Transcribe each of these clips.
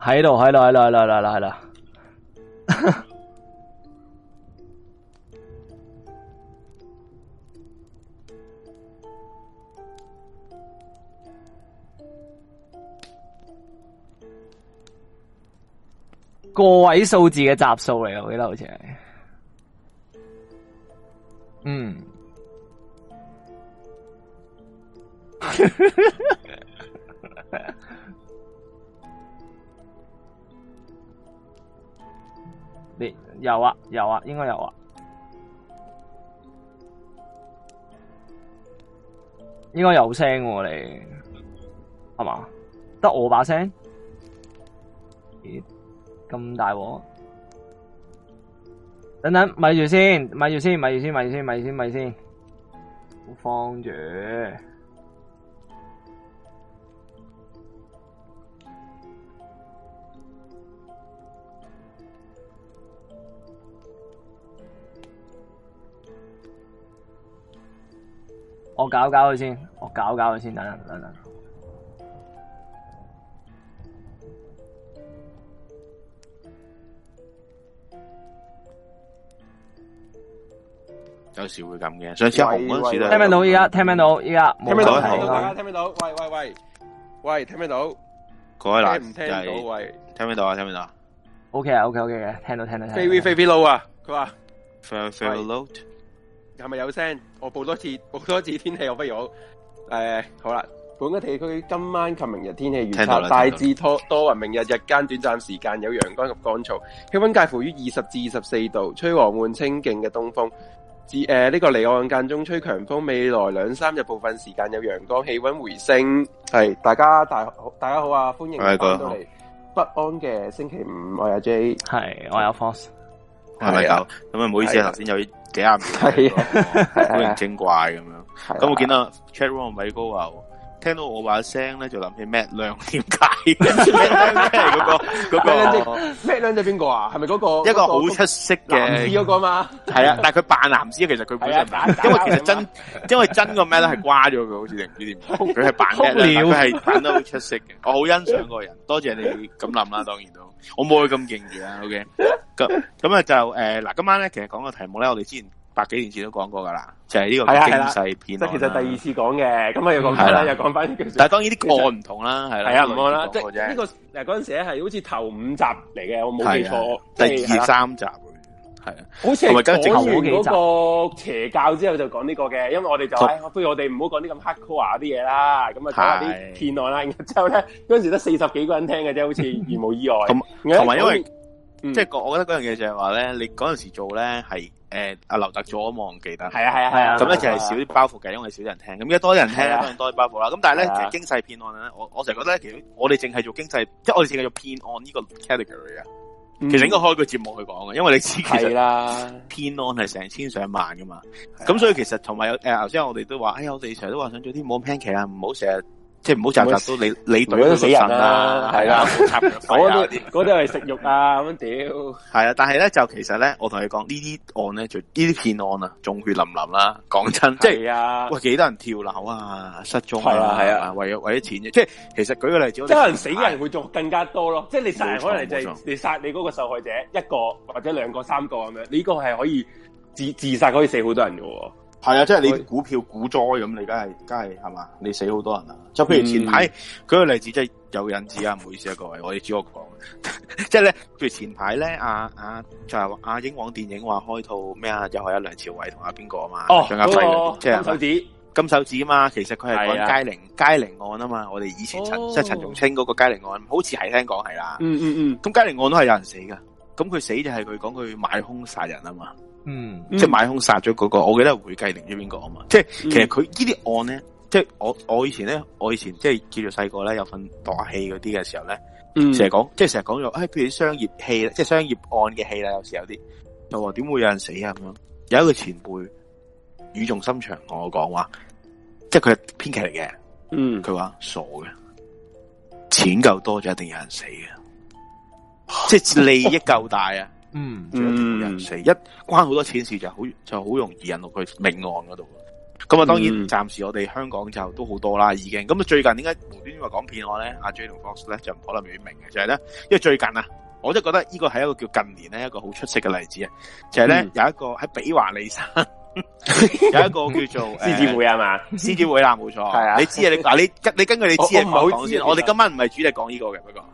喺度，喺度，喺度，係咯，係咯，係咯，個 位數字嘅集數嚟嘅，我記得好似係，嗯。 有啊，有啊，應該有啊，應該有聲嚟、啊，係嘛？得我把聲？咦、欸，咁大鑊？等等，咪住先，咪住先，咪住先，咪住先，咪住先，咪住先，先先好放住。我搞搞佢先，我搞搞佢先，等等等等。有時會咁嘅，上次紅嗰時都聽唔到，而家聽唔到，而家聽唔到。到大家聽唔到？喂喂喂喂，聽唔到？改啦，聽唔到？喂，聽唔到啊？聽唔到？OK 啊，OK OK 嘅，聽到聽到聽到。飛飛飛佬啊，佢話。係咪有聲？我報多次，報多次天氣，我不如好。誒、呃，好啦，本個地區今晚及明日天氣預測大致多多雲，明日日間短暫時間有陽光及乾燥，氣温介乎於二十至二十四度，吹和緩清勁嘅東風。自誒呢個離岸間中吹強風，未來兩三日部分時間有陽光，氣温回升。係大家大大家好啊，歡迎嚟到嚟不安嘅星期五，我有 J，係我有 Fox，係咪九？咁啊，唔、啊、好,好意思頭先、啊、有。幾廿？係啊，好、古靈精怪咁樣。咁我見到 chat room 米高啊。聽到我話聲咧，就諗起 Matt 梁點解嘅，咩嗰個嗰個 Matt 梁就邊個啊？係咪嗰個一個好出色嘅？係嗰個嘛？係啊，但係佢扮男屍，其實佢本身扮，因為其實真，因為真個 Matt 梁係瓜咗佢，好似定唔知點，佢係扮，佢係扮得好出色嘅。我好欣賞嗰個人，多謝你咁諗啦，當然都，我冇佢咁勁住啦。OK，咁咁啊就誒嗱，今晚咧其實講個題目咧，我哋先。百幾年前都講過噶啦，就係、是、呢個驚世騙案。即、啊啊啊、其實第二次講嘅，咁啊又講啦又講翻呢個。但當然啲個案唔同啦，係啦、啊，唔同啦。即係呢個嗱嗰陣時係好似頭五集嚟嘅，我冇記錯。啊、第二,、就是第二啊、三集，係啊，好似係講完嗰個邪教之後就講呢個嘅，因為我哋就唉、哎，不如我哋唔好講啲咁 hardcore 啲嘢啦，咁啊講下啲騙案啦。之後咧嗰陣時得四十幾個人聽嘅啫， 好似而冇意外。同埋因為即係、那個嗯就是、我覺得嗰樣嘢就係話咧，你嗰陣時做咧係。誒、呃，阿劉特咗，我忘記啦。係啊，係啊，係啊，咁咧就實係少啲包袱嘅，因為少啲人聽，咁而家多一人聽，多啲包袱啦。咁、啊、但係咧，其實經濟偏 o 咧，我我成日覺得其條我哋淨係做經濟，即係我哋淨係做偏案呢個 category 啊，其實，其實, category, 其實應該開個節目去講嘅，因為你知其實啦，偏 o 係成千上萬噶嘛。咁、啊、所以其實同埋有誒、頭、呃、先我哋都話，哎呀，我哋成日都話想做啲冇 p a n 啊，唔好成日。即係唔好集集到你你隊都死人啦，係啦，冇插啊！嗰啲嗰啲係食肉啊咁樣屌，係 啊！但係咧就其實咧，我同你講呢啲案咧就呢啲騙案啊，仲血淋淋啦！講真、啊，即係喂幾多人跳樓啊、失蹤啊，係啊，係啊，為咗為咗錢啫！即係、啊啊、其實舉個例子，即、就、係、是、可能死嘅人會做更加多咯，即係你殺人可能就你殺你嗰個受害者一個或者兩個三個咁樣，呢個係可以自自殺可以死好多人喎。係啊，即、就、係、是、你股票股災咁，你梗係梗係係嘛，你死好多人啊！就譬如前排舉個例子，即係有引子啊，唔好意思啊，各位，我哋主角講，即係咧，譬如前排咧，阿、啊、阿、啊、就阿、啊、英皇電影話開套咩啊，又係阿梁朝偉同阿邊個啊嘛，張、哦、家輝嗰啲，即、哦、係、就是、金手指啊嘛，其實佢係講佳寧佳寧案啊嘛，我哋以前陳、哦、即係陳仲清嗰個佳寧案，好似係聽講係啦。嗯嗯嗯，咁佳寧案都係有人死噶，咁佢死就係佢講佢買兇殺人啊嘛。嗯，即係買兇殺咗嗰個、嗯，我記得會計定咗邊個啊嘛。嗯、即係其實佢呢啲案咧，即係我我以前咧，我以前，我以前即係叫做細個咧，有份讀戲嗰啲嘅時候咧，成日講，即係成日講咗，誒、哎，譬如商業戲啦，即係商業案嘅戲啦，有時有啲，又話點會有人死啊咁樣。有一個前輩語重心長同我講話，即係佢係編劇嚟嘅，嗯，佢話傻嘅，錢夠多就一定有人死嘅，即係利益夠大啊。呵呵嗯，人死，嗯，一關好多錢事就好就好容易引到佢命案嗰度。咁、嗯、啊，那當然暫時我哋香港就都好多啦，已經。咁啊，最近點解無端端話講騙案咧？阿、啊、J 同 Fox 咧就唔可能未必明嘅，就係、是、咧，因為最近啊，我都覺得呢個係一個叫近年咧一個好出色嘅例子啊。就係、是、咧、嗯、有一個喺比華利山， 有一個叫做獅子會係嘛？獅子會啦，冇錯，係 啊。你知啊？ 你嗱，你你根據你知嘅唔好講先。我哋今晚唔係主力講呢個嘅，不過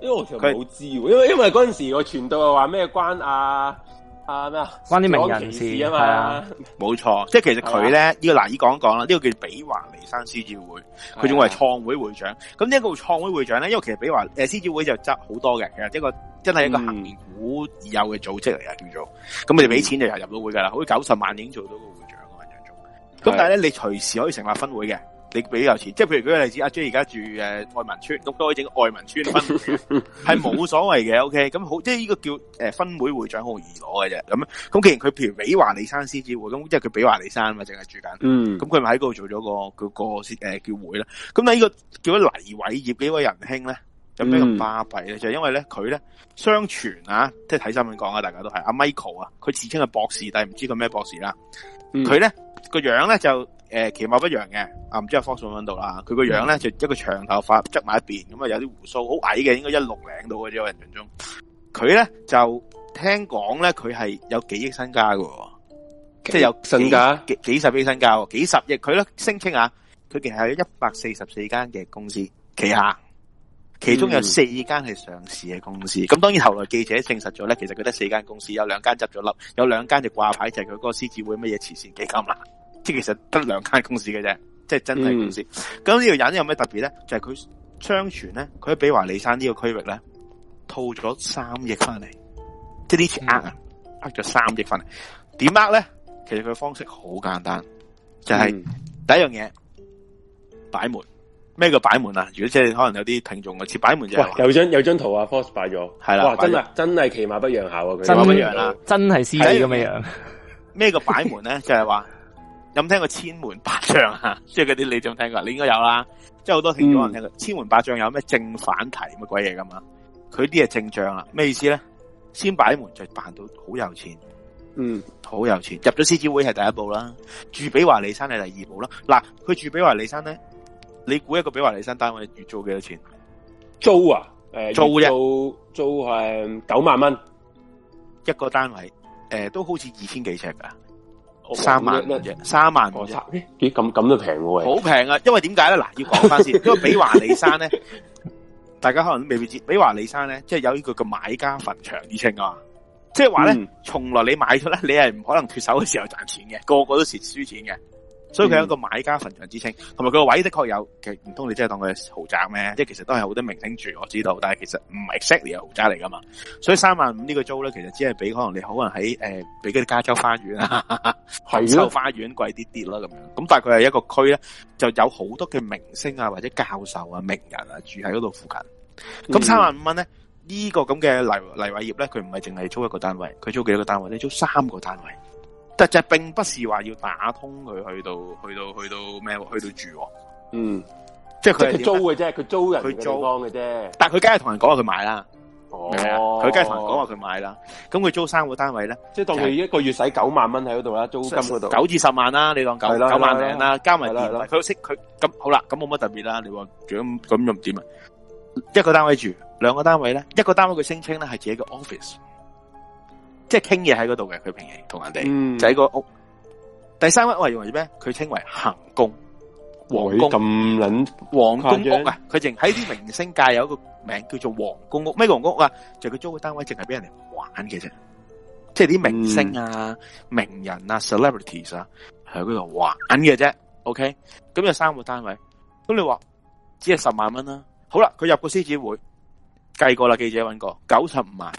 因為佢冇知因，因為因為嗰陣時我傳道又話咩關啊啊咩啊關啲名人事啊嘛對對對 沒錯，冇錯，即係其實佢咧呢、這個難以講一講啦，呢、這個叫比華利山獅子會，佢仲係創會會長，咁呢一個創會會長咧，因為其實比華誒獅子會就執好多嘅，嘅、就是、一個真係一個恒古有嘅組織嚟呀。叫做，咁佢哋俾錢就入入到會噶啦，嗯、好似九十萬已經做到個會長嘅印象中，咁但係咧，你隨時可以成立分會嘅。你比較遲，即係譬如舉個例子，阿 J 而家住誒、呃、愛民村，咁都可以整個愛民村分區，係冇 所謂嘅，OK，咁好，即係呢個叫誒分會會長好易攞嘅啫。咁咁既然佢譬如比華利山獅子會，咁即係佢比華利山嘛，淨係住緊，咁佢咪喺嗰度做咗個叫個誒叫會啦。咁但呢個叫咗黎偉業幾位仁兄咧，有咩咁巴閉咧？就、嗯就是、因為咧佢咧相傳啊，即係睇新聞講啊，大家都係阿、啊、Michael 啊，佢自稱係博士，但係唔知佢咩博士啦。佢、嗯、咧個樣咧就。誒、呃，其貌不揚嘅，啊，唔知阿方俊喺度啦。佢個樣咧就一個長頭髮執埋一邊，咁啊有啲胡鬚，好矮嘅，應該一六零度嘅啫。我印象中，佢、嗯、咧就聽講咧，佢係有幾億身家嘅，即係有身家幾幾十億身家，幾十億。佢咧聲稱啊，佢其實有一百四十四間嘅公司旗下、嗯，其中有四間係上市嘅公司。咁、嗯、當然後來記者證實咗咧，其實佢得四間公司，有兩間執咗笠，有兩間就掛牌就係佢嗰個獅子會乜嘢慈善基金啦。嗯其實得兩間公司嘅啫，即係真係公司。咁呢條人有咩特別咧？就係、是、佢相傳咧，佢喺比華利山呢個區域咧套咗三億翻嚟，即係啲錢呃啊，呃、嗯、咗三億翻嚟。點呃咧？其實佢方式好簡單，就係、是、第一樣嘢、嗯、擺門。咩叫擺門啊？如果即係可能有啲聽眾嘅，設擺門就是、哇有張有張圖啊，post 擺咗係啦，真啊真係騎馬不讓下啊，佢咁樣樣啦，真係師爺咁樣樣。咩叫擺門咧？就係、是、話。 有冇聽過千門百將啊？即係嗰啲你仲聽，聽，聽過？你應該有啦，即係好多聽眾人聽，聽過。千門百將有咩正反提乜鬼嘢噶嘛？佢啲係正將啦，咩意思咧？先擺門就扮到好有錢，嗯，好有錢。入咗獅子會係第一步啦，住比華利山係第二步啦。嗱，佢住比華利山咧，你估一個比華利山單位月租幾多錢？租啊，誒、呃，租嘅，租係九萬蚊一個單位，誒、呃，都好似二千幾尺噶。三萬乜三萬？咁咁都平喎？好平啊！因為點解咧？嗱， 要講翻先，因為比華利山咧，大家可能未必知。比華利山咧，即係有呢個嘅買家墳場之稱啊！即係話咧，從、嗯、來你買咗咧，你係唔可能脫手嘅時候賺錢嘅，個個都蝕輸錢嘅。所以佢有一個買家墳場之稱，同埋佢個位的確有，其實唔通你真係當佢豪宅咩？即係其實都係好多明星住，我知道，但係其實唔係 exactly 豪宅嚟噶嘛。所以三萬五呢個租咧，其實只係比可能你可能喺誒、呃、比啲加州花園啊、壽 花園貴啲啲咯，咁樣。咁但係佢係一個區咧，就有好多嘅明星啊，或者教授啊、名人啊住喺嗰度附近。咁、嗯、三萬五蚊咧，這個、這呢個咁嘅麗麗華業咧，佢唔係淨係租一個單位，佢租幾個單位咧？租，位租，位租三個單位。實際並不是話要打通佢去到去到去到咩？去到住？嗯，即係佢租嘅啫，佢租人佢租嘅啫。但係佢梗係同人講話佢買啦。哦，佢梗係同人講話佢買啦。咁佢租三個單位咧，即係當佢一個月使九萬蚊喺嗰度啦，租金嗰度九至十萬啦、啊，你當九九萬零啦、啊，加埋電，佢都識佢咁好啦，咁冇乜特別啦。你話咁咁又點啊？一個單位住，兩個單位咧，一個單位佢聲稱咧係自己個 office。即係傾嘢喺嗰度嘅，佢平時同人哋就喺個屋。第三位我係認為咩？佢稱為行宮，皇宮咁撚皇宮屋啊！佢淨喺啲明星界有一個名叫做皇宮屋咩？皇宮屋啊，就佢、是、租個單位淨係俾人嚟玩嘅啫，即係啲明星啊、嗯、名人啊、celebrities 啊喺嗰度玩嘅啫。OK，咁有三個單位，咁你話只係十萬蚊啦、啊。好啦，佢入個獅子會，計過啦，記者搵過九十五萬。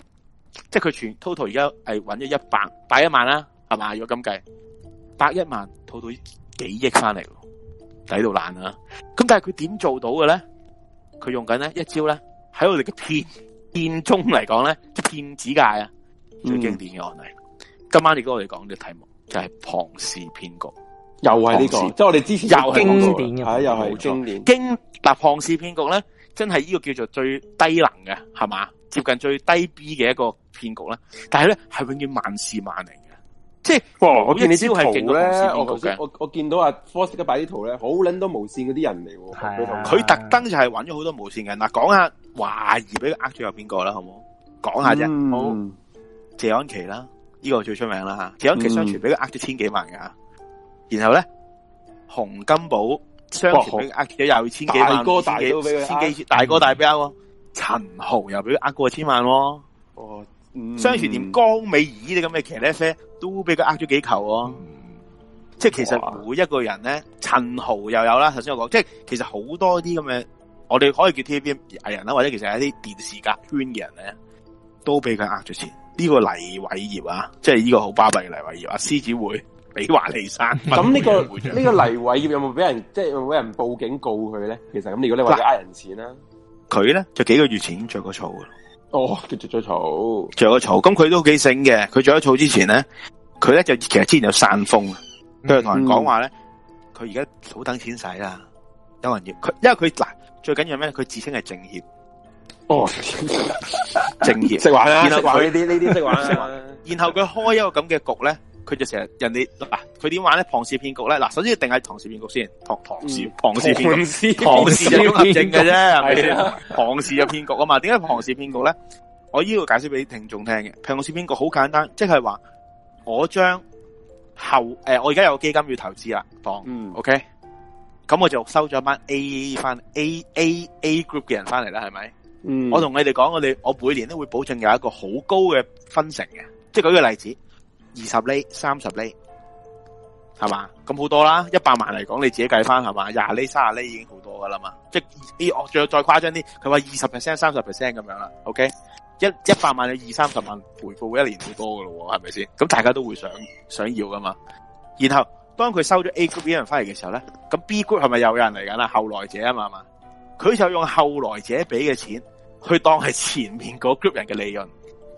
即係佢全 total 而家係搵咗一百百一萬啦，係嘛？如果咁計，百一萬 total、啊、幾億翻嚟，抵到爛啦、啊！咁但係佢點做到嘅咧？佢用緊咧一招咧，喺我哋嘅片片中嚟講咧，即係騙子界啊最經典嘅案例。嗯、今晚你跟我哋講嘅題目就係、是、龐氏騙局，又係呢、這個，即係我哋之前又經典嘅，吓又係經典、啊、經典。嗱，龐氏騙局咧，真係呢個叫做最低能嘅，係嘛？接近最低 B 嘅一個騙局啦，但係咧係永遠萬事萬靈嘅，即係我見你啲圖咧，我我，我見到啊 Fox 嘅擺啲圖咧，好、哎、捻多無線嗰啲人嚟，佢佢特登就係揾咗好多無線嘅。嗱，講下懷疑俾佢呃咗有邊個啦，好唔好？講下啫、嗯，好謝安琪啦，呢個最出名啦吓，謝安琪、這個、相傳俾佢呃咗千幾萬噶，然後咧洪金寶相傳俾佢呃咗又千幾萬，大哥大俾佢，千幾大哥大俾陳豪又俾佢呃過千萬喎、哦哦，相傳點江美儀啲咁嘅騎呢啡都俾佢呃咗幾球、哦嗯，即係其實每一個人咧，陳豪又有啦，頭先我講，即係其實好多啲咁嘅，我哋可以叫 T V B 藝人啦，或者其實係一啲電視界圈嘅人咧，都俾佢呃咗錢。呢、這個黎偉業啊，即係呢個好巴閉嘅黎偉業啊，獅子會李華利生。咁 呢個呢、這個這個黎偉業有冇俾人即係、就是、有冇俾人報警告佢咧？其實咁，如果你話呃人錢啦。佢咧就幾個月前着過草嘅，哦，着着着草，着過草。咁佢都幾醒嘅，佢着咗草之前咧，佢咧就其實之前有散風啊，佢、嗯、同人講話咧，佢而家好等錢使啦，有人要佢，因為佢嗱最緊要咩，佢自稱係政協，哦， 政協識玩啦，識玩呢啲呢啲識玩啦，然後佢開一個咁嘅局咧。佢就成日人哋嗱，佢點玩咧？龐氏騙局咧，嗱，首先要定係龐氏騙局先，龐龐氏龐、嗯、氏騙局，龐氏係一種陷阱嘅啫，係咪？龐氏嘅騙局啊嘛。點解龐氏騙局咧？我依度解釋俾聽眾聽嘅，龐氏騙局好簡單，即係話我將後誒，我而家、呃、有基金要投資啦，龐，OK 咁我就收咗一班 A A 翻 A A A group 嘅人翻嚟啦，係咪、嗯？我同你哋講，我哋我每年都會保證有一個好高嘅分成嘅，即、就、係、是、舉個例子。二十厘、三十厘，係嘛？咁好多啦！一百萬嚟講，你自己計翻係嘛？廿厘、卅厘已經好多噶啦嘛！即係啲哦仲再誇張啲，佢話二十 percent、三十 percent 咁樣啦。OK，一一百萬有二三十萬回報，一年好多噶咯，係咪先？咁大家都會想想要噶嘛？然後當佢收咗 A group 人翻嚟嘅時候咧，咁 B group 係咪又有人嚟緊啦？後來者啊嘛嘛，佢就用後來者俾嘅錢去當係前面嗰 group 人嘅利潤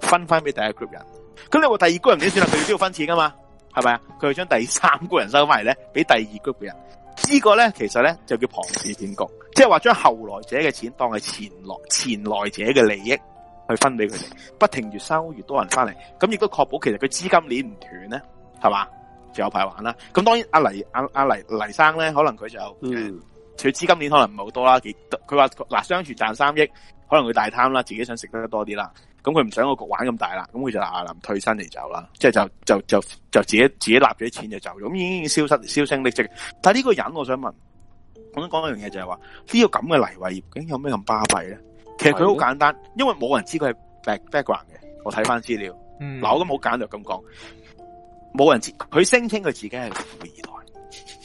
分翻俾第一 group 人。咁你話第二個人點算啦，佢都要分錢噶嘛？係咪啊？佢將第三個人收翻嚟咧，俾第二個人。這個、呢個咧，其實咧就叫龐氏騙局，即係話將後來者嘅錢當係前來前來者嘅利益去分俾佢哋。不停越收越多人翻嚟，咁亦都確保其實佢資金鏈唔斷咧，係嘛？就有排玩啦。咁當然阿、啊、黎阿阿、啊、黎、啊、黎、黎生咧，可能佢就嗯，佢資金鏈可能唔係好多啦，幾佢話嗱，相處賺三億，可能佢大貪啦，自己想食得多啲啦。咁佢唔想個局玩咁大啦，咁佢就阿林退身嚟走啦，即係就就就就，就自己自己攞咗啲錢就走，咁已經消失銷聲匿跡。但係呢個人，我想問，我想講一、這個、這樣嘢就係話，呢個咁嘅黎偉業，竟有咩咁巴閉咧？其實佢好簡單，因為冇人知佢係 back, background 嘅。我睇翻資料，嗱，嗯，我都好簡略咁講，冇人知佢聲稱佢自己係富二代，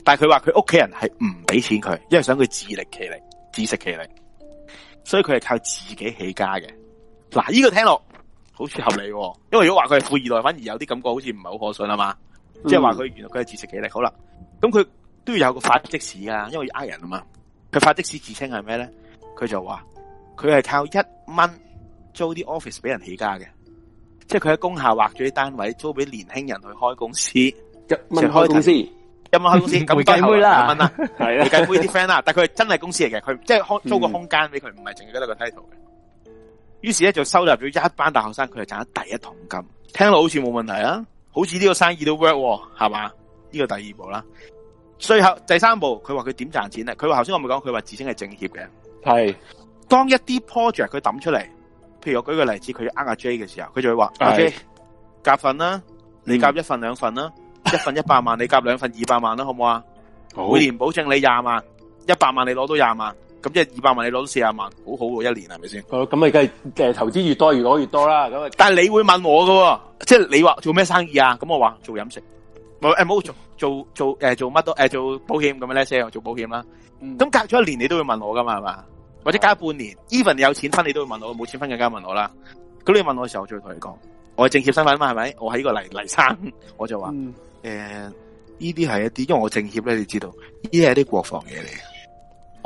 但係佢話佢屋企人係唔俾錢佢，因為想佢自力其力，自食其力，所以佢係靠自己起家嘅。嗱，依個聽落好似合理、哦，因為如果話佢係富二代，反而有啲感覺好似唔係好可信啊嘛、嗯。即係話佢原來佢係自食其力。好啦，咁佢都要有個法的士啊，因為要呃人啊嘛。佢法的士自稱係咩咧？佢就話佢係靠一蚊租啲 office 俾人起家嘅，即係佢喺工廈畫咗啲單位租俾年輕人去開公司，一蚊開公司，一蚊開公司？咁計妹啦，係啊，計啲 friend 啦。但係佢係真係公司嚟嘅，佢即係租個空間俾佢，唔係淨係得一個 title 嘅。於是咧，就收入咗一班大學生，佢就賺第一桶金，聽落好似冇問題啊，好似呢個生意都 work 係嘛？呢個第二步啦，最後第三步，佢話佢點賺錢咧？佢話頭先我咪講，佢話自稱係政協嘅，係當一啲 project 佢抌出嚟，譬如我舉個例子，佢要呃阿 J 嘅時候，佢就會話：阿 J，夾份啦，你夾一份兩份啦，嗯，一份一百萬，你夾兩份二百萬啦，好唔好啊？每年保證你廿萬，一百萬你攞到廿萬。咁即係二百萬，你攞到四啊萬，好好喎！一年係咪先？好，咁咪梗係，誒，投資越多，越攞越多啦。咁，但係你會問我噶，即係你話做咩生意啊？咁我話做飲食，唔係冇做做做誒、呃、做乜都誒、呃、做保險咁樣咧 sell 做保險啦。咁、嗯、隔咗一年，你都會問我噶嘛？係嘛？或者隔半年，even 你、嗯、有錢分，你都會問我。冇錢分更加問我啦。咁你問我嘅時候，我就會同你講，我係政協身份嘛，係咪？我喺呢個黎黎生，我就話，誒、嗯，呢啲係一啲，因為我政協咧，你知道，呢啲係啲國防嘢嚟。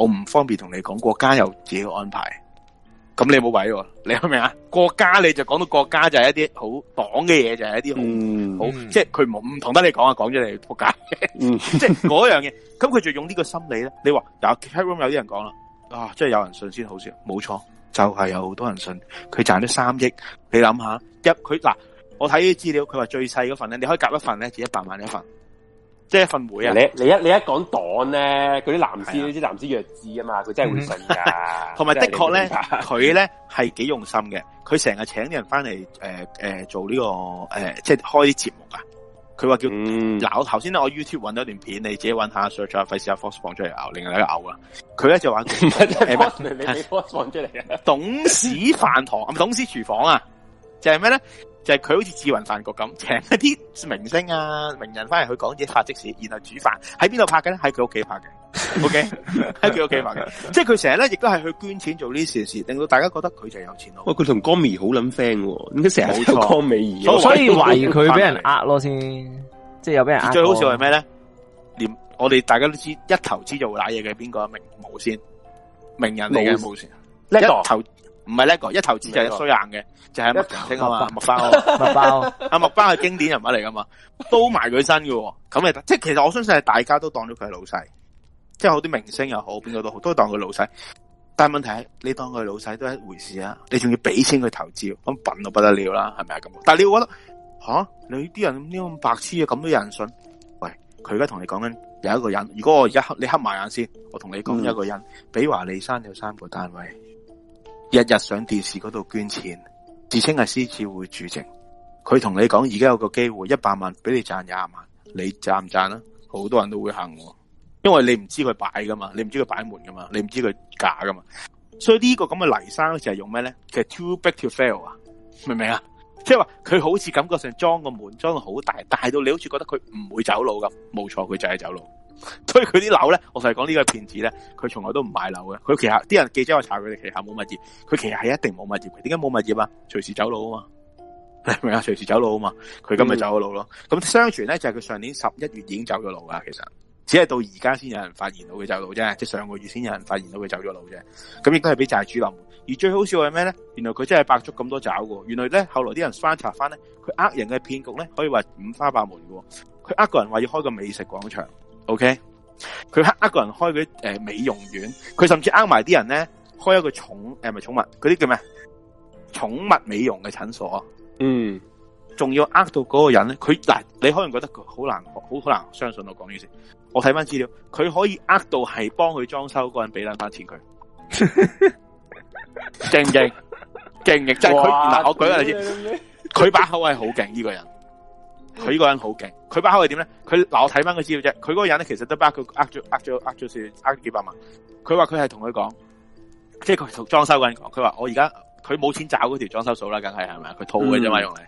我唔方便同你講，國家有自己嘅安排，咁你冇位，你明唔明啊？國家你就講到國家就係一啲好黨嘅嘢，就係一啲好，即係佢唔同得你講啊，講咗你國家，嗯、 即係嗰樣嘢。咁佢就用呢個心理咧，你話嗱有啲人講啦，啊，即係有人信先好少，冇錯，就係、是、有好多人信，佢賺咗三億，你諗下，一佢嗱，我睇啲資料，佢話最細嗰份咧，你可以夾一份咧，自己一百萬一份。即、就、係、是啊、一份媒啊！你你一你一講黨咧，嗰啲藍絲啲藍絲弱智啊嘛，佢真係會信噶。同、嗯、埋的確咧，佢咧係幾用心嘅。佢成日請啲人翻嚟誒誒做呢、這個誒、呃，即係開啲節目啊。佢話叫嗱，我頭先咧我 YouTube 搵到一段片，你自己搵下 search 下，費事阿 Fox 放出嚟咬，另外一個咬啦。佢咧就話唔係，唔 係、uh, 你你放出嚟嘅 董事飯堂，董事廚房啊，就係咩咧？就係、是、佢好似志雲飯局咁，請一啲明星啊、名人翻嚟去講啲法即事，然後煮飯喺邊度拍嘅咧？喺佢屋企拍嘅 ，OK，喺佢屋企拍嘅， 即係佢成日咧，亦都係去捐錢做呢啲事，事令到大家覺得佢就有錢囉。喂，佢同歌迷好撚 friend，咁佢成日都江美儀、哦，所以懷疑佢俾人呃咯先， 即係有俾人。最好笑係咩咧？連我哋大家都知道，一投資就會瀨嘢嘅邊個名模先？名人嚟冇唔係叻哥，一投資就係一衰硬嘅、這個，就係、是、麥包。聽我話，麥包，麥包，阿麥包係經典人物嚟噶嘛？都 埋佢身嘅，咁咪，即係其實我相信係大家都當咗佢係老細，即係好啲明星又好，邊個都好都當佢老細。但係問題係你當佢老細都一回事啊！你仲要俾錢佢投資，咁笨到不得了啦，係咪啊咁？但係你會覺得吓你啲人呢咁白痴啊，咁多人，人信？喂，佢而家同你講緊有一個人，如果我而家你黑埋眼先，我同你講一個人，嗯、比華利山有三個單位。日日上電視嗰度捐錢，自稱係獅子會主席。佢同你講而家有個機會一百萬俾你賺廿萬，你賺唔賺啦？好多人都會恨，因為你唔知佢擺噶嘛，你唔知佢擺門噶嘛，你唔知佢假噶嘛。所以個呢個咁嘅泥生就係用咩咧？其實 too big to fail 啊？明唔明啊？即係話佢好似感覺上裝個門裝好大，大到你好似覺得佢唔會走路咁。冇錯，佢就係走路。所以佢啲樓咧，我就係講呢個騙子咧，佢從來都唔買樓嘅。佢旗下啲人記者，我查佢哋旗下冇物業，佢其實係一定冇物業嘅。點解冇物業啊？隨時走佬啊嘛，明唔明啊？隨時走佬啊嘛。佢今日走咗路咯。咁、嗯、相傳咧就係、是、佢上年十一月已經走咗路噶，其實只係到而家先有人發現到佢走佬啫，即係上個月先有人發現到佢走咗路啫。咁亦都係俾債主諗。而最好笑係咩咧？原來佢真係百足咁多爪嘅。原來咧後來啲人翻查翻咧，佢呃人嘅騙局咧，可以話五花八門嘅。佢呃個人話要開個美食廣場。O K，佢呃個個人開佢啲誒美容院，佢甚至呃埋啲人咧開一個寵誒咪寵物，嗰啲叫咩？寵物美容嘅診所，嗯，仲要呃到嗰個人咧，佢難，你可能覺得佢好難，好難相信我講呢件事。我睇翻資料，佢可以呃到係幫佢裝修嗰人俾翻翻錢佢，勁唔勁？勁唔勁？即係佢嗱，我舉個例先，佢把 口係好勁呢個人。佢呢個人好勁，佢把口係點咧？佢嗱，我睇翻佢資料啫。佢嗰個人咧，其實都包佢呃咗、呃咗、呃咗算呃幾百萬。佢話佢係同佢講，即係佢同裝修嗰人講。佢話我而家佢冇錢找嗰條裝修數啦，梗係係咪佢套嘅啫嘛，用嚟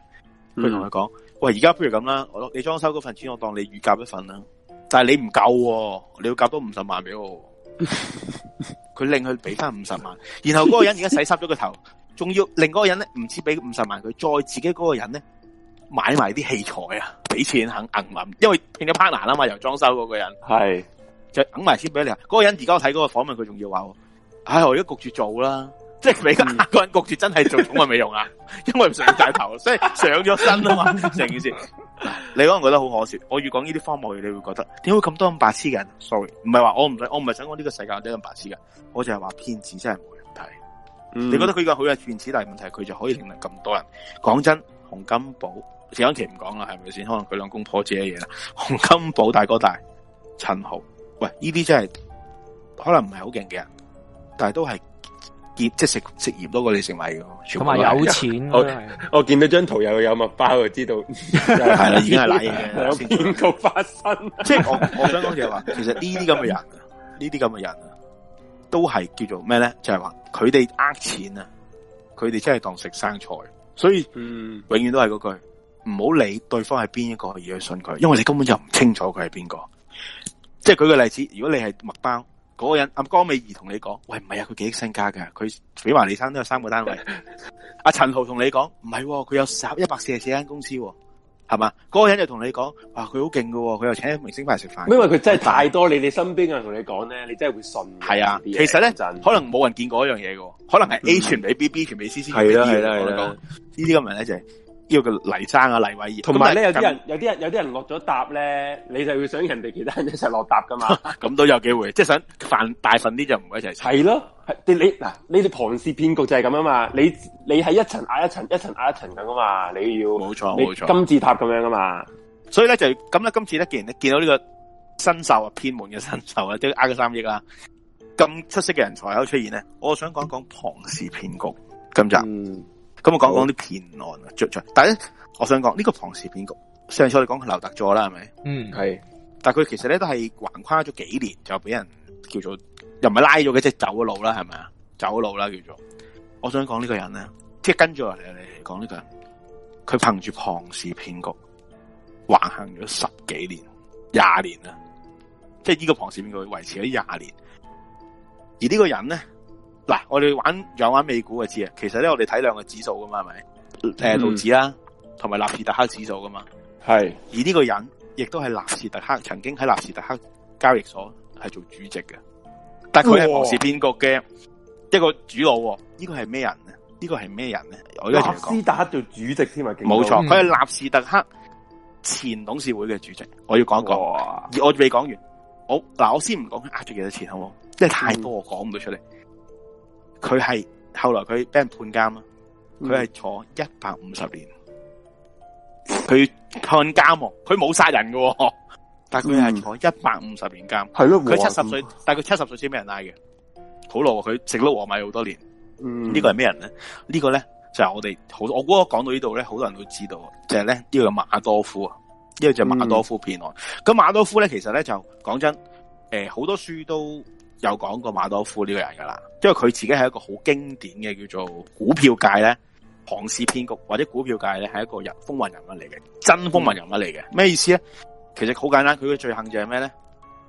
佢同佢講。喂，而家不如咁啦，我你裝修嗰份錢，我當你預夾一份啦。但係你唔夠、啊，你要夾多五十萬俾我、啊。佢令佢俾翻五十萬，然後嗰個人而家洗濕咗個頭，仲要另嗰個人咧唔知俾五十萬佢，再自己嗰個人咧。買埋啲器材啊，俾錢肯硬揾，因為拼咗 partner 啦嘛，由裝修嗰個人，係就等埋錢俾你。嗰、那個人而家我睇嗰個訪問，佢仲要話，唉、哎，我而家焗住做啦、嗯，即係俾嗰個人焗住真係做寵物美容啊， 因為想大頭， 所以上咗身啊嘛，成 件事。 你可能覺得好可笑。我要講呢啲荒謬嘢，你會覺得點解咁多咁白痴嘅人？Sorry，唔係話我唔想，我唔係想講呢個世界有啲咁白痴嘅，我就係話騙子真係冇人睇。你覺得佢依個好係騙子，但係問題佢就可以令到咁多人講、嗯、真，洪金寶。前一期唔講啦，係咪先？可能佢兩公婆自己嘅嘢啦。洪金寶大哥大陳豪，喂，呢啲真係可能唔係好勁嘅人，但係都係結即食食鹽多過你食米嘅。同埋有，有錢，我見見到張圖又有麥包，我知道係啦、 就是， 已經係懶嘅先見到發生。即係我我想講就係話，其實呢啲咁嘅人，呢啲咁嘅人，都係叫做咩咧？就係話佢哋呃錢啊，佢哋真係當食生菜，所以、嗯、永遠都係嗰句。唔好理對方係邊一個而去信佢，因為你根本就唔清楚佢係邊個。即係舉個例子，如果你係麥包嗰個人，阿江美儀同你講：，喂，唔係啊，佢幾億身家噶，佢比華利山都有三個單位。阿 陳豪同你講：，唔係、啊，佢有十一百四十四間公司，係嘛？嗰、那個人就同你講：，哇，佢好勁噶，佢又請明星翻嚟食飯。因為佢真係大多你哋身邊嘅人同你講咧，你真係會信。係啊，其實咧，可能冇人見過一樣嘢嘅，可能係 A 傳、嗯、俾 B，B 傳俾 C，C 傳俾 D。我講呢啲咁嘅咧就係。 叫黎生啊，黎偉業，同埋咧有啲人有啲人有啲人落咗搭咧，你就會想人哋其他人一齊落搭噶嘛 ？咁都有機會，即係想犯大份啲就唔會一齊。係咯，你嗱，呢啲龐氏騙局就係咁啊嘛！你你係一層壓一層，一層壓一層咁啊嘛！你要冇錯冇錯，金字塔咁樣啊嘛！所以咧就咁咧，今次咧既然你見到呢個新秀啊，偏門嘅新秀啊，即係呃咗三億啦，咁出色嘅人才有出現咧，我想講講龐氏騙局。今集，嗯。咁我講講啲騙案啊，着着。第一，我想講呢個龐氏騙局，上次我哋講佢劉特佐啦，係咪？嗯，係。但係佢其實咧都係橫跨咗幾年，就俾人叫做又唔係拉咗嘅，即係走咗路啦，係咪啊？走咗路啦，叫做。我想講呢個人咧，即係跟住嚟嚟講呢個人，佢憑住龐氏騙局橫行咗十幾年、廿年啦，即係呢個龐氏騙局維持咗廿年，而呢個人咧。嗱，我哋玩又玩美股嘅字，啊，其實咧我哋睇兩個指數噶嘛，係咪？誒、嗯，道指啦，同埋納斯達克指數噶嘛。係。而呢個人亦都係納斯達克曾經喺納斯達克交易所係做主席嘅，但佢係龐氏騙局嘅一個主腦、哦。哦這個、呢、這個係咩人咧？呢個係咩人咧？我而家講。納斯達克做主席添啊？冇錯，佢、嗯、係納斯達克前董事會嘅主席。我要講一講、哦，而我未講完。好，嗱，我先唔講佢呃咗幾多錢好冇？即、嗯、係太多，我講唔到出嚟。佢係後來佢俾人判監啊。佢係坐一百五十年，佢判監喎，佢冇殺人噶，但佢係坐一百五十年監，係、嗯、咯，佢七十歲，但佢七十歲先俾人拉嘅，好耐喎，佢食咗黃米好多年。嗯，這個、人呢、這個係咩人咧？呢個咧就係、是、我哋好，我估我講到呢度咧，好多人都知道，就係、是、咧呢個馬多夫啊，呢個就馬多夫騙案。咁、嗯、馬多夫咧，其實咧就講真，誒、呃、好多書都有講過馬多夫呢個人噶啦，因為佢自己係一個好經典嘅叫做股票界咧龐氏騙局，或者股票界咧係一個人風雲人物嚟嘅，真風雲人物嚟嘅。咩、嗯、意思咧？其實好簡單，佢嘅罪行就係咩咧？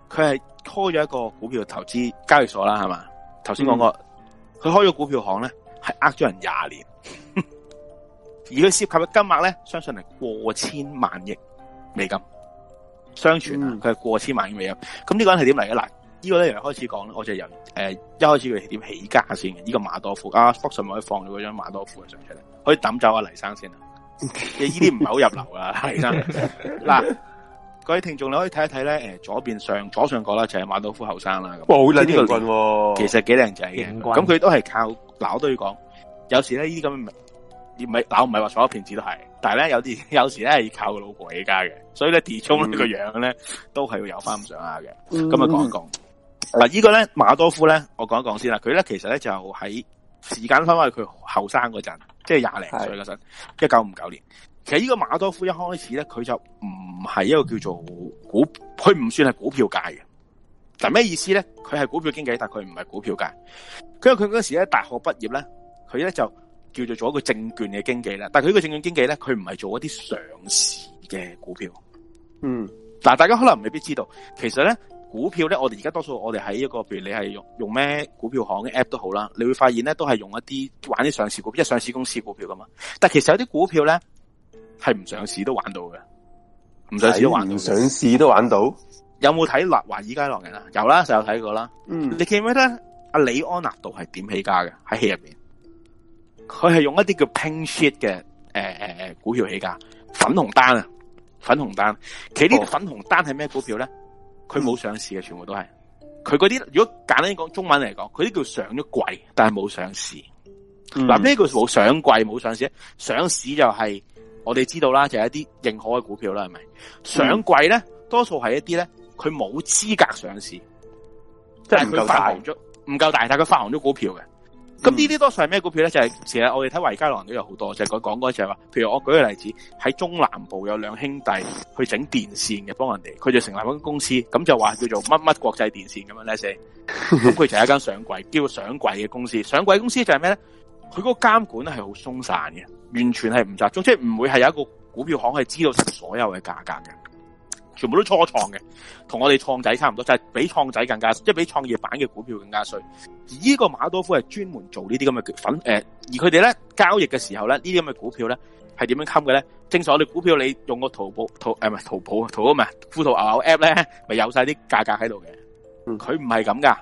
佢係開咗一個股票投資交易所啦，係嘛？頭先講過，佢、嗯、開咗股票行咧係呃咗人廿年， 而佢涉及嘅金額咧，相信係過千萬億美金。相傳佢係、嗯、過千萬億美金。咁呢個人係點嚟嘅嗱？這個、呢個咧又開始講咧我就由誒、呃、一開始佢係點起家先嘅。呢、這個馬多夫啊，Fox 可以放咗嗰張馬多夫嘅相出嚟，可以抌走阿、啊、黎生先啊。其呢啲唔係好入流噶，黎生。嗱， 各位聽眾你可以睇一睇咧，誒，左邊上左上角啦，就係、是、馬多夫後生啦，咁冇啦呢個棍，其實幾靚仔嘅。咁佢都係靠，嗱我都要講，有時咧呢啲咁，唔係、就是，唔係話所有騙子都係，但係咧有啲，有時咧係靠個老婆起家嘅，所以咧碟中個、嗯、樣咧都係會有翻咁上下嘅。咁啊講一講。嗱、這個，呢個咧馬多夫咧，我講一講先啦。佢咧其實咧就喺時間返返佢後生嗰陣，即係廿零歲嗰陣，一九五九年。其實呢個馬多夫一開始咧，佢就唔係一個叫做股，佢唔算係股票界嘅。嗱咩意思咧？佢係股票經紀，但係佢唔係股票界。因為佢嗰時咧大學畢業咧，佢咧就叫做做一個證券嘅經紀啦。但係佢呢個證券經紀咧，佢唔係做一啲上市嘅股票。嗯，嗱，大家可能未必知道，其實咧。股票咧，我哋而家多數我哋喺一個，譬如你係用用咩股票行嘅 app 都好啦，你會發現咧都係用一啲玩啲上市股票，即係上市公司股票噶嘛。但係其實有啲股票咧係唔上市都玩到嘅，唔上市都玩到。唔上市都玩到？有冇睇《華華爾街狼人》啊？有啦，就有睇過啦。嗯，你記唔記得阿李安娜度係點起家嘅？喺戲入邊，佢係用一啲叫 pink sheet 嘅，誒誒誒，股票起家粉紅單啊，粉紅單。其實呢啲粉紅單係咩股票咧？哦佢冇上市嘅，全部都係佢嗰啲。如果簡單啲講中文嚟講，佢啲叫上咗櫃，但係冇上市。嗱、嗯，咩叫冇上櫃冇上市？上市就係、是、我哋知道啦，就係、是、一啲認可嘅股票啦，係咪、嗯？上櫃咧，多數係一啲咧，佢冇資格上市，即係佢發行咗，唔夠大，但係佢發行咗股票嘅。咁呢啲多數係咩股票咧？就係、是、其實我哋睇維嘉郎都有好多，就佢講嗰就係話，譬如我舉個例子，喺中南部有兩兄弟去整電線嘅，幫人哋，佢就成立一間公司，咁就話叫做乜乜國際電線咁樣咧，死、就是，咁佢就係一間上櫃，叫上櫃嘅公司，上櫃公司就係咩咧？佢嗰個監管咧係好鬆散嘅，完全係唔集中，即係唔會係有一個股票行係知道所有嘅價格嘅。全部都初創嘅，同我哋創仔差唔多，就係比創仔更加衰，即 係比創業板嘅股票更加衰。而呢個馬多夫係專門做、呃、呢啲咁嘅粉誒，而佢哋咧交易嘅時候咧，呢啲咁嘅股票咧係點樣 com 嘅咧？正所我哋股票你用個淘寶淘誒唔係淘寶淘唔係富途牛牛 app 咧，咪有晒啲價格喺度嘅？佢唔係咁噶，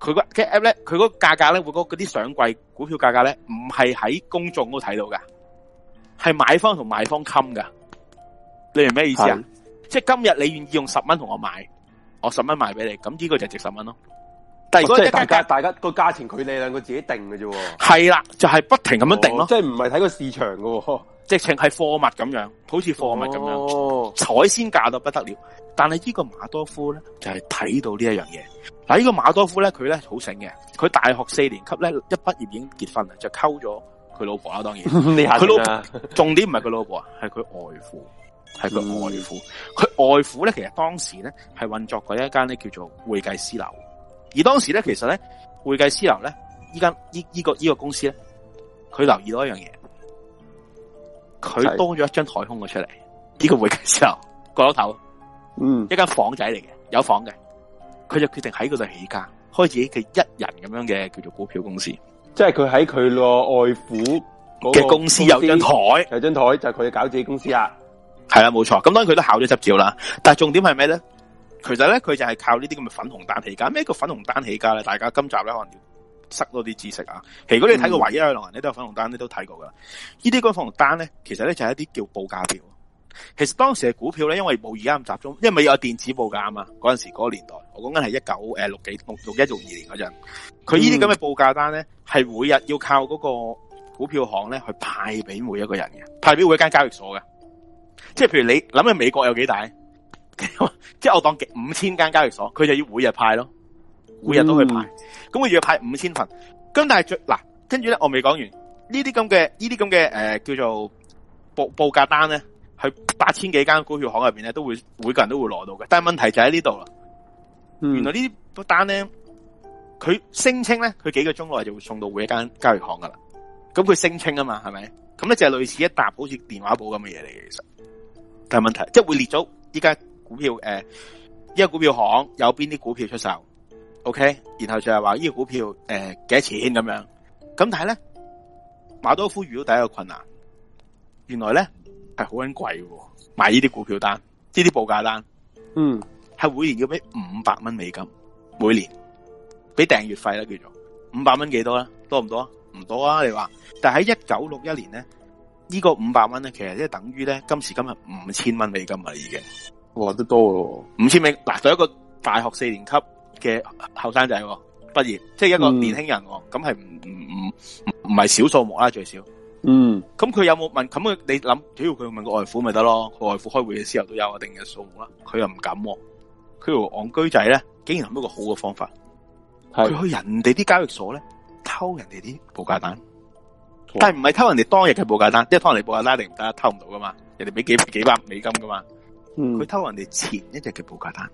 佢個嘅 app 咧，佢個價格咧，會嗰嗰啲上櫃股票價格咧，唔係喺公眾都睇到噶，係買方同賣方 com 噶。你係咩意思啊？即係今日你願意用十蚊同我買，我十蚊賣俾你，咁呢個就值十蚊咯。但係如果大家大家，大家個價錢佢哋兩個自己定嘅啫，係啦，就係不停咁樣定咯。哦、即係唔係睇個市場嘅、哦，直情係貨物咁樣，好似貨物咁樣。海鮮價到不得了，但係呢個馬多夫咧就係睇到呢一樣嘢。嗱，呢個馬多夫咧，佢咧好醒嘅，佢大學四年級咧一畢業已經結婚啦，就溝咗佢老婆啦。當然， 你話佢老婆 重點唔係佢老婆啊，係佢外父。係佢外父，佢、嗯、外父咧，其實當時咧係運作過一間咧叫做會計師樓，而當時咧其實咧會計師樓咧，依間依依個依個公司咧，佢留意到一樣嘢，佢多咗一張台空咗出嚟，呢、呢個會計師樓閣樓頭，嗯，一間房仔嚟嘅，有房嘅，佢就決定喺嗰度起家，開始佢一人咁樣嘅叫做股票公司，即係佢喺佢個外父嘅公司有張台，有張台就係佢搞自己公司啦。係啊，冇錯，咁當然佢都考咗執照啦。但係重點係咩咧？其實咧，佢就係靠呢啲咁嘅粉紅單起家。咩叫粉紅單起家咧？大家今集咧可能要塞多啲知識啊。其實如果你睇過《華爾街狼人》，都有粉紅單咧都睇過噶。呢啲嗰粉紅單咧，其實咧就係一啲叫報價票。其實當時嘅股票咧，因為冇而家咁集中，因為咪有電子報價啊嘛。嗰陣時嗰個年代，我講緊係一九誒六幾六六一六二年嗰陣，佢呢啲咁嘅報價單咧，係每日要靠嗰個股票行咧去派俾每一個人嘅，派俾每一間交易所嘅。即係譬如你諗下美國有幾大？即 係我當五千間交易所，佢就要每日派咯，每日都去派。咁、嗯、我要派五千份。咁但係嗱，跟住咧，我未講完呢啲咁嘅呢啲咁嘅誒，叫做報報價單咧，係八千幾間股票行入邊咧，都會每個人都會攞到嘅。但係問題就喺呢度啦。嗯、原來呢啲單咧，佢聲稱咧，佢幾個鐘內就會送到每一間交易行噶啦。咁佢聲稱啊嘛，係咪？咁咧就係類似一沓好似電話簿咁嘅嘢嚟嘅，其實。但係問題，即係會列咗依家股票誒，依家股票行有邊啲股票出售？OK，然後就係話呢個股票誒幾多錢咁樣？咁但係咧，馬多夫遇到第一個困難，原來咧係好撚貴，買呢啲股票單，呢啲報價單，嗯，係每年要俾五百蚊美金，每年俾訂閱費啦叫做，五百蚊幾多咧？多唔多啊？唔多啊？你話？但係喺一九六一年咧。這個、500元呢個五百蚊咧，其實即係等於咧今時今日五千蚊美金啊，已經哇得多嘅，五千蚊嗱，就一個大學四年級嘅後生仔畢業，即係一個年輕人，咁係唔唔唔唔係少數目啦，最少嗯，咁佢有冇問？咁佢你諗，主要佢問個外父咪得咯？佢外父開會嘅時候都有一定嘅數目啦，佢又唔敢。佢條戇居仔咧，竟然諗到個好嘅方法，佢去人哋啲交易所咧偷人哋啲報價單。但係唔係偷人哋當日嘅報價單，即係偷人哋報價單定，唔得，偷唔到噶嘛。人哋俾幾幾百美金噶嘛，佢偷人哋前一日嘅報價單，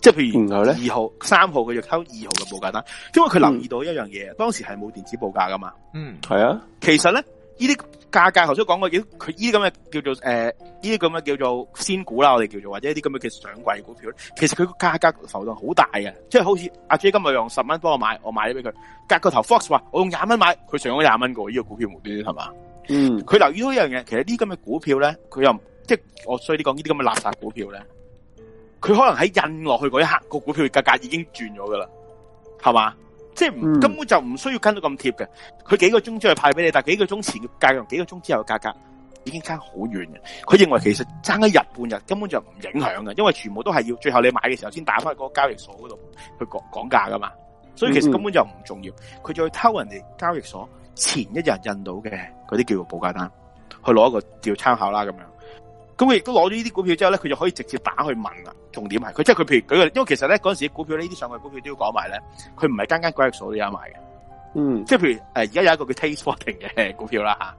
即係譬如二號、三號，佢就偷二號嘅報價單，因為佢、嗯、留意到一樣嘢，嗯、當時係冇電子報價噶嘛。嗯，係啊，其實咧。呢啲價格，頭先講過，佢呢啲咁嘅叫做誒，呢啲咁嘅叫做仙股啦，我哋叫做或者一啲咁嘅叫做上櫃股票咧。其實佢個價格浮動好大嘅，即係好似阿 J 今日用十蚊幫我買，我買咗俾佢。隔個頭，Fox 話我用廿蚊買，佢上咗廿蚊個。呢、這個股票冇端端係嘛？嗯，佢留意到一樣嘢，其實呢啲咁嘅股票咧，佢又不即係我衰啲講呢啲咁嘅垃圾股票咧，佢可能喺印落去嗰一刻，個股票價格已經轉咗噶啦，係嘛？即係根本就唔需要跟到咁貼嘅，佢幾個鐘之後派俾你，但係幾個鐘前嘅價格，幾個鐘之後嘅價格已經差好遠嘅。佢認為其實爭一日半日根本就唔影響嘅，因為全部都係要最後你買嘅時候先打翻去嗰個交易所嗰度去講講價噶嘛。所以其實根本就唔重要。佢再偷人哋交易所前一日印到嘅嗰啲叫做報價單，去攞一個叫參考啦咁樣。.咁亦都攞咗呢啲股票之後咧，佢就可以直接打去問啦。重點係佢，即係佢譬如舉個，因為其實咧嗰陣時股票咧，呢啲上市股票都要講埋咧，佢唔係間間交易所都有賣嘅。嗯，即係譬如誒，而、呃、家有一個叫 Taste Holding 嘅股票啦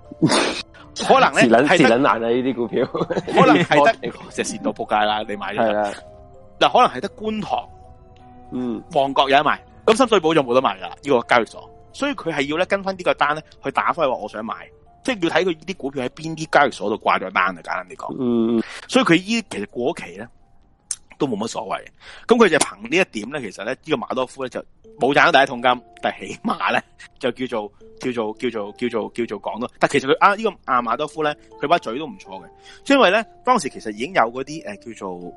吓， 可能咧，蝕卵難啊呢啲股票，可能係得成市道仆街啦，你買係啦。嗱， 可能係得觀塘，嗯，旺角有得賣就沒得賣，咁深水埗就冇得賣噶啦。呢個交易所，所以佢係要咧跟翻呢個單咧去打翻話我想買。即係要睇佢呢啲股票喺邊啲交易所度掛咗單啊！簡單啲講，所以佢依其實過期咧都冇乜所謂。咁佢就憑呢一點咧，其實咧呢個馬多夫咧就冇賺到第一桶金，但係起碼咧就叫做叫做叫做叫做叫做講咯。但其實佢啊呢個阿馬多夫咧，佢把嘴都唔錯嘅，因為咧當時其實已經有嗰啲誒叫做唔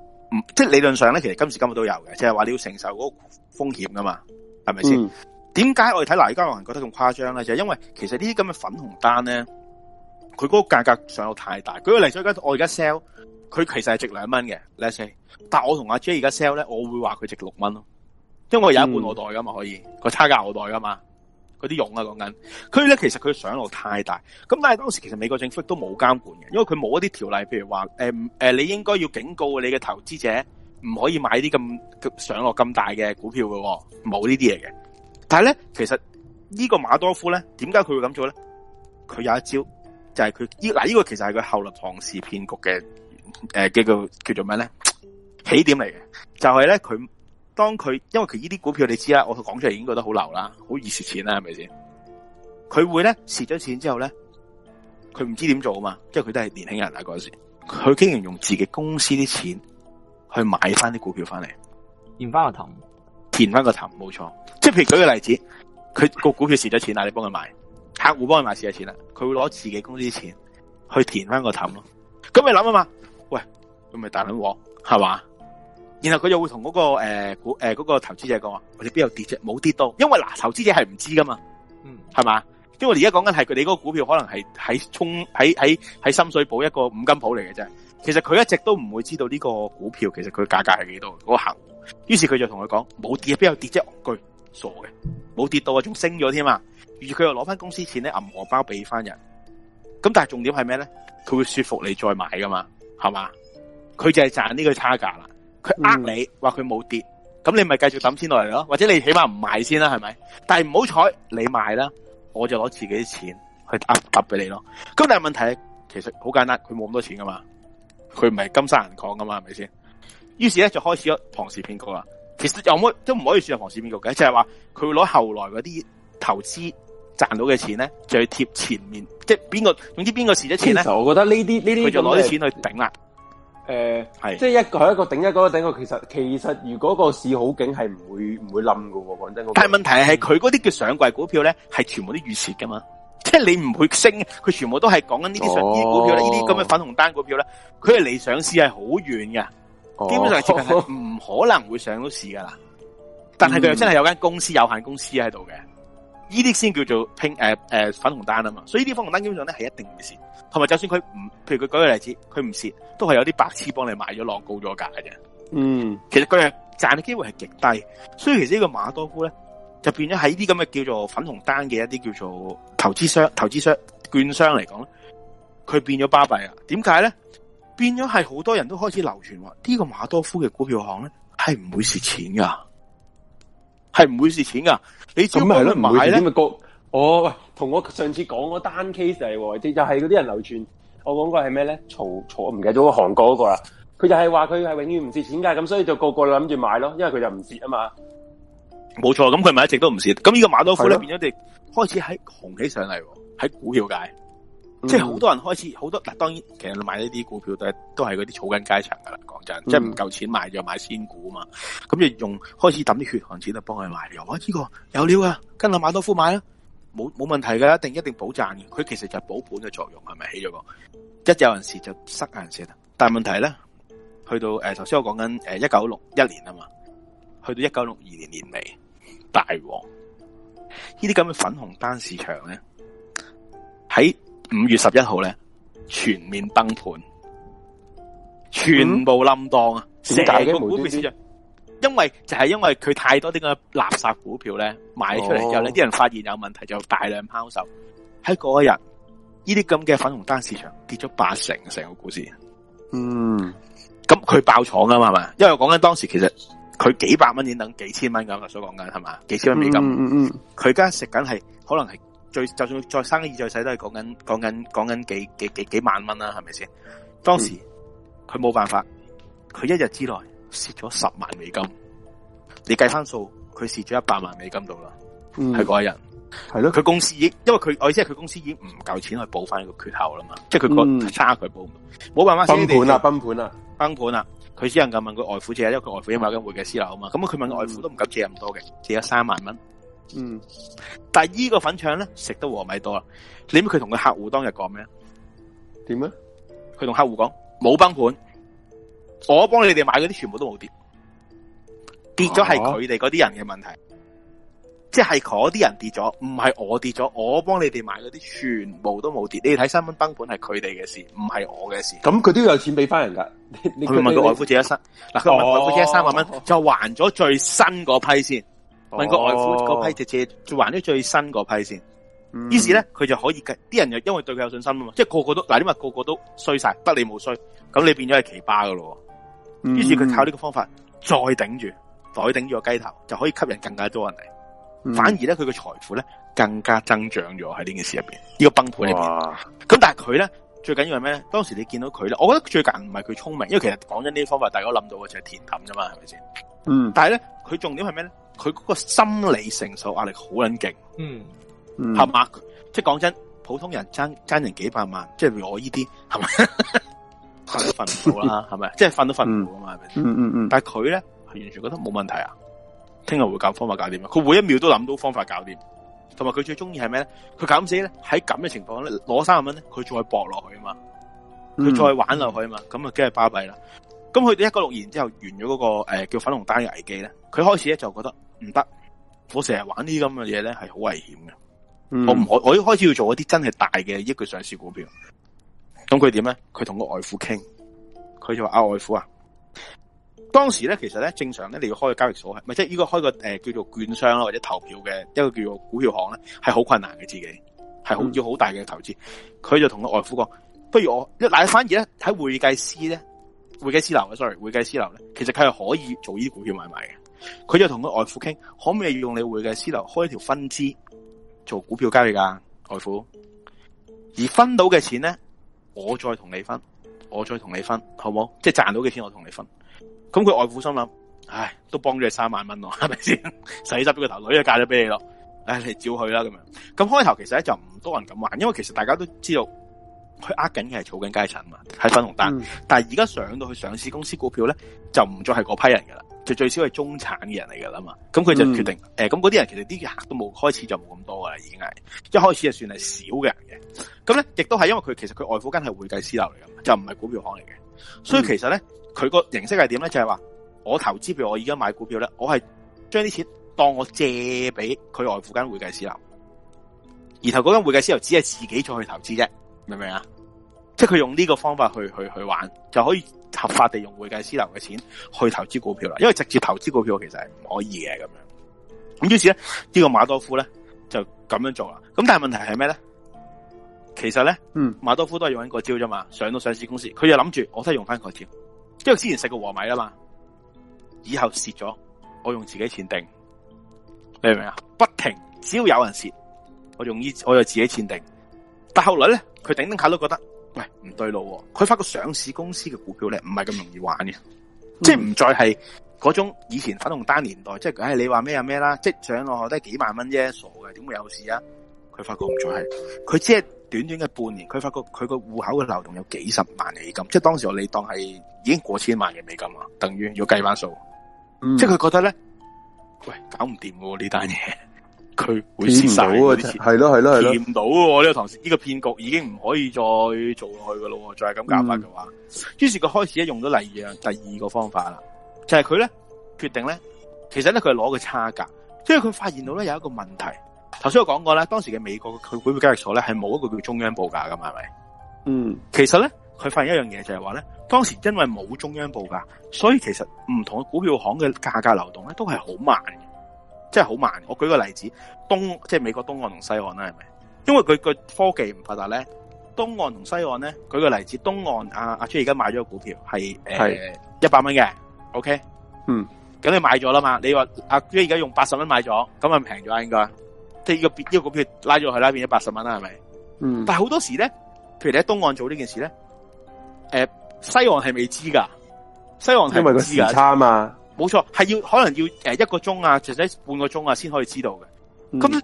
即係理論上咧，其實今時今日都有嘅，即係話你要承受嗰個風險噶嘛，係咪先？點解我哋睇嗱？依家我覺得咁誇張咧，就係、是、因為其實呢啲咁嘅粉紅單咧，佢嗰個價格上落太大。舉個例我現在，所以我而家 sell，佢其實係值兩蚊嘅。Let's say，但係我同阿 J 而家 sell 咧，我會話佢值六蚊咯，因為我有一半我袋噶嘛，可以個差價我袋噶嘛，嗰啲佣啊講緊。所以咧，其實佢上落太大。咁但係當時其實美國政府都冇監管嘅，因為佢冇一啲條例，譬如話誒誒，你應該要警告你嘅投資者唔可以買啲咁上落咁大嘅股票噶喎，冇呢啲嘢嘅。但係咧，其實呢個馬多夫咧，點解佢會咁做咧？佢有一招就，就係佢依嗱，呢個其實係佢後浪龐氏騙局嘅，誒嘅，個叫做咩咧？起點嚟嘅，就係咧佢當佢因為佢呢啲股票你知啦，我講出嚟已經覺得好流啦，好易蝕錢啦，係咪先？佢會咧蝕咗錢之後咧，佢唔知點做啊嘛，因為佢都係年輕人啊嗰陣時，佢竟然用自己公司啲錢去買翻啲股票翻嚟，轉翻個頭。填翻個氹。冇錯，即係譬如舉個例子，佢個股票蝕咗錢啦，你幫佢買，客戶幫佢買蝕咗錢啦，佢會攞自己公司啲錢去填翻個氹咯。咁你諗啊嘛，喂，咁咪大卵鑊，係嘛？然後佢又會同嗰、那個誒、欸、股誒嗰、欸那個投資者講話，我哋邊度跌啫，冇跌到。因為嗱、啊，投資者係唔知噶嘛，嗯，係嘛？因為我而家講緊係佢哋嗰個股票可能係喺冲喺喺喺深水埗一個五金鋪嚟嘅啫。其實佢一直都唔會知道呢個股票其實佢價格係幾多於是佢就同佢講冇跌啊，邊有跌啫？戇居，傻嘅，冇跌到啊，仲升咗添啊！而佢又攞翻公司錢咧，揞荷包俾翻人。咁但係重點係咩咧？佢會說服你再買噶嘛？係嘛？佢就係賺呢個差價啦。佢呃你，話佢冇跌，咁、嗯、你咪繼續抌錢落嚟咯。或者你起碼唔賣先啦，係咪？但係唔好彩，你賣啦，我就攞自己啲錢去揞揞俾你咯。咁但係問題其實好簡單，佢冇咁多錢噶嘛，佢唔係金山人講噶嘛，係咪先？於是咧就開始咗龐氏騙局啦。其實有冇都唔可以算係龐氏騙局嘅，就係話佢會攞後來嗰啲投資賺到嘅錢咧，就貼前面，即係邊個，總之邊個蝕咗錢咧。其實我覺得呢啲呢啲就攞啲錢去頂啦。誒、呃，係即係一個係一個頂一個頂一,一個。其實其實如果個市好景係唔會唔會冧噶。講真，但係問題係佢嗰啲叫上櫃股票咧，係全部都預設噶嘛。即係你唔會升，佢全部都係講緊呢啲上股票呢啲咁嘅粉紅單股票咧，佢係離上市係好遠嘅。基本上，係唔可能會上到市噶啦、哦嗯。但係佢真係有間公司有限公司喺度嘅，呢啲先叫做拼誒誒、呃、粉紅單啊嘛。所以呢啲粉紅單基本上咧係一定會蝕。同埋，就算佢唔，譬如佢舉個例子，佢唔蝕，都係有啲白痴幫你買咗浪高咗價嘅啫。嗯，其實佢賺嘅機會係極低。所以其實呢個馬多夫咧，就變咗喺啲咁嘅叫做粉紅單嘅一啲叫做投資商、投資商、券商嚟講咧，佢變咗巴閉啊？點解咧？變咗係好多人都開始流傳話，呢個馬多夫嘅股票行咧係唔會蝕錢噶，係唔會蝕錢噶。你只不過買咧咪個哦，同我上次講過單 case 喎，就係嗰啲人流傳，我講過係咩咧？曹坐唔記咗個韓國嗰個啦。佢就係話佢係永遠唔蝕錢噶，咁所以就個個諗住買咯，因為佢就唔蝕啊嘛。冇錯，咁佢咪一直都唔蝕。咁呢個馬多夫咧變咗，地開始喺紅起上嚟喺股票界。嗯、即係好多人開始好多嗱，當然其實你買呢啲股票都係都係嗰啲草根階層噶啦，講真，即係唔夠錢買就買仙股啊嘛。咁就用開始抌啲血汗錢嚟幫佢買，又話呢個有料啊，跟阿馬多夫買啦，冇冇問題嘅，一定一定保賺嘅。佢其實就係保本嘅作用，係咪起咗個？一有陣時就塞眼色啦。但係問題咧，去到誒頭先我講緊誒一九六一年啊嘛，去到一九六二年年尾大鑊，呢啲咁嘅粉紅單市場咧喺。五月十一號咧，全面崩盤，全部冧當啊！成、嗯、個股票市場，為無緣無緣因為就係、是、因為佢太多啲嘅垃圾股票咧，賣出嚟，之後啲人發現有問題，就大量拋售。喺嗰一日，呢啲咁嘅粉紅單市場跌咗八成，成個股市。嗯，咁佢爆廠㗎嘛，係咪？因為我講緊當時其實佢幾百蚊已等幾千蚊咁，我、就是、所講緊係嘛？幾千蚊美金，嗯嗯，嗯，佢而家食緊係可能係。最就算再生意再世都係講緊講緊講緊幾幾幾幾，幾，幾萬蚊啦，係咪先？當時佢冇、嗯、辦法，佢一日之內蝕咗十萬美金。你計翻數，佢蝕咗一百萬美金到啦。係嗰日，係咯。佢公司已經因為佢，我意思係佢公司已經唔夠錢去補翻呢個缺口啦嘛。即係佢個差佢補冇辦法。崩盤啦！崩盤啦！崩盤啦！佢只能夠問佢外父借，因為佢外父因為佢有間會計師樓啊嘛。咁、嗯、佢問佢外父都唔敢借咁多嘅，借咗三萬蚊。嗯，但係呢個粉腸咧食得和米多啦。你諗佢同個客戶當日講咩？點啊？佢同客戶講冇崩盤，我幫你哋買嗰啲全部都冇跌，跌咗係佢哋嗰啲人嘅問題，啊、即係嗰啲人跌咗，唔係我跌咗。我幫你哋買嗰啲全部都冇跌。你睇新聞崩盤係佢哋嘅事，唔係我嘅事。咁佢都有錢俾翻人噶？佢問個外夫借一失，嗱、哦、佢問佢外夫借三萬蚊，就還咗最新嗰批先。問個外父嗰批，直接就還咗最新嗰批先。於、嗯、是咧，佢就可以計，啲人又因為對佢有信心啊嘛，即係個個都嗱，你話個個都衰晒，不利冇衰，咁你變咗係奇葩噶咯。於、嗯、是佢靠呢個方法再頂住，再頂住個雞頭，就可以吸引更加多人嚟、嗯。反而咧，佢個財富咧更加增長咗喺呢件事入邊。呢、這個崩盤入邊哇！咁但係佢咧最緊要係咩咧？當時你見到佢咧，我覺得最近唔係佢聰明，因為其實講真呢啲方法，大家諗到嘅就係填凼啫嘛，係咪先？嗯。但係咧，佢重點係咩咧？佢嗰個心理承受壓力好撚勁，嗯，係嘛、嗯？即係講真，普通人爭爭人幾百萬，即係如我呢啲，係咪？瞓唔到啦，係咪？即係瞓都瞓唔到啊嘛，係、嗯、咪？但係佢咧係完全覺得冇問題啊！聽日會搞方法搞掂啊？佢每一秒都諗到方法搞掂。同埋佢最中意係咩咧？佢咁死咧喺咁嘅情況咧，攞三十蚊咧，佢再搏落去啊嘛，佢、嗯、再玩落去啊嘛，咁啊梗係巴閉啦！咁佢哋一個六年之後完咗嗰、那個誒、呃、叫粉紅單嘅危機咧，佢開始咧就覺得。唔得，我成日玩呢啲咁嘅嘢咧，係好危險嘅。我唔可，我一開始要做一啲真係大嘅一個上市股票。咁佢點咧？佢同個外父傾，佢就話阿、啊、外父啊，當時咧其實咧正常咧你要開個交易所係，咪即係呢個開個誒、呃、叫做券商啦或者投票嘅一個叫做股票行咧係好困難嘅，自己係好要好大嘅投資。佢就同個外父講，不如我一嗱，反而咧喺會計師咧，會計師樓嘅 sorry，會計師樓咧，其實佢係可以做呢啲股票買賣嘅。佢就同佢外父傾，可唔可以用你會計師樓開一條分支做股票交易噶、啊、外父？而分到嘅錢咧，我再同你分，我再同你分，好冇？即係賺到嘅錢，我同你分。咁佢外父心諗，唉，都幫咗你三萬蚊咯，係咪先？ 洗濕咗個頭，女就嫁咗俾你咯。唉，你照佢啦咁樣。咁開頭其實咧就唔多人敢玩，因為其實大家都知道，佢呃緊嘅係儲緊階層啊嘛，喺分紅單。嗯、但係而家上到去上市公司股票咧，就唔再係嗰批人噶啦。就最少係中產嘅人嚟噶啦嘛，咁佢就決定，誒、嗯呃，咁嗰啲人其實啲客都冇開始就冇咁多噶啦，已經係一開始就算係少嘅人嘅，咁咧亦都係因為佢其實佢外父間係會計師樓嚟噶，就唔係股票行嚟嘅，所以其實咧佢個形式係點咧，就係、是、話我投資票，我而家買股票咧，我係將啲錢當我借俾佢外父間會計師樓，然後嗰間會計師樓只係自己再去投資啫，明唔明啊？即係佢用呢個方法去去去玩就可以。合法地用會計師樓嘅錢去投資股票啦，因為直接投資股票其實係唔可以嘅，咁樣。咁於是咧，呢個馬多夫咧就咁樣做啦。咁但係問題係咩咧？其實咧，嗯，馬多夫都係用緊個招啫嘛。上到上市公司，佢就諗住，我都係用翻個招，因為之前食過和米啊嘛。以後蝕咗，我用自己錢定，你明唔明啊？不停，只要有人蝕，我用依我就自己錢定。但係後來咧，佢頂頂下都覺得。喂、啊，唔對路，佢發覺上市公司嘅股票咧唔係咁容易玩嘅、嗯，即係唔再係嗰種以前粉紅單年代，即係唉，你話咩啊咩啦，即上漲落都係幾萬蚊啫，傻嘅，點會有事啊？佢發覺唔再係，佢即係短短嘅半年，佢發覺佢個戶口嘅流動有幾十萬美金，即係當時我你當係已經過千萬嘅美金啊，等於要計翻數，即係佢覺得咧，喂，搞唔掂嘅呢單嘢。佢會蝕晒啲錢，係，係咯，係咯，係咯，蝕唔到喎、啊！呢、這個唐呢、這個騙局已經唔可以再做落去噶咯，再係咁搞法嘅話、嗯。於是佢開始一用咗第二樣，第二個方法啦，就係佢咧決定咧，其實咧佢係攞個差價，即係佢發現到咧有一個問題。頭先我講過咧，當時嘅美國嘅佢股票交易所咧係冇一個叫中央報價噶嘛，係咪？嗯，其實咧佢發現一樣嘢就係話咧，當時因為冇中央報價，所以其實唔同嘅股票行嘅價格流動咧都係好慢。即係好慢。我舉個例子，東即係美國東岸同西岸啦，係咪？因為佢個科技唔發達咧，東岸同西岸咧，舉個例子，東岸阿阿朱而家買咗個股票係誒一百蚊嘅，OK，嗯，咁你買咗啦嘛？你話阿朱而家用八十蚊買咗，咁咪平咗啊？應該，即係個呢個股票拉咗去，拉變咗八十蚊啦，係咪？嗯。但係好多時咧，譬如你喺東岸做呢件事咧，誒、呃，西岸係未知噶，西岸係未知因為個時差啊嘛。冇錯，係要可能要誒一個鐘啊，或者半個鐘啊，先可以知道嘅。咁、嗯、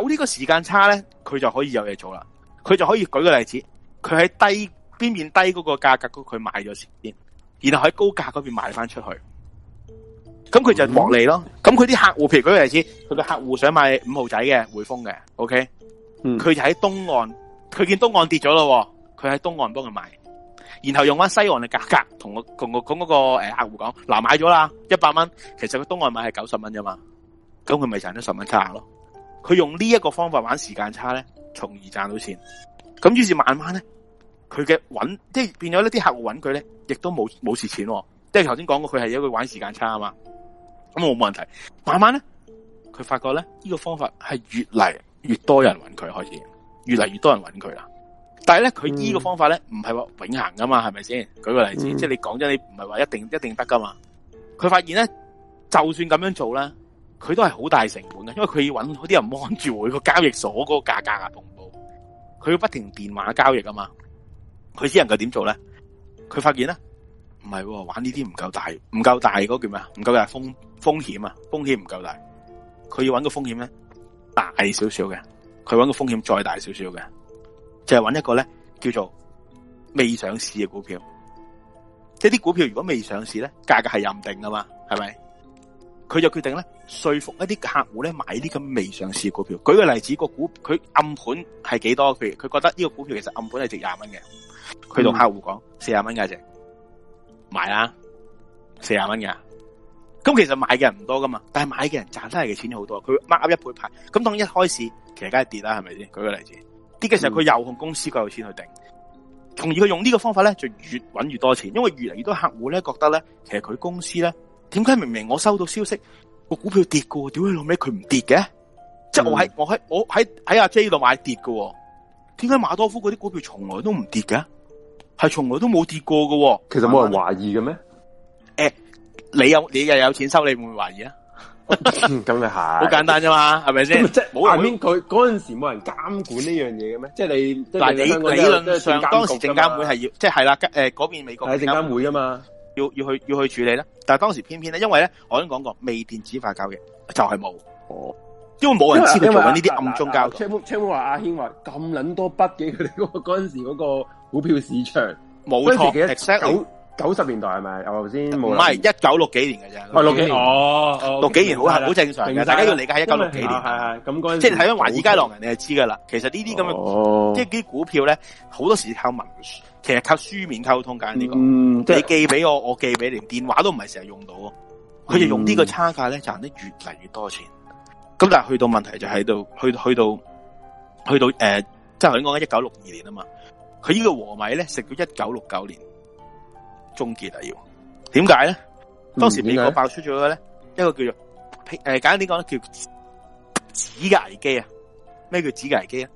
有呢個時間差咧，佢就可以有嘢做啦。佢就可以舉個例子，佢喺低邊面低嗰個價格嗰，佢買咗先，然後喺高價嗰邊賣翻出去，咁佢就獲利咯。咁佢啲客戶，譬如舉個例子，佢個客戶想買五號仔嘅匯豐嘅，OK，佢、嗯、就喺東岸，佢見東岸跌咗咯，佢喺東岸幫佢買。然後用翻西岸嘅價格同我同我講，個誒客戶講，嗱，買咗啦一百蚊，其實佢東岸買係九十蚊啫嘛，咁佢咪賺咗十蚊差咯？佢用呢一個方法玩時間差咧，從而賺到錢。咁於是慢慢咧，佢嘅揾即係變咗呢啲客戶揾佢咧，亦都冇冇蝕錢，啊，即係頭先講過佢係一個玩時間差啊嘛。咁我冇問題。慢慢咧，佢發覺咧呢個方法係越嚟越多人揾佢開始，越嚟越多人揾佢啦。但係咧，佢呢個方法咧，唔係話永恒噶嘛，係咪先？舉個例子，即係你講咗，你唔係話一定一定得噶嘛。佢發現咧，就算咁樣做咧，佢都係好大成本嘅，因為佢要搵好啲人望住每個交易所嗰個價格啊同步，佢要不停電話交易㗎嘛。佢只能夠點做咧？佢發現咧，唔係、啊、玩呢啲唔夠大，唔夠大嗰叫咩，唔夠大風風險啊，風險唔夠大。佢要搵個風險咧，大少少嘅，佢搵個風險再大少少嘅。就係、是、搵一個咧，叫做未上市嘅股票。即係啲股票如果未上市咧，價格係認定噶嘛，係咪？佢就決定咧，說服一啲客戶咧買呢個未上市嘅股票。舉個例子，個股佢暗盤係幾多？佢佢覺得呢個股票其實暗盤係值廿蚊嘅。佢同客戶講：四十蚊價值，買啦，四十蚊嘅。咁其實買嘅人唔多噶嘛，但係買嘅人賺返嚟嘅錢好多。佢孖一倍派，咁當一開始，其實梗係跌啦，係咪先？舉個例子。跌、嗯、嘅時候佢又向公司嗰度錢去定，從而佢用呢個方法咧就越揾越多錢，因為越嚟越多客戶咧覺得咧，其實佢公司咧點解明明我收到消息個股票跌過，點解後尾佢唔跌嘅？即、嗯、係、就是、我喺我喺我喺喺阿 J 度買跌喎，點解馬多夫嗰啲股票從來都唔跌嘅？係從來都冇跌過喎，其實冇人懷疑嘅咩？誒，你有你又有錢收，你會唔會懷疑啊？咁又係，好簡單啫嘛，係咪先？下面佢嗰陣時冇人監管呢樣嘢嘅咩？即係你但理理論上當時證監會係要，即係係啦，誒嗰邊美國係證監會啊嘛要，要要去要去處理啦。但係當時偏偏咧，因為咧我已經講過未電子化交易就係、是、冇，因為冇人知道做緊呢啲暗中交易、啊。Chief 話阿軒話咁捻多筆嘅佢哋嗰嗰陣時嗰個股票市場冇 Exactly 九十年代，係咪？頭先唔係一九六幾年嘅啫，係六幾年哦，六幾年、哦哦、年好係好正常嘅，大家要理解係一九六幾年，係係咁嗰，即係睇《乜華爾街浪人》你就知嘅啦、哦。其實呢啲咁嘅，即係啲股票咧，好多時靠文書，其實靠書面溝通，講、這、呢個、嗯即，你寄俾我，我寄俾你，連電話都唔係成日用到，佢、嗯、就用呢個差價咧賺得越嚟越多錢。咁、嗯、但係去到問題就喺、是、度，去去到去到誒，即係我講緊一九六二年啊嘛，佢呢個和米咧食到一九六九年。終結啊！要點解咧？當時美國爆出咗個咧，一個叫做誒、呃，簡單點講叫紙嘅危機啊！咩叫紙嘅危機啊？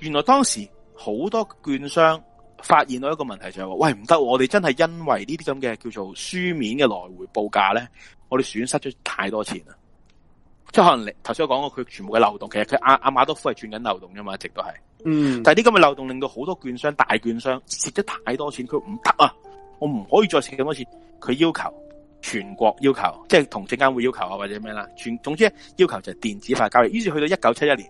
原來當時好多券商發現到一個問題就係話：喂，唔得！我哋真係因為呢啲咁嘅叫做書面嘅來回報價咧，我哋損失咗太多錢啦！即係可能頭先我講過佢全部嘅漏洞，其實佢阿阿馬多夫係轉緊漏洞噶嘛，一直都係，嗯。但係呢咁嘅漏洞令到好多券商、大券商蝕咗太多錢，佢唔得啊！我唔可以再食咁多次。佢要求全國要求，即係同證監會要求啊，或者咩啦。全總之要求就係電子化交易。於是去到一九七一年，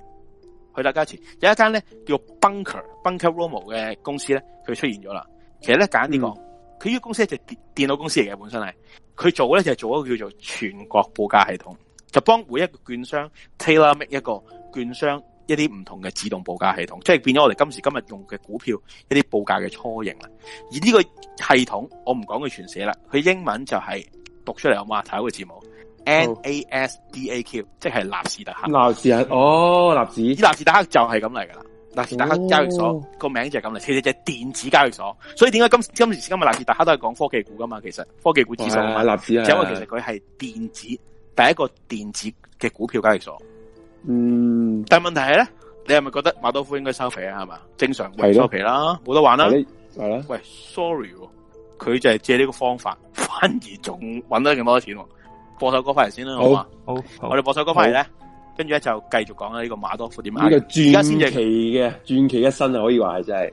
去到加前有一間咧叫 Bunker Bunker Romo 嘅公司咧，佢出現咗啦。其實咧簡單啲講，佢呢個公司就電電腦公司嚟嘅，本身係佢做咧就係、是、做一個叫做全國報價系統，就幫每一個券商 tailor-make 一個券商。一啲唔同嘅自動報價系統，即係變咗我哋今時今日用嘅股票一啲報價嘅雛形啦。而呢個系統，我唔講佢全寫啦，佢英文就係、是、讀出嚟好嘛，睇下個字母 N A S D A Q，、oh. 即係納斯達克。納斯達克哦，納、oh, 斯，納斯達克就係咁嚟噶啦，納斯達克交易所個、oh. 名字就係咁嚟，其實就係電子交易所。所以點解今時今時今日納斯達克都係講科技股噶嘛？其實科技股指數，納斯達克，因為其實佢係電子第一個電子嘅股票交易所。嗯，但係問題係咧，你係咪覺得馬多夫應該收皮啊？係嘛，正常費，回收皮啦，冇得玩啦，係啦。喂，sorry，佢、哦、就係借呢個方法，反而仲搵得咁多錢、哦。播首歌翻嚟先啦，好嘛？好，我哋播首歌翻嚟咧，跟住咧就繼續講咧呢個馬多夫點樣傳奇嘅，傳、這、期、個、一生啊，可以話係真係。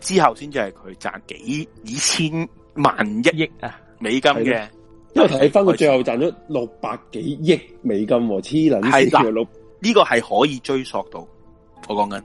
之後先就係佢賺幾以千萬一億啊美金嘅、啊，啊啊、因為睇翻佢最後賺咗六百幾億美金，黐捻，係六。呢、這個係可以追溯到，我講緊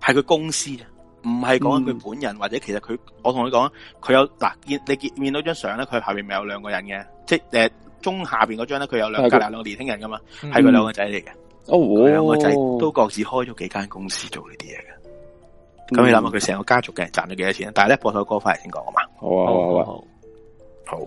係佢公司，唔係講佢本人、嗯，或者其實佢，我同你講，佢有嗱見你見見到張相咧，佢下邊咪有兩個人嘅，即係誒中下邊嗰張咧，佢有兩隔籬兩個年輕人噶嘛，係、嗯、佢兩個仔嚟嘅，哦、佢兩個仔都各自開咗幾間公司做呢啲嘢嘅，咁、嗯、你諗下佢成個家族嘅人賺咗幾多錢呢？但係咧，播首歌翻嚟先講啊嘛，好啊好啊好。好好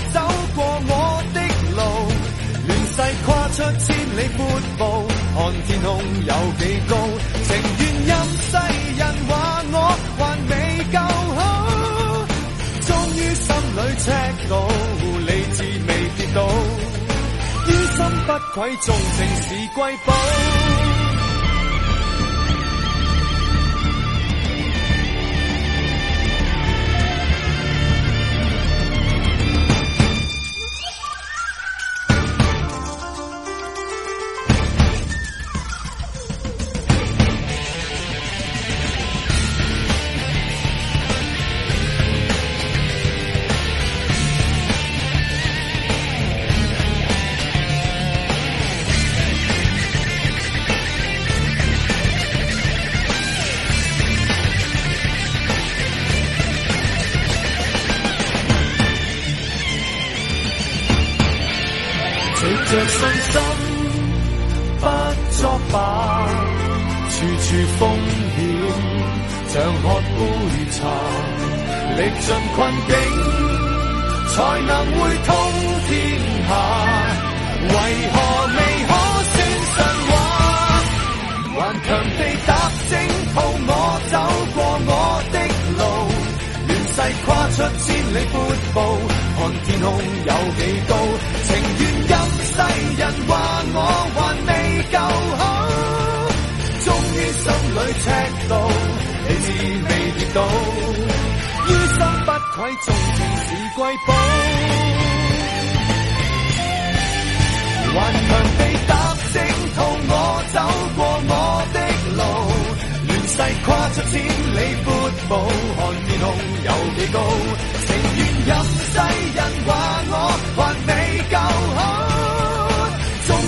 闊看天空有幾高，情願任世人話我還未夠好。終於心裏赤道，理智未跌倒，於心不愧忠貞是瑰寶。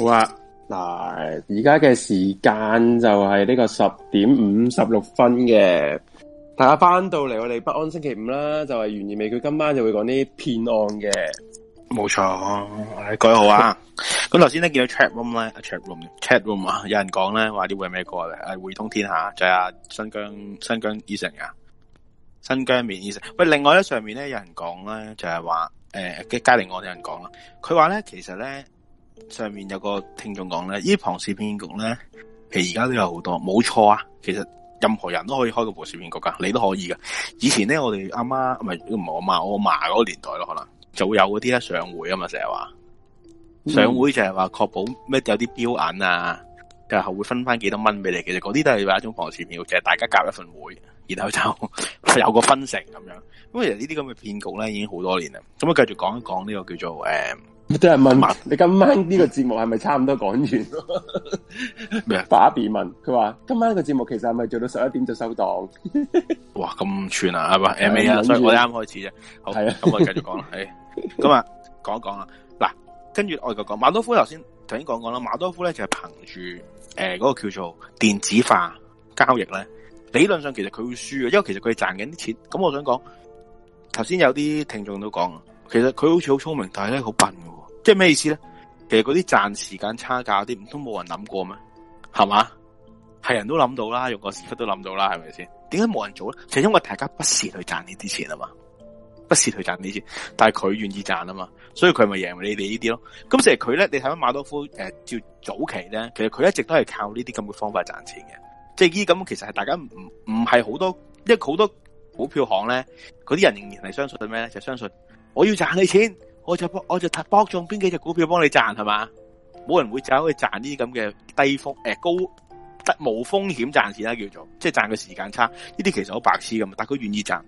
好啊，嗱，而家嘅時間就係呢個十點五十六分嘅，大家翻到嚟我哋北安星期五啦，就係、是、懸疑未決，佢今晚就會講啲騙案嘅，冇錯、啊，改好啊。咁頭先咧見到 chat room 咧 chat room，chat room 啊，有人講咧話啲會係咩歌嚟？係匯通天下，就係、是、新疆新疆伊城啊，新疆面伊城。喂，另外咧上面咧有人講咧就係、是、話，誒、欸，嘅嘉玲案有人講啦，佢話咧其實咧。上面有個聽眾講咧，騙呢啲龐氏騙局咧，其實而家都有好多，冇錯啊！其實任何人都可以開個龐氏騙局噶，你都可以噶。以前咧，我哋阿媽唔係唔係我阿媽，我阿嫲嗰個年代咯，可能就會有嗰啲咧上會啊嘛，成日話上會就係話確保咩有啲標銀啊，就後會分翻幾多蚊俾你，其實嗰啲都係話一種龐氏騙局，係、就是、大家交一份會，然後就有個分成咁樣。咁其實這這呢啲咁嘅騙局咧，已經好多年啦。咁啊，繼續講一講呢個叫做誒。嗯都係問你今晚呢個節目係咪差唔多講完？咩啊？ 爸 B 問佢話：今晚個節目其實係咪做到十一點就收檔？哇！咁串啊，係嘛？M 所以我哋啱開始啫。好，咁我哋繼續講啦。咁啊，講、 哎、一講啦。嗱，跟住我哋講馬多夫頭先頭先講講啦。馬多夫咧就係憑住誒嗰個叫做電子化交易咧，理論上其實佢會輸嘅，因為其實佢賺緊啲錢。咁我想講，頭先有啲聽眾都講啊，其實佢好似好聰明，但係咧好笨。即係咩意思咧？其實嗰啲賺時間差價嗰啲，唔通冇人諗過咩？係嘛？係人都諗到啦，用個屎窟都諗到啦，係咪先？點解冇人做咧？就係、因為大家不屑去賺呢啲錢啊嘛，不屑去賺呢啲錢，但係佢願意賺啊嘛，所以佢咪贏你哋呢啲咯。咁其實佢咧，你睇下馬多夫誒、呃，照早期咧，其實佢一直都係靠呢啲咁嘅方法賺錢嘅。即係呢咁，其實係大家唔唔係好多，因為好多股票行咧，嗰啲人仍然係相信咩咧？就係、相信我要賺你錢。我就我就博中邊幾隻股票幫你賺係嘛？冇人會走去賺呢啲咁嘅低風誒、呃、高得無風險賺錢啦、啊，叫做即係賺個時間差。呢啲其實好白痴噶嘛，但佢願意賺。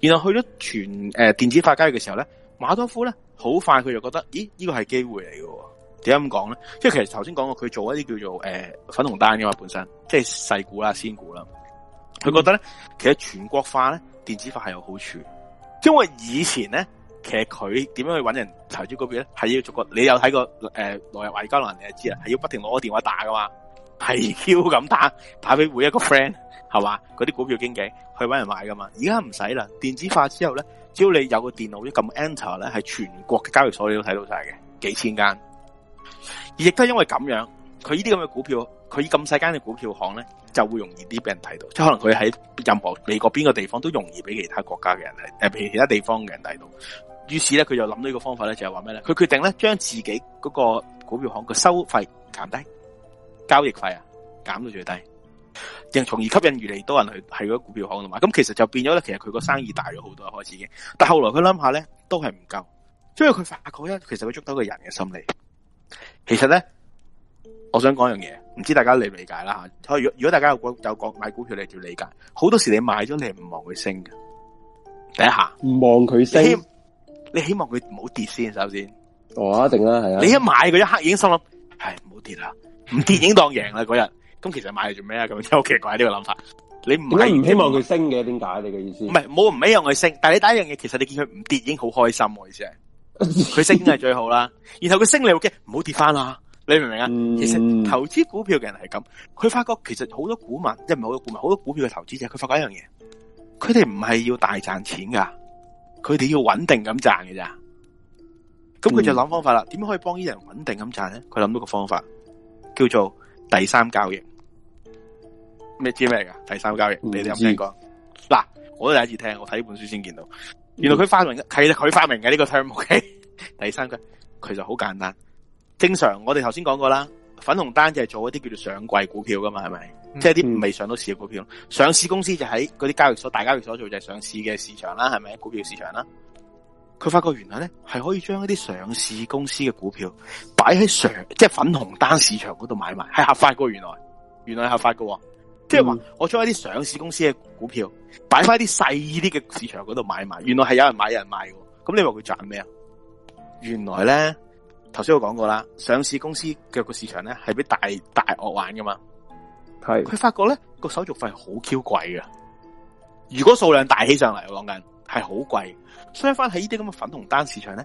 然後去咗全誒、呃、電子化交易嘅時候咧，馬多夫咧好快佢就覺得，咦呢、這個係機會嚟喎，點解咁講咧？即係其實頭先講過，佢做一啲叫做誒、呃、粉紅單噶嘛，本身即係細股啦、仙股啦、啊。佢覺得咧、嗯，其實全國化咧電子化係有好處，因為以前咧。其實佢點樣去搵人投資嗰邊咧，係要逐個，你有睇過誒、流、呃、入外交欄你就知啦，係要不停攞個電話打噶嘛，係 Q 咁打，打俾每一個 friend 係嘛？嗰啲股票經紀去搵人買噶嘛，而家唔使啦，電子化之後咧，只要你有個電腦撳 enter 咧，係全國嘅交易所你都睇到晒嘅，幾千間，亦都係因為咁樣。佢呢啲咁嘅股票，佢咁細間嘅股票行咧，就會容易啲俾人睇到，即可能佢喺任何美國邊個地方都容易俾其他國家嘅人睇，誒，俾其他地方嘅人睇到。於是咧，佢就諗到呢個方法咧，就係話咩咧？佢決定咧，將自己嗰個股票行個收費減低，交易費啊，減到最低，又從而吸引越嚟越多人去喺嗰股票行度買。咁其實就變咗咧，其實佢個生意大咗好多開始嘅。但係後來佢諗下咧，都係唔夠，因為佢發覺咧，其實佢捉到一個人嘅心理，其實咧。我想講樣嘢，唔知大家理唔理解啦吓。所以如果大家有股有，有買股票，你就要理解。好多時你買咗，你係唔望佢升嘅。第一下，唔望佢升，你希望佢唔好跌先，首先哦，一定啦，係啊。你一買佢一刻已經心諗，係唔好跌啦，唔跌已經當贏啦嗰日。咁 其實買嚟做咩啊？咁好奇怪呢個諗法。你唔，我唔希望佢升嘅，點解你嘅意思？唔係，冇唔希望佢升。但你第一樣嘢，其實你見佢唔跌已經好開心，我意思係，佢 升係最好啦。然後佢升你驚，唔好跌翻啦。你明唔明啊？其實投資股票嘅人係咁，佢發覺其實好多股民，即係唔係好多股民，好多股票嘅投資者，佢發覺一樣嘢，佢哋唔係要大賺錢噶，佢哋要穩定咁賺嘅啫。咁佢就諗方法啦，點、嗯、可以幫呢啲人穩定咁賺咧？佢諗到個方法叫做第三交易。咩知咩噶？第三交易你哋有冇聽過？嗱，我都第一次聽，我睇本書先見到，原來佢發明嘅係佢、嗯、發明嘅呢、呢個 term。第三個佢就好簡單。正常，我哋頭先講過啦，粉紅單就係做一啲叫做上櫃股票噶嘛，係咪、嗯？即係啲未上到市嘅股票。上市公司就喺嗰啲交易所，大交易所做就係上市嘅市場啦，係咪？股票市場啦。佢發覺原來咧係可以將一啲上市公司嘅股票擺喺上，即係粉紅單市場嗰度買賣。係合法過。原來，原來係合法過喎。即係話我將一啲上市公司嘅股票擺翻啲細啲嘅市場嗰度買賣，原來係有人買有人賣嘅。咁你話佢賺咩啊？原來咧。頭先我講過啦，上市公司嘅個市場咧，係俾大大鱷玩噶嘛，係佢發覺咧，個手續費好 Q 貴㗎。如果數量大起上嚟，我講緊係好貴。相反喺呢啲咁嘅粉紅單市場咧，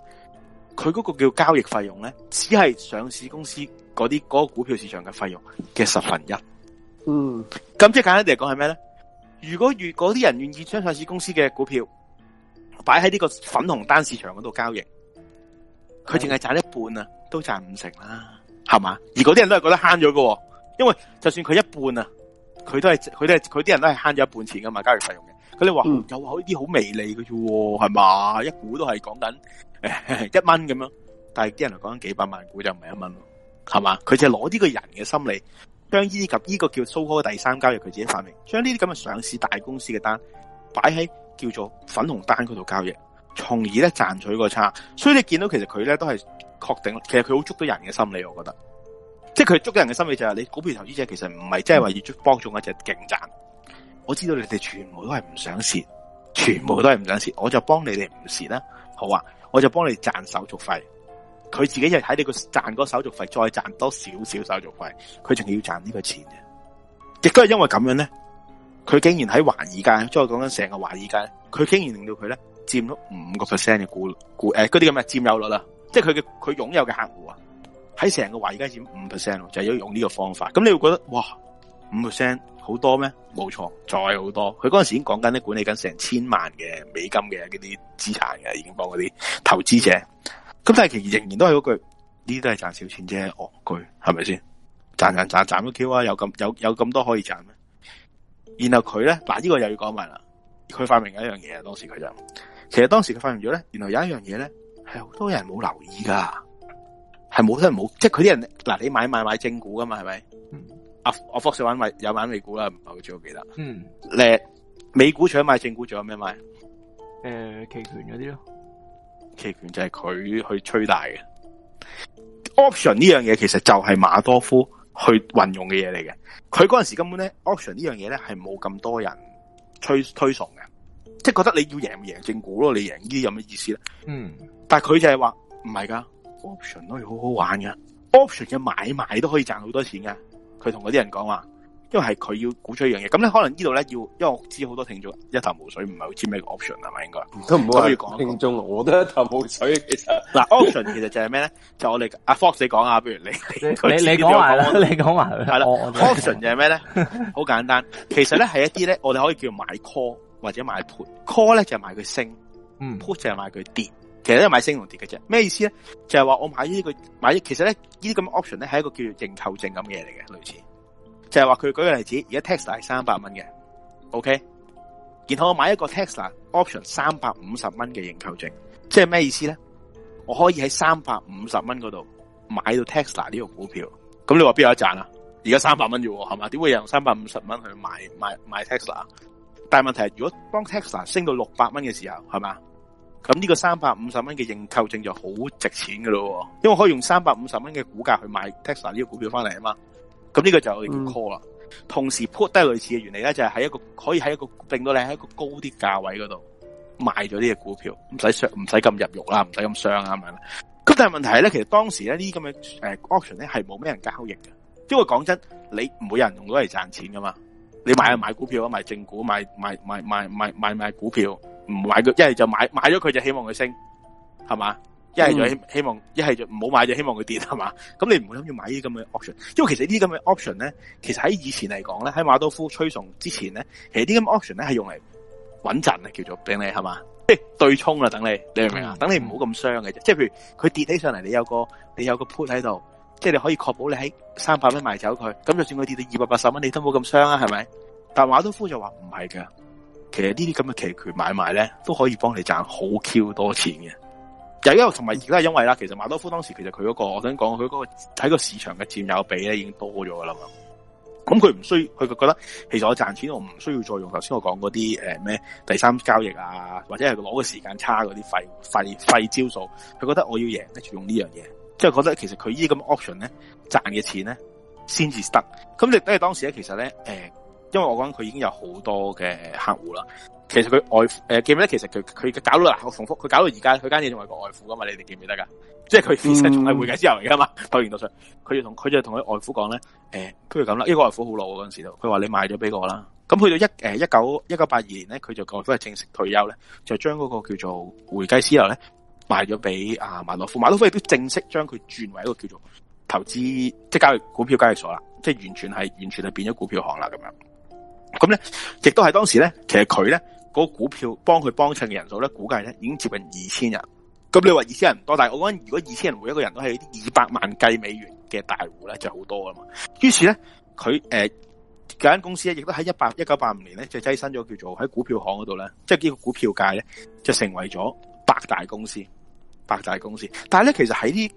佢嗰個叫交易費用咧，只係上市公司嗰啲嗰個股票市場嘅費用嘅十分一。嗯，咁即係簡單啲嚟講係咩咧？如果如嗰啲人願意將上市公司嘅股票擺喺呢個粉紅單市場嗰度交易。佢淨係賺一半啊，都賺五成啦，係嘛？而嗰啲人都係覺得慳咗喎！因為就算佢一半啊，佢都係佢都係佢啲人都係慳咗一半錢噶嘛，交易費用嘅。佢哋話有呢啲好微利嘅啫，係嘛？一股都係講緊誒一蚊咁樣，但係啲人講緊幾百萬股就唔係一蚊喎，係嘛？佢就攞呢個人嘅心理，將呢及依個叫 s o 嘅第三交易佢自己發明，將呢啲咁嘅上市大公司嘅單擺喺叫做粉紅單嗰度交易。從而咧賺取個差，所以你見到其實佢咧都係確定，其實佢好捉到人嘅心理，我覺得，即係佢捉到人嘅心理就係、是、你譬如投資者其實唔係即係話要幫中一隻勁賺，我知道你哋全部都係唔想蝕，全部都係唔想蝕，我就幫你哋唔蝕啦，好啊，我就幫你賺手續費，佢自己就喺你個賺嗰手續費再賺多少少手續費，佢仲要要賺呢個錢嘅，亦都係因為咁樣咧，佢竟然喺華爾街，即係我講緊成個華爾街，佢竟然令到佢咧。佔咗五個 percent 嘅股股誒，嗰啲咁嘅佔有率啦，即係佢嘅佢擁有嘅客戶啊，喺成個華爾街佔五 percent 咯，就係、要、用呢個方法。咁你會覺得哇，五 percent 好多咩？冇錯，再好多。佢嗰陣時候已經講緊咧，管理緊成千萬嘅美金嘅啲資產嘅，已經幫嗰啲投資者。咁但係其實仍然都係嗰句，呢啲都係賺少錢啫，戇居係咪先？賺賺賺賺都 Q 啊？有咁有有咁多可以賺咩？然後佢咧，嗱、這、呢個又要講埋啦，佢發明一樣嘢，當時佢就是。其實當時嘅發現咗咧，原來有一樣嘢咧係好多人冇留意噶，係冇多人冇，即係佢啲人嗱，你買買買正股噶嘛，係咪？阿阿 Fox 玩美有玩美股啦，我最好記得。嗯，咧美股除咗買正股，仲有咩買？誒、呃，期權嗰啲咯，期權就係佢去吹大嘅。option 呢樣嘢其實就係馬多夫去運用嘅嘢嚟嘅，佢嗰陣時根本咧 option 呢樣嘢咧係冇咁多人推推崇嘅。即係覺得你要贏唔贏正股咯，你贏呢啲有咩意思咧？嗯，但，但係佢就係話唔係噶，option 都可以好好玩嘅，option 嘅買賣都可以賺好多錢噶。佢同嗰啲人講話，因為係佢要估出一樣嘢。咁咧可能呢度咧要，因為我知好多聽眾一頭霧水，唔係好知咩 option 係咪應該都唔可以講。聽鐘我都一頭霧水。其實嗱，option 其實就係咩咧？就我哋阿 Fox 你講啊，不如你你你，你，你講埋你講埋係 option 就係咩咧？好 簡單，其實咧係一啲咧，我哋可以叫買 call。或者買盤 call 咧就係買佢升，put 就係買佢跌、嗯。其實都係買升同跌嘅啫。咩意思咧？就係、是、話我買呢、呢個買，其實咧呢啲咁嘅 option 咧係一個叫做認購證咁嘅嘢嚟嘅，類似就係話佢舉個例子，而家 Tesla 係三百蚊嘅，ok，然後我買一個 Tesla option 三百五十蚊嘅認購證，即係咩意思咧？我可以喺三百五十蚊嗰度買到 Tesla 呢個股票，咁你話邊有得賺啊？300而家三百蚊啫，係嘛？點會用三百五十蚊去買買買 Tesla 啊？但係問題係，如果當 Tesla 升到六百蚊嘅時候，係嘛？咁呢個三百五十蚊嘅認購證就好值錢噶咯因為可以用三百五十蚊嘅股價去買 Tesla 呢個股票翻嚟啊嘛。咁呢個就我哋叫 call 啦、嗯。同時 put 都係類似嘅原理咧，就係喺一個可以喺一個令到你喺一個高啲價位嗰度賣咗呢隻股票，唔使傷，唔使咁入肉啦，唔使咁傷啊嘛。咁但係問題係咧，其實當時咧呢啲咁嘅誒 option 咧係冇咩人交易嘅，因為講真，你唔會有人用到嚟賺錢噶嘛。你買啊買股票啊買正股買買買買買買買,買股票唔買佢一係就買買咗佢就希望佢升係嘛一係就希希望一係就唔好買就希望佢跌係嘛咁你唔會諗住買呢啲咁嘅 option 因為其實呢啲咁嘅 option 咧其實喺以前嚟講咧喺馬多夫吹送之前咧其實啲咁 option 咧係用嚟穩陣啊叫做畀你係嘛即係對沖啊、嗯、等你你明唔明啊等你唔好咁傷嘅啫即係譬如佢跌起上嚟你有個你有個 put 喺度。即係你可以確保你喺三百蚊賣走佢，咁就算佢跌到二百八十蚊，你都冇咁傷啊，係咪？但馬多夫就話唔係嘅，其實呢啲咁嘅期權買賣咧，都可以幫你賺好 Q 多錢嘅。又因為同埋而家係因為啦，其實馬多夫當時其實佢嗰個，我想講佢嗰個喺個市場嘅佔有比咧已經多咗噶啦嘛。咁佢唔需佢覺得其實我賺錢我唔需要再用頭先我講嗰啲誒咩第三交易啊，或者係攞個時間差嗰啲費費費招數，佢覺得我要贏，跟住用呢樣嘢。即、就、係、是、覺得其實佢依啲咁嘅 option 咧賺嘅錢咧先至得，咁你即係當時咧其實咧誒，因為我講佢已經有好多嘅客戶啦，其實佢外誒記唔記得？其實佢佢搞到嗱重複，佢搞到而家佢間嘢仲係個外父噶嘛？你哋記唔記得噶？即係佢其實仲係會計師樓嚟噶嘛？報然到出，佢 就同佢就同佢外父講咧，誒、呃，不如咁啦，呢、這個外父好老嗰陣時就，佢話你賣咗俾我啦。咁去到一誒一九一九八二年咧，佢就外父係正式退休咧，就將嗰個叫做會計師樓咧。賣咗俾阿馬多夫，馬多夫亦都正式將佢轉為一個叫做投資，即係交易股票交易所啦，即係完全係完全係變咗股票行啦咁樣。咁咧，亦都係當時咧，其實佢咧嗰個股票幫佢幫襯嘅人數咧，估計咧已經接近二千人。咁你話二千人唔多，但係我覺得如果二千人每一個人都係二百萬計美元嘅大戶咧，就好多噶嘛。於是咧，佢誒，呃、間公司咧，亦都喺一八一九八五年咧，就躋身咗叫做喺股票行嗰度咧，即係呢個股票界咧，就成為咗大公司，百大公司，但係咧，其實喺啲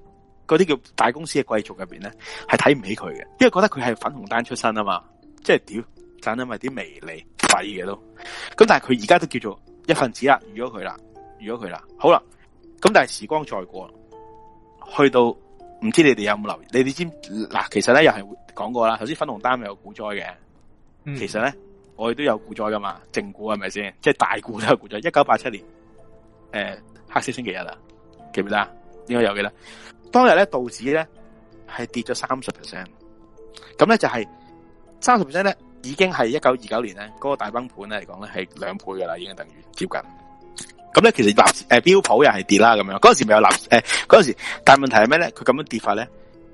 嗰啲叫大公司嘅貴族入邊咧，係睇唔起佢嘅，因為覺得佢係粉紅單出身啊嘛，即係屌賺咗咪啲微利，廢嘅都。咁但係佢而家都叫做一份子啦，遇咗佢啦，遇咗佢啦，好啦。咁但係時光再過，去到唔知你哋有冇留意？你哋知嗱，其實咧又係講過啦，頭先粉紅單咪有股災嘅，嗯，其實咧我哋都有股災噶嘛，正股係咪先？即係、就是、大股都有股災。一九八七年，誒、呃。黑色星期一啦，記唔記得？應該有嘅啦。當日咧，道指咧係跌咗三十 percent，咁咧就係三十 percent 咧，已經係一九二九年咧嗰、嗰個大崩盤咧嚟講咧係兩倍噶啦，已經等於接近了。咁咧其實標誒、呃、標普又係跌啦咁樣，嗰陣時咪有立？誒嗰陣時，但係問題係咩咧？佢咁樣跌法咧，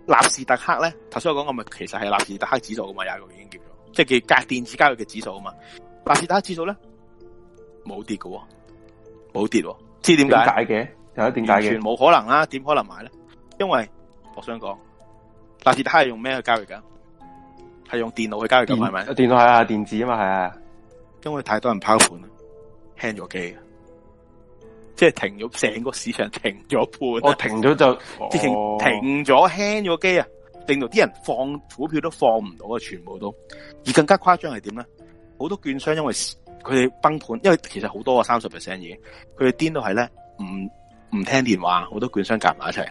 納斯達克咧頭先我講個咪其實係納斯達克指數噶嘛，廿個已經跌咗，即係叫隔電子交易嘅指數啊嘛。納斯達克指數咧冇跌嘅、哦，冇跌、哦。知點解嘅？就係點解嘅？全冇可能啦、啊！點可能買咧？因為我想講，特別是佢係用咩去交易嘅、啊？係用電腦去交易嘅？係咪？電電腦係啊，電，電子啊嘛係啊。因為太多人拋盤啊，hang 咗機，即係停咗成個市場停咗盤、哦，停咗半。我停咗就之前停咗 hang 咗機啊！令到啲人放股票都放唔到啊！全部都而更加誇張係點咧？好多券商因為。佢哋崩盤，因為其實好多啊三十 percent 已經，佢哋癲到係咧唔唔聽電話，好多券商夾埋一齊，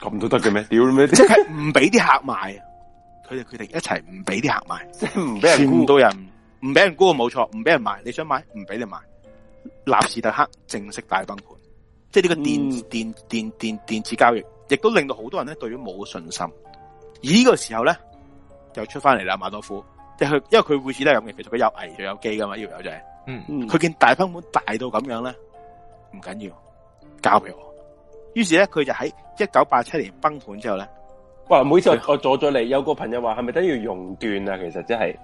咁都得嘅咩？屌你咩？即係唔俾啲客買，佢哋決定一齊唔俾啲客買，即係唔俾人估到人猜，唔俾人估冇錯，唔俾人買，你想買唔俾你買。納斯達克正式大崩盤，即係呢個電、嗯、電電電電子交易，亦都令到好多人咧對於冇信心。而呢個時候咧，就出翻嚟啦，馬多夫。就係因為佢每次都係咁嘅，其實佢有危又有機噶嘛，要有就係，嗯嗯，佢見大崩盤大到咁樣咧，唔緊要，交俾我。於是咧，佢就喺一九八七年崩盤之後咧，哇！唔好意思我我阻咗你，有個朋友話係咪都要熔斷啊？其實即係，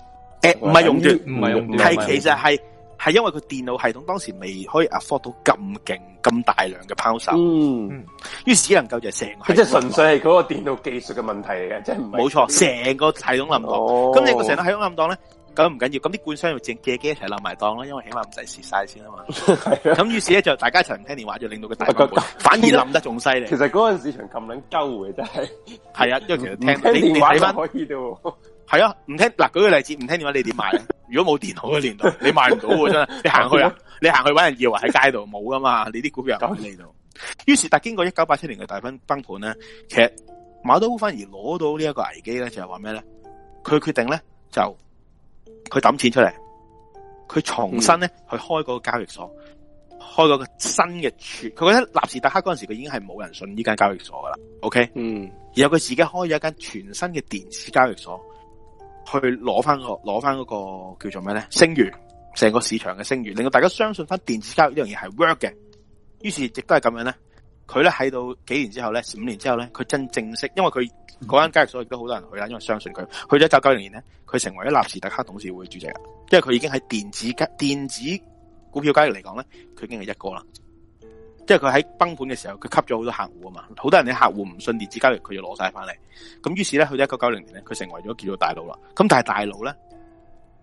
誒，唔係熔斷，唔係熔斷，係其實係。係因為佢電腦系統當時未可以 afford 到咁勁咁大量嘅拋售，嗯，於是只能夠就成，佢即係純粹係嗰個電腦技術嘅問題嚟嘅，即係冇錯，成個系統冧檔。咁你個成個系統冧檔咧，咁唔緊要，咁啲冠商要借機一齊冧埋檔囉，因為起碼唔使蝕晒先啊嘛，咁、啊、於是咧就大家一齊唔聽電話，就令到佢大反，而冧得仲犀利。其實嗰陣市場咁撚鳩嘅真係，係啊，因為其實聽，到你聽電話就可以係啊，唔聽嗱、啊，舉個例子，唔聽電話你點買咧？ 如果冇電腦嘅年代，你買唔到喎。真 你行去啊，你行去搵人要喺街度冇噶嘛，你啲股票又喺呢度。於 是，但經過一九八七年嘅大崩崩盤咧，其實馬多夫反而攞到呢一個危機咧，就係話咩咧？佢決定咧就佢抌錢出嚟，佢重新咧、嗯、去開個個交易所，開個個新嘅全。佢覺得納斯達克嗰陣時佢已經係冇人信呢間交易所噶啦。OK，嗯，然後佢自己開咗一間全新嘅電子交易所。去攞翻、嗰個攞翻嗰個叫做咩咧？聲譽，成個市場嘅聲譽，令到大家相信翻電子交易是是樣、呢樣嘢係 work 嘅。於是亦都係咁樣咧，佢咧喺到幾年之後咧，十五年之後咧，佢真正式，因為佢嗰間交易所亦都好多人去啦，因為相信佢。去咗一九九零年咧，佢成為咗納斯達克董事會主席啦，因為佢已經喺電子加電子股票交易嚟講咧，佢已經係一個啦。即係佢喺崩盤嘅時候，佢吸咗好多客戶啊嘛，好多人啲客戶唔信電子交易，佢就攞晒翻嚟。咁於是咧，去到一九九零年咧，佢成為咗叫做大佬啦。咁但係大佬咧，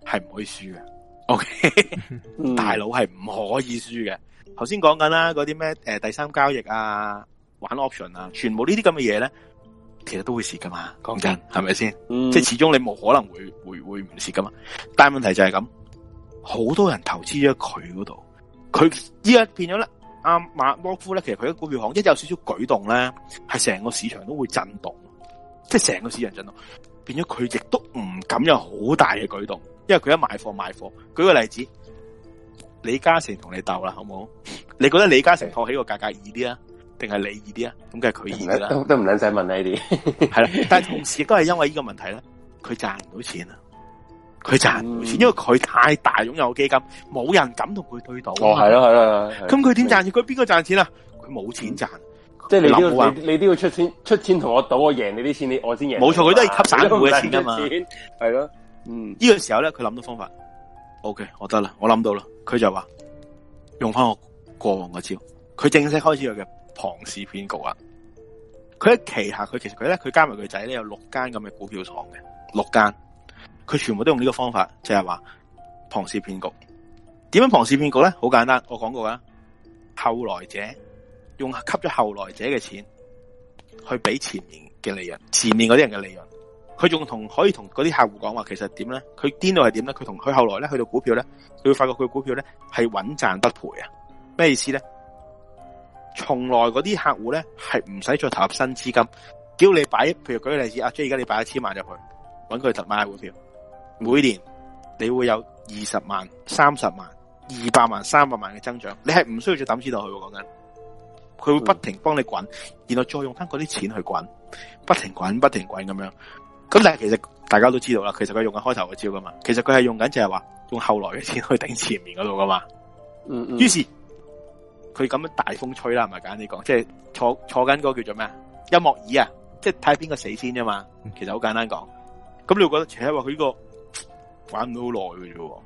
係唔可以輸嘅。okay? 嗯、大佬係唔可以輸嘅。頭先講緊啦，嗰啲咩誒第三交易啊，玩 option 啊，全部呢啲咁嘅嘢咧，其實都會蝕噶嘛。講真，係咪先？即係始終你冇可能會會會唔蝕噶嘛。但係問題就係咁，好多人投資咗佢嗰度，佢依家變咗啦。阿馬多夫咧，其實佢喺股票行，一有少少舉動咧，係成個市場都會震動，即係成個市場震動，變咗佢亦都唔敢有好大嘅舉動，因為佢一買貨買貨。舉個例子，李嘉誠同你鬥啦，好唔好？你覺得李嘉誠托起個價格易啲啊，定係你易啲啊？咁梗係佢易啦，都唔撚使問你呢啲，係 啦。但係同時亦都係因為呢個問題咧，佢賺唔到錢啊。佢賺錢，因為佢太大擁有基金，冇人敢同佢對賭。哦，係啊，係啊。咁佢點賺錢？佢邊、嗯，這個賺錢啊？佢冇錢賺，即係你都要你都要出錢出錢同我賭，我贏你啲錢，你我先贏。冇錯，佢都係吸散戶嘅錢噶嘛。係咯，嗯，呢、這個時候咧，佢諗到方法。O、okay, K，我得啦，我諗到啦，佢就話用翻我過往嘅招。佢正式開始佢嘅龐氏騙局啊！佢喺旗下，佢其實佢咧，佢加埋佢仔咧，有六間咁嘅股票廠嘅，六間。佢全部都用呢個方法，就係話龐氏騙局。點樣龐氏騙局咧？好簡單，我講過啊。後來者用吸咗後來者嘅錢去俾前面嘅利潤，前面嗰啲人嘅利潤，佢仲同可以同嗰啲客戶講話，其實點咧？佢癲到係點咧？佢同佢後來咧去到股票咧，佢會發覺佢嘅股票咧係穩賺不賠啊！咩意思咧？從來嗰啲客戶咧係唔使再投入新資金，叫你擺，譬如舉個例子，阿 J，而家你擺一千萬入去，搵佢同買下股票。每年你會有二十萬、三十萬、二百萬、三百萬嘅增長，你係唔需要再抌錢落去。講緊，佢會不停幫你滾，然後再用翻嗰啲錢去滾，不停滾、不停滾咁樣。咁但係，其實大家都知道啦，其實佢用緊開頭嘅招噶嘛，其實佢係用緊就係話用後來嘅錢去頂前面嗰度噶嘛。嗯。嗯，於是佢咁樣大風吹啦，咪簡單你講，即係坐坐緊個叫做咩啊？音樂椅啊，即係睇邊個死先啫嘛。其實好簡單講，咁你會覺得，除咗話佢呢個。玩唔到好耐嘅啫，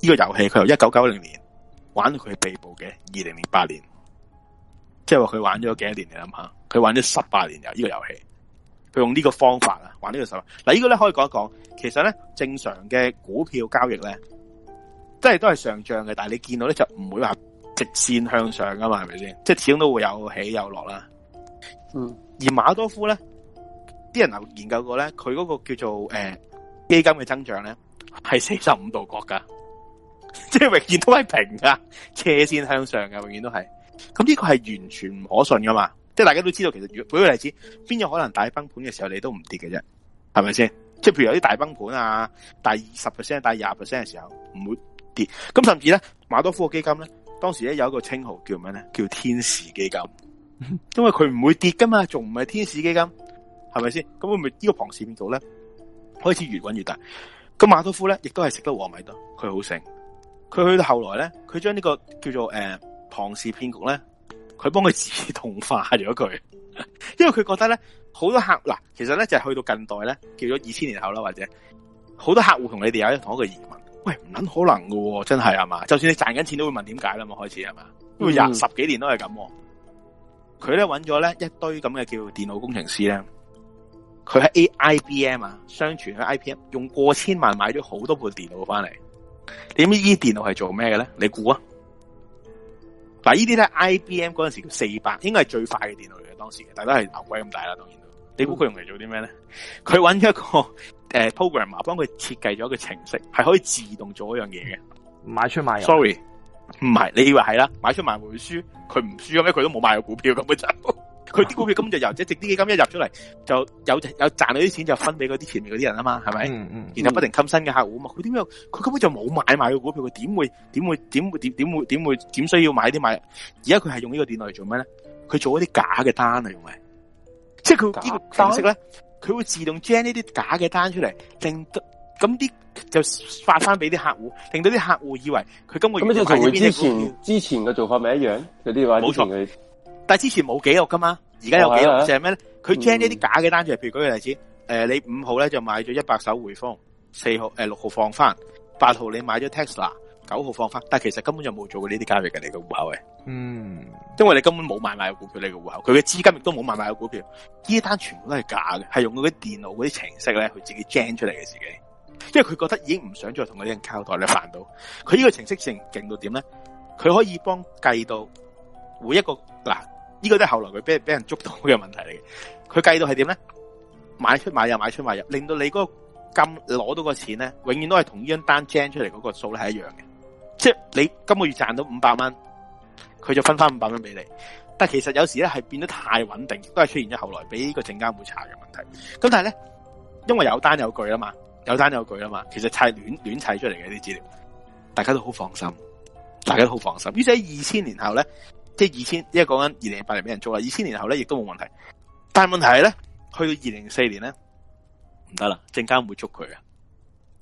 呢個遊戲佢由一九九零年玩到佢被捕嘅二零零八年，即係話佢玩咗幾多年？你諗下，佢玩咗十八年遊呢個遊戲，佢用呢個方法啊玩呢個手法。嗱，呢個咧可以講一講，其實咧正常嘅股票交易咧，即係都係上漲嘅，但係你見到咧就唔會話直線向上噶嘛，係咪先？即係始終都會有起有落啦。嗯，而馬多夫咧，啲人研究過咧，佢嗰個叫做誒。呃基金嘅增長咧係四十五度角噶，即係永遠都係平噶，斜線向上噶，永遠都係。咁呢個係完全唔可信噶嘛？即係大家都知道，其實舉個例子，邊有可能大崩盤嘅時候你都唔跌嘅啫？係咪先？即係譬如有啲大崩盤啊，大二十 percent、大廿 percent 嘅時候唔會跌。咁甚至咧，馬多夫嘅基金咧，當時咧有一個稱號叫咩咧？叫天使基金，因為佢唔會跌噶嘛，仲唔係天使基金？係咪先？咁會唔會呢個龐氏變道咧？開始越滾越大，咁馬多夫咧，亦都係食得禾米多，佢好醒。佢去到後來咧，佢將呢個叫做誒龐、呃、氏騙局咧，佢幫佢自動化咗佢，因為佢覺得咧，好多客嗱，其實咧就係、是、去到近代咧，叫咗二千年後啦，或者好多客戶同你哋有一同一個疑問，喂唔捻可能噶，真係係嘛？就算你賺緊錢都會問點解啦嘛？開始係嘛？因為廿、嗯、十幾年都係咁、啊，佢咧揾咗咧一堆咁嘅叫電腦工程師咧。佢喺 I B M 啊，相傳喺 I B M 用過千萬買咗好多部電腦翻嚟，點知呢電腦係做咩嘅咧？你估啊？嗱，呢啲咧 I B M 嗰陣時叫四百，應該係最快嘅電腦嚟嘅當時嘅，大家係牛鬼咁大啦，當然。你估佢用嚟做啲咩咧？佢、嗯、揾一個誒 programmer 幫佢設計咗個程式，係可以自動做一樣嘢嘅。買出賣入？Sorry，唔係，你以為係啦？買出賣會輸，佢唔輸咁咩？佢都冇買過股票根本就。 佢 啲股票根本就由者值啲基金一入出嚟，就有有賺到啲錢，就分俾嗰啲前面嗰啲人啊嘛，係咪？嗯嗯。然後不停吸引新嘅客戶嘛。佢點樣？佢根本就冇買買個股票，佢點會點會點會點點會點會點需要買啲買？而家佢係用呢個電腦嚟做咩咧？佢做一啲假嘅單嚟用嘅，即係佢呢個方式咧，佢會自動將呢啲假嘅單出嚟，令到咁啲就發翻俾啲客戶，令到啲客戶以為佢根本就同佢之前之前嘅做法咪一樣？有啲話冇錯。但之前冇記錄噶嘛，而家有記錄，就係咩咧？佢 gen 呢啲、嗯、假嘅單，出係，譬如舉個例子，誒、呃，你五號咧就買咗一百手匯豐，四號誒六、呃、號放翻，八號你買咗 Tesla，九號放翻，但係其實根本就冇做過呢啲交易嘅，你個戶口嘅，嗯，因為你根本冇買賣嘅股票，你個戶口，佢嘅資金亦都冇買賣嘅股票，呢單全部都係假嘅，係用嗰啲電腦嗰啲程式咧，佢自己 gen 出嚟嘅自己，因為佢覺得已經唔想再同嗰啲人交代，你煩到，佢 呢個程式性勁到點咧？佢可以幫計到每一個嗱。啊呢個都係後來佢俾俾人捉到嘅問題嚟嘅。佢計到係點咧？買出買入，買出買入，令到你嗰個金攞到個錢咧，永遠都係同呢張單 change 出嚟嗰個數咧係一樣嘅。即係你今個月賺到五百蚊，佢就分翻五百蚊俾你。但係其實有時咧係變得太穩定，都係出現咗後來俾呢個證監會查嘅問題。咁但係咧，因為有單有據啊嘛，有單有據啊嘛，其實係亂，亂亂砌出嚟嘅啲資料，大家都好放心，大家都好放心。於是喺二千年後咧。即係二千，因為講緊二零零八年俾人捉啦，二千年後咧亦都冇問題。但係問題係咧，去到二零四年咧唔得啦，證監會捉佢啊，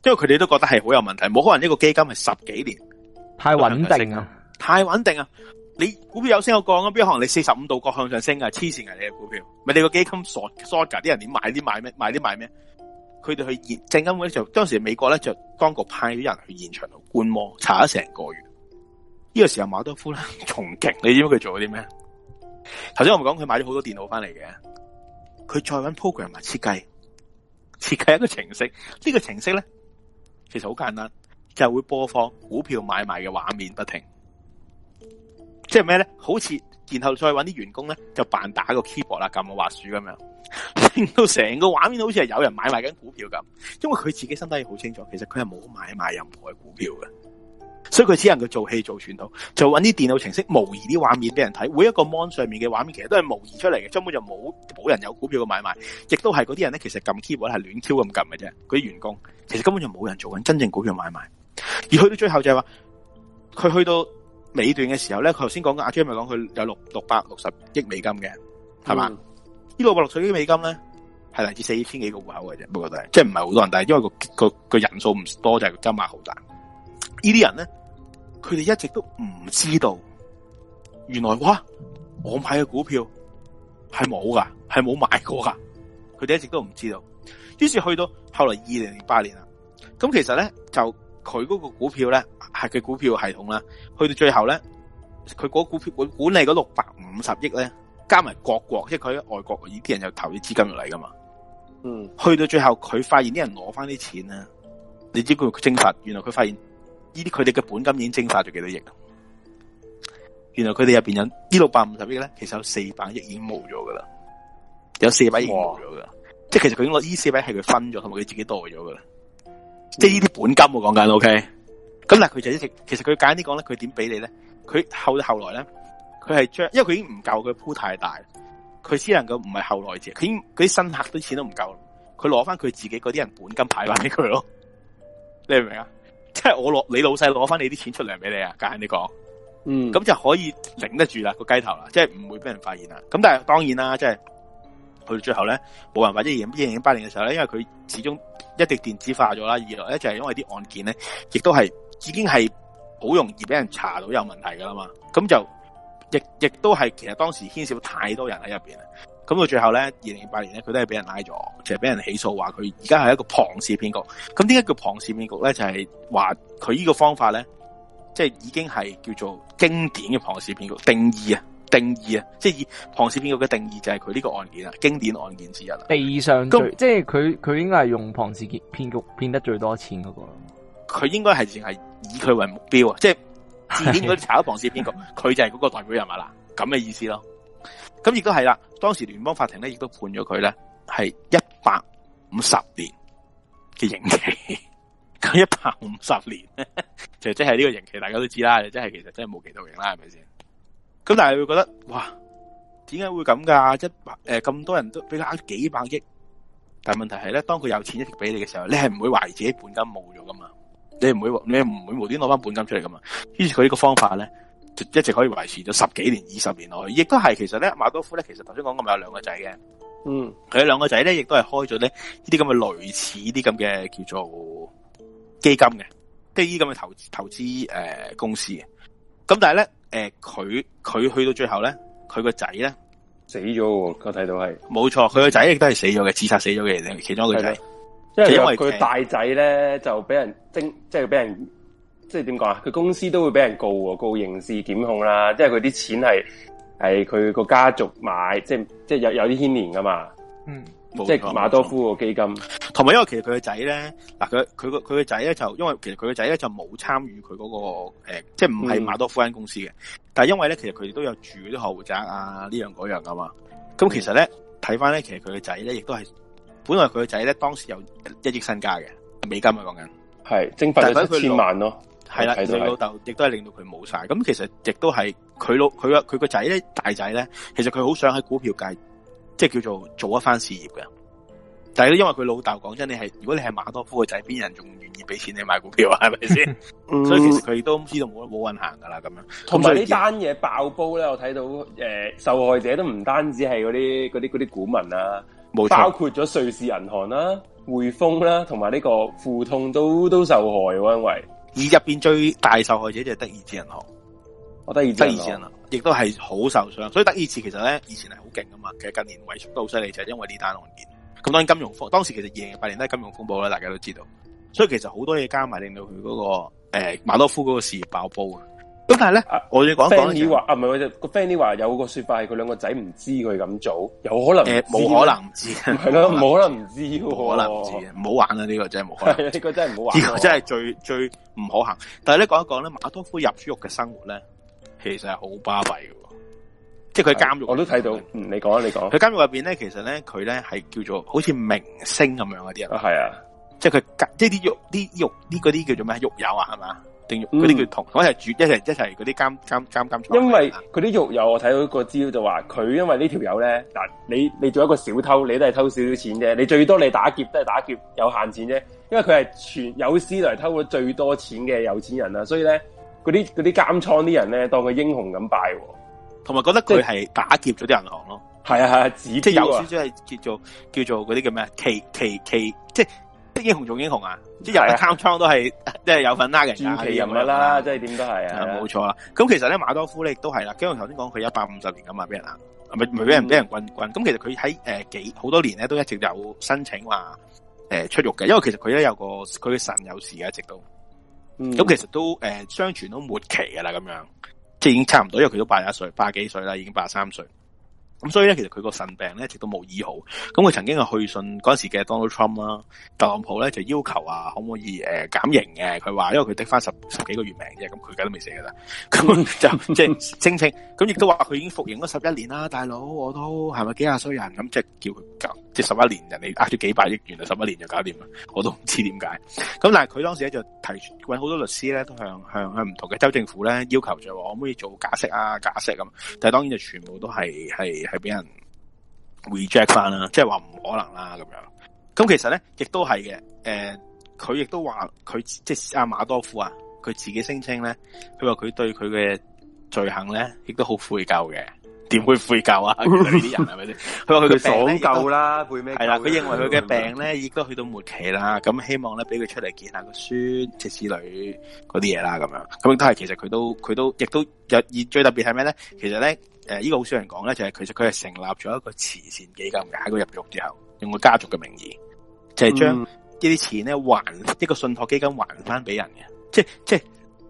因為佢哋都覺得係好有問題，冇可能一個基金係十幾年太穩定啊，太穩定啊！你股票有升有降啊，邊可能你四十五度角度向上升啊，黐線啊！你嘅股票，咪你個基金傻傻噶，啲人點買啲買咩？買啲買咩？佢哋去證監會就當時美國咧就當局派咗人去現場度觀摩，查咗成個月。呢、這個時候馬多夫咧，從極，你知唔知佢做咗啲咩？頭先我咪講佢買咗好多電腦翻嚟嘅，佢再搵 program 埋設計，設計一個程式，呢、這個程式咧其實好簡單，就是、會播放股票買賣嘅畫面不停，即係咩咧？好似然後再搵啲員工咧就扮打個 keyboard 啦，撳個滑鼠咁樣，令到成個畫面好似係有人買賣緊股票咁，因為佢自己心底好清楚，其實佢係冇買賣任何嘅股票嘅。所以佢只能佢做戲做全套，就揾啲電腦程式模擬啲畫面俾人睇。每一個 mon 上面嘅畫面其實都係模擬出嚟嘅，根本就冇冇人有股票嘅買賣，亦都係嗰啲人咧，其實撳 keyboard 係亂敲咁撳嘅啫。嗰啲員工其實根本就冇人做緊真正的股票買賣。而去到最後就係話，佢去到尾段嘅時候咧，頭先講嘅阿 J 咪講佢有六六百六十億美金嘅，係、嗯、嘛？呢個、億呢六百六十億美金咧，係嚟自四千幾個戶口嘅啫，不過都係即係唔係好多人，但係因為個個個人數唔多，就係金額好大。呢啲人咧，佢哋一直都唔知道，原來哇，我買嘅股票係冇噶，係冇買過噶，佢哋一直都唔知道。於是去到後來二零零八年啦，咁其實咧就佢嗰個股票咧係佢股票系統啦，去到最後咧，佢嗰股票管管理嗰六百五十億咧，加埋各國，即係佢喺外國，嗰啲人又投啲資金入嚟噶嘛，嗯，去到最後佢發現啲人攞翻啲錢啊，你知佢證實，原來佢發現。呢啲佢哋嘅本金已經蒸發咗幾多億？原來佢哋入邊有呢六百五十億咧，其實有四百億已經冇咗噶啦，有四百億冇咗噶，即係其實佢呢個呢四百億係佢分咗，同埋佢自己袋咗噶。即係呢啲本金我講緊、嗯、，OK？咁嗱、就是，佢就一直其實佢簡單啲講咧，佢點俾你咧？佢後後來咧，佢係將因為佢已經唔夠，佢鋪太大，佢只能夠唔係後來借，佢嗰啲新客啲錢都唔夠，佢攞翻佢自己嗰啲人本金派翻俾佢咯。你明唔明啊？即係我攞你老細攞翻你啲錢出嚟俾你啊，隔硬你講，嗯，咁就可以頂得住啦，那個雞頭啦，即係唔會俾人發現啦。咁但係當然啦，即係去到最後咧，冇辦法一嚟一嚟零八年嘅時候咧，因為佢始終一直電子化咗啦，二來咧就係因為啲案件咧，亦都係已經係好容易俾人查到有問題噶啦嘛，咁就亦亦都係其實當時牽涉太多人喺入邊。咁到最後咧，二零零八年咧，佢都係俾人拉咗，就係、是、俾人起訴話佢而家係一個龐氏騙局。咁點解叫龐氏騙局咧，就係話佢呢個方法咧，即、就、係、是、已經係叫做經典嘅龐氏騙局。定義啊，定義啊，即係以龐氏騙局嘅定義就係佢呢個案件啊，經典案件之一。地上最即係佢佢應該係用龐氏騙局騙得最多錢嗰、那個，佢應該係淨係以佢為目標啊，即係字典嗰查炒龐氏騙局，佢 就係嗰個代表人物啦，咁嘅意思咯。咁亦都係啦，當時聯邦法庭咧亦都判咗佢咧係一百五十年嘅刑期，佢一百五十年， 就即係呢個刑期，大家都知啦，即、就、係、是、其實真係無期徒刑啦，係咪先？咁但係會覺得，哇，點解會咁噶？一百誒咁、呃、多人都俾佢呃幾百億，但係問題係咧，當佢有錢一直俾你嘅時候，你係唔會懷疑自己本金冇咗噶嘛？你唔會，你唔會無端攞翻本金出嚟噶嘛？於是佢呢個方法咧。一直可以維持咗十幾年、二十年落去，亦都係其實咧，馬多夫咧，其實頭先講咁咪有兩個仔嘅。嗯，佢有兩個仔咧，亦都係開咗咧呢啲咁嘅類似啲咁嘅叫做基金嘅，呢咁嘅投投資誒、呃、公司，咁但係咧，誒佢佢去到最後咧，佢個仔咧死咗，我睇到係冇錯，佢個仔亦都係死咗嘅，自殺死咗嘅其中一個仔，即係因為佢大仔咧就俾人精，即係俾人。就是即係點講啊？佢公司都會俾人告喎，告刑事檢控啦。即係佢啲錢係係佢個家族買，即係即係有有啲牽連噶嘛。嗯，即係馬多夫個基金，同埋因為其實佢個仔咧，嗱佢佢個佢個仔咧就因為其實佢個仔咧就冇參與佢嗰個誒，即係唔係馬多夫間公司嘅，嗯。但係因為咧，其實佢哋都有住啲豪宅啊，呢樣嗰樣噶嘛。咁其實咧睇翻咧，其實佢個仔咧亦都係本來佢個仔咧當時有一億身家嘅美金啊，講緊係蒸發咗千萬咯，哦。係啦，佢老豆亦都係令到佢冇晒，咁其實亦都係佢老佢個佢個仔咧，大仔咧，其實佢好想喺股票界，即係叫做做一番事業嘅。但係因為佢老豆講真，你係如果你係馬多夫個仔，邊人仲願意俾錢你買股票啊？係咪先？ 所以其實佢都知道冇冇運行噶啦，咁樣。同埋呢單嘢爆煲咧，我睇到誒、呃、受害者都唔單止係嗰啲嗰啲嗰啲股民啦、啊，包括咗瑞士銀行啦、啊、匯豐啦，同埋呢個富通都都受害，因為。而入邊最大受害者就係德意志銀行，我、哦、得德意志銀行，亦都係好受傷。所以德意志其實咧以前係好勁噶嘛，其實近年萎縮都好犀利，就係、是、因為呢單案件。咁當然金融風，當時其實二零零八年都係金融風暴啦，大家都知道。所以其實好多嘢加埋，令到佢嗰、那個誒、嗯欸、馬多夫嗰個事業爆煲。咁但係咧，我哋講講啲話，啊，唔係，個 family 話有個說法係佢兩個仔唔知佢咁做，有可能冇、呃、可能唔知，係咯，冇可能唔知，冇可能唔知，唔好玩呀。呢、這個真係冇，呢個真係唔好玩，呢、這個真係最最唔可行。但係咧，講一講咧，馬多夫入豬肉嘅生活咧，其實係好巴閉嘅，即係佢喺監獄，我都睇到。你講你講。佢監獄入邊咧，其實咧，佢咧係叫做好似明星咁樣啲人係啊，即係佢即係啲獄，啲啲嗰啲叫做咩獄友啊，係嘛？嗰啲叫同一齊煮，一齊一齊嗰啲監監監監倉。因為佢啲獄友我睇到個資料就話，佢因為這呢條友咧，嗱你你做一個小偷，你都係偷少少錢啫，你最多你打劫都係打劫有限錢啫。因為佢係全有史嚟偷咗最多錢嘅有錢人啦，啊，所以咧，嗰啲嗰啲監倉啲人咧，當佢英雄咁拜，啊，同埋覺得佢係打劫咗啲銀行咯。係啊係啊，指即係有書書係叫做叫做嗰啲叫咩啊？奇奇奇，即係，就是，英雄仲英雄啊！即係入一間窗都係，即係有份拉人、這個、人。出奇人嘅啦，即係點都係啊！冇錯啦。咁其實咧，馬多夫咧亦都係啦。因為頭先講佢一百五十年咁啊，俾人啊，唔係唔係俾人俾人棍棍。咁其實佢喺誒幾好多年咧，都一直有申請話誒、呃、出獄嘅。因為其實佢咧有個佢嘅腎有事嘅，一直都。咁、嗯、其實都誒、呃、相傳都末期噶啦，咁樣即係已經差唔多，因為佢都八十一歲、八幾歲啦，已經八十三歲。咁所以咧，其實佢個腎病咧一直都冇醫好。咁佢曾經係去信嗰陣時嘅 Donald Trump 啦，特朗普咧就要求啊，可唔可以、呃、減刑嘅？佢話因為佢得翻十十幾個月命啫，咁佢梗都未死噶啦。咁就即係聲稱，咁亦都話佢已經服刑咗十一年啦，大佬我都係咪幾廿歲人咁，即係叫佢救。即十一年，人哋呃咗幾百億，原來十一年就搞掂啦，我都唔知點解。咁但係佢當時咧就提搵好多律師咧，都向向向唔同嘅州政府咧要求就話，可唔可以做假釋啊，假釋咁，但係當然就全部都係係係俾人 reject 翻啦，就是呃，即係話唔可能啦咁樣。咁其實咧亦都係嘅，誒，佢亦都話佢即阿馬多夫啊，佢自己聲稱咧，佢話佢對佢嘅罪行咧亦都好悔疚嘅。點會悔疚啊？佢啲人係咪先？佢話佢嘅病咧 啦，悔咩？係啦，佢認為佢嘅病咧亦都去到末期啦。咁、嗯、希望咧俾佢出嚟見一下個孫、即子女嗰啲嘢啦。咁樣咁亦都係，其實佢都佢都亦都有。最特別係咩咧？其實咧誒、呢、呃這個好少人講咧，就係、是、其實佢係成立咗一個慈善基金，喺佢入獄之後，用個家族嘅名義，就係、是、將呢啲錢咧還一個信託基金，還翻俾人嘅。即即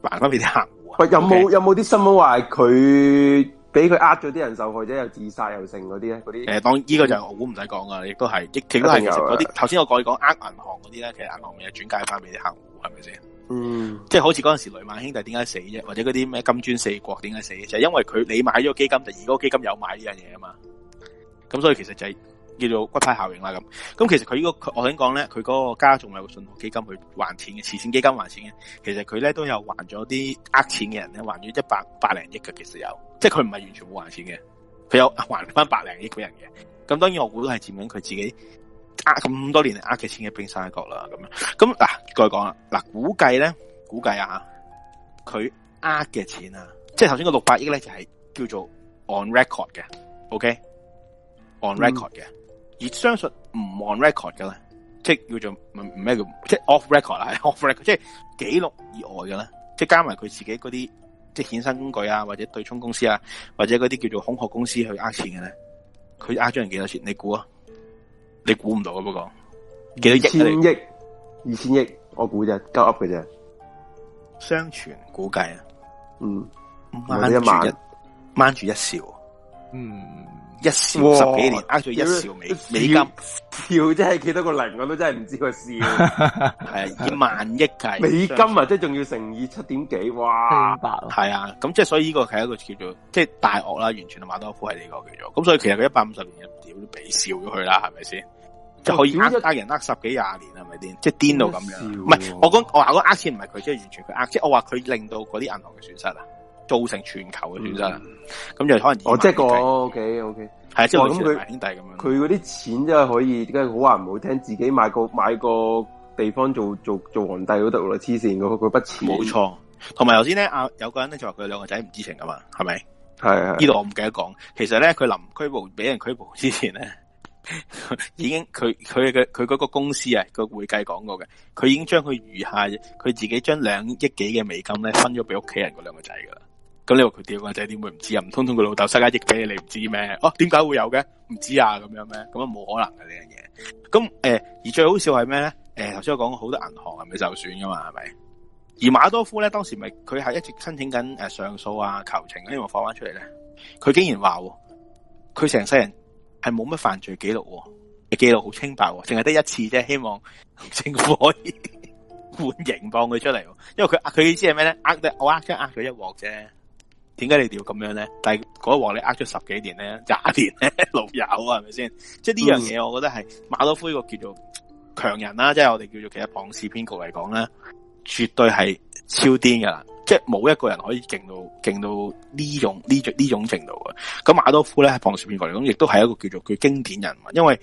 還翻俾啲客戶啊？有冇有冇啲、okay？新聞話佢？俾佢呃咗啲人，受害者又自殺又剩嗰啲咧，嗰啲誒，嗯、當呢個就我估唔使講噶，亦都係亦都其實，都係嗰啲。頭先我講講呃銀行嗰啲咧，其實銀行咪又轉介翻俾啲客戶，係咪先？嗯，即係好似嗰陣時雷曼兄弟點解死啫？或者嗰啲咩金磚四國點解死？就係、是，因為佢你買咗基金，第二個基金有買呢樣嘢啊嘛。咁所以其實就係叫做骨牌效應啦。咁咁其實佢呢、這個，我想先講咧，佢嗰個家仲有個信託基金去還錢嘅慈善基金還錢嘅，其實佢咧都有還咗啲呃錢嘅人咧，還咗一百百零億嘅，其實有。即係佢唔係完全冇還錢嘅，佢有還翻百零億俾人嘅。咁當然我估都係佔緊佢自己呃咁多年嚟，呃嘅錢嘅冰山一角啦。咁樣咁嗱，再講啦嗱，估計咧，估計啊，佢呃嘅錢啊，即係頭先個六百億咧，就係叫做 on record 嘅，OK，on record 嘅。嗯。而相信唔 on record 嘅咧，即係叫做唔咩叫即係 off record 啦，off record 即係紀錄以外嘅咧，即係加埋佢自己嗰啲。即係衍生工具啊，或者對沖公司啊，或者嗰啲叫做空殼公司去呃錢嘅咧，佢呃咗人幾多錢？你估啊？你估唔到啊。不過幾多億、啊、千億？二千億，我估啫，交 up 嘅啫。相傳估計啊，嗯，掹住一掹住一,一笑，嗯。一兆十幾年，呃咗一兆美笑美金，兆真係幾多個零，我都真係唔知個兆。係 以萬億計，美金啊，即係仲要乘以七點幾，哇！係啊，咁即係所以呢個係一個叫做即係大惡啦，完全係馬多夫係呢個叫做。咁所以其實佢一百五十年嘅屌都俾笑咗佢啦，係咪先？就可以呃、嗯、人呃十幾廿年啊，咪先？即係癲到咁樣。唔係我講，我話呃錢唔係佢，即係完全佢呃，即係我話佢令到嗰啲銀行嘅損失啊。造成全球嘅損失，咁、嗯、就可能我、哦、即係個 O K O K，即我係佢即係咁佢佢嗰啲錢真係可以，點解好話唔好聽，自己買個買個地方做做做皇帝都得啦，黐線嗰個筆錢，冇錯。同埋頭先咧，啊，有個人咧就話佢兩個仔唔知情啊嘛，係咪？係啊，呢度我唔記得講。其實咧，佢臨拘捕俾人拘捕之前咧， 已經佢佢嘅佢嗰個公司啊，個會計講過嘅，佢已經將佢餘下佢自己將兩億幾嘅美金咧分咗俾屋企人嗰兩個仔噶啦。咁你話佢屌啊？個仔點會唔知，爸爸知啊？唔通通佢老豆失一億俾你你唔知咩？哦，點解會有嘅？唔知啊，咁樣咩？咁樣冇可能嘅呢樣嘢。咁誒、呃，而最好笑係咩咧？誒、呃，頭先我講過好多銀行係咪受損噶嘛？係咪？而馬多夫咧，當時咪佢係一直申請緊誒上訴啊、求情啊，希望放翻出嚟咧。佢竟然話佢成世人係冇乜犯罪記錄、啊，記錄好清白、啊，淨係得一次啫。希望政府可以緩刑放佢出嚟、啊。因為佢佢意思係咩咧？我我即係呃佢一鑊啫。點解你哋要咁樣咧？但係嗰一鑊你呃咗十幾年咧、廿年咧， 老友啊，係咪先？即係呢樣嘢，我覺得係馬多夫個叫做強人啦，即係我哋叫做其實龐氏騙局嚟講咧，絕對係超癲噶啦！即係冇一個人可以勁到勁到呢種呢呢種程度嘅。咁馬多夫咧，係龐氏騙局嚟講亦都係一個叫做佢經典人物，因為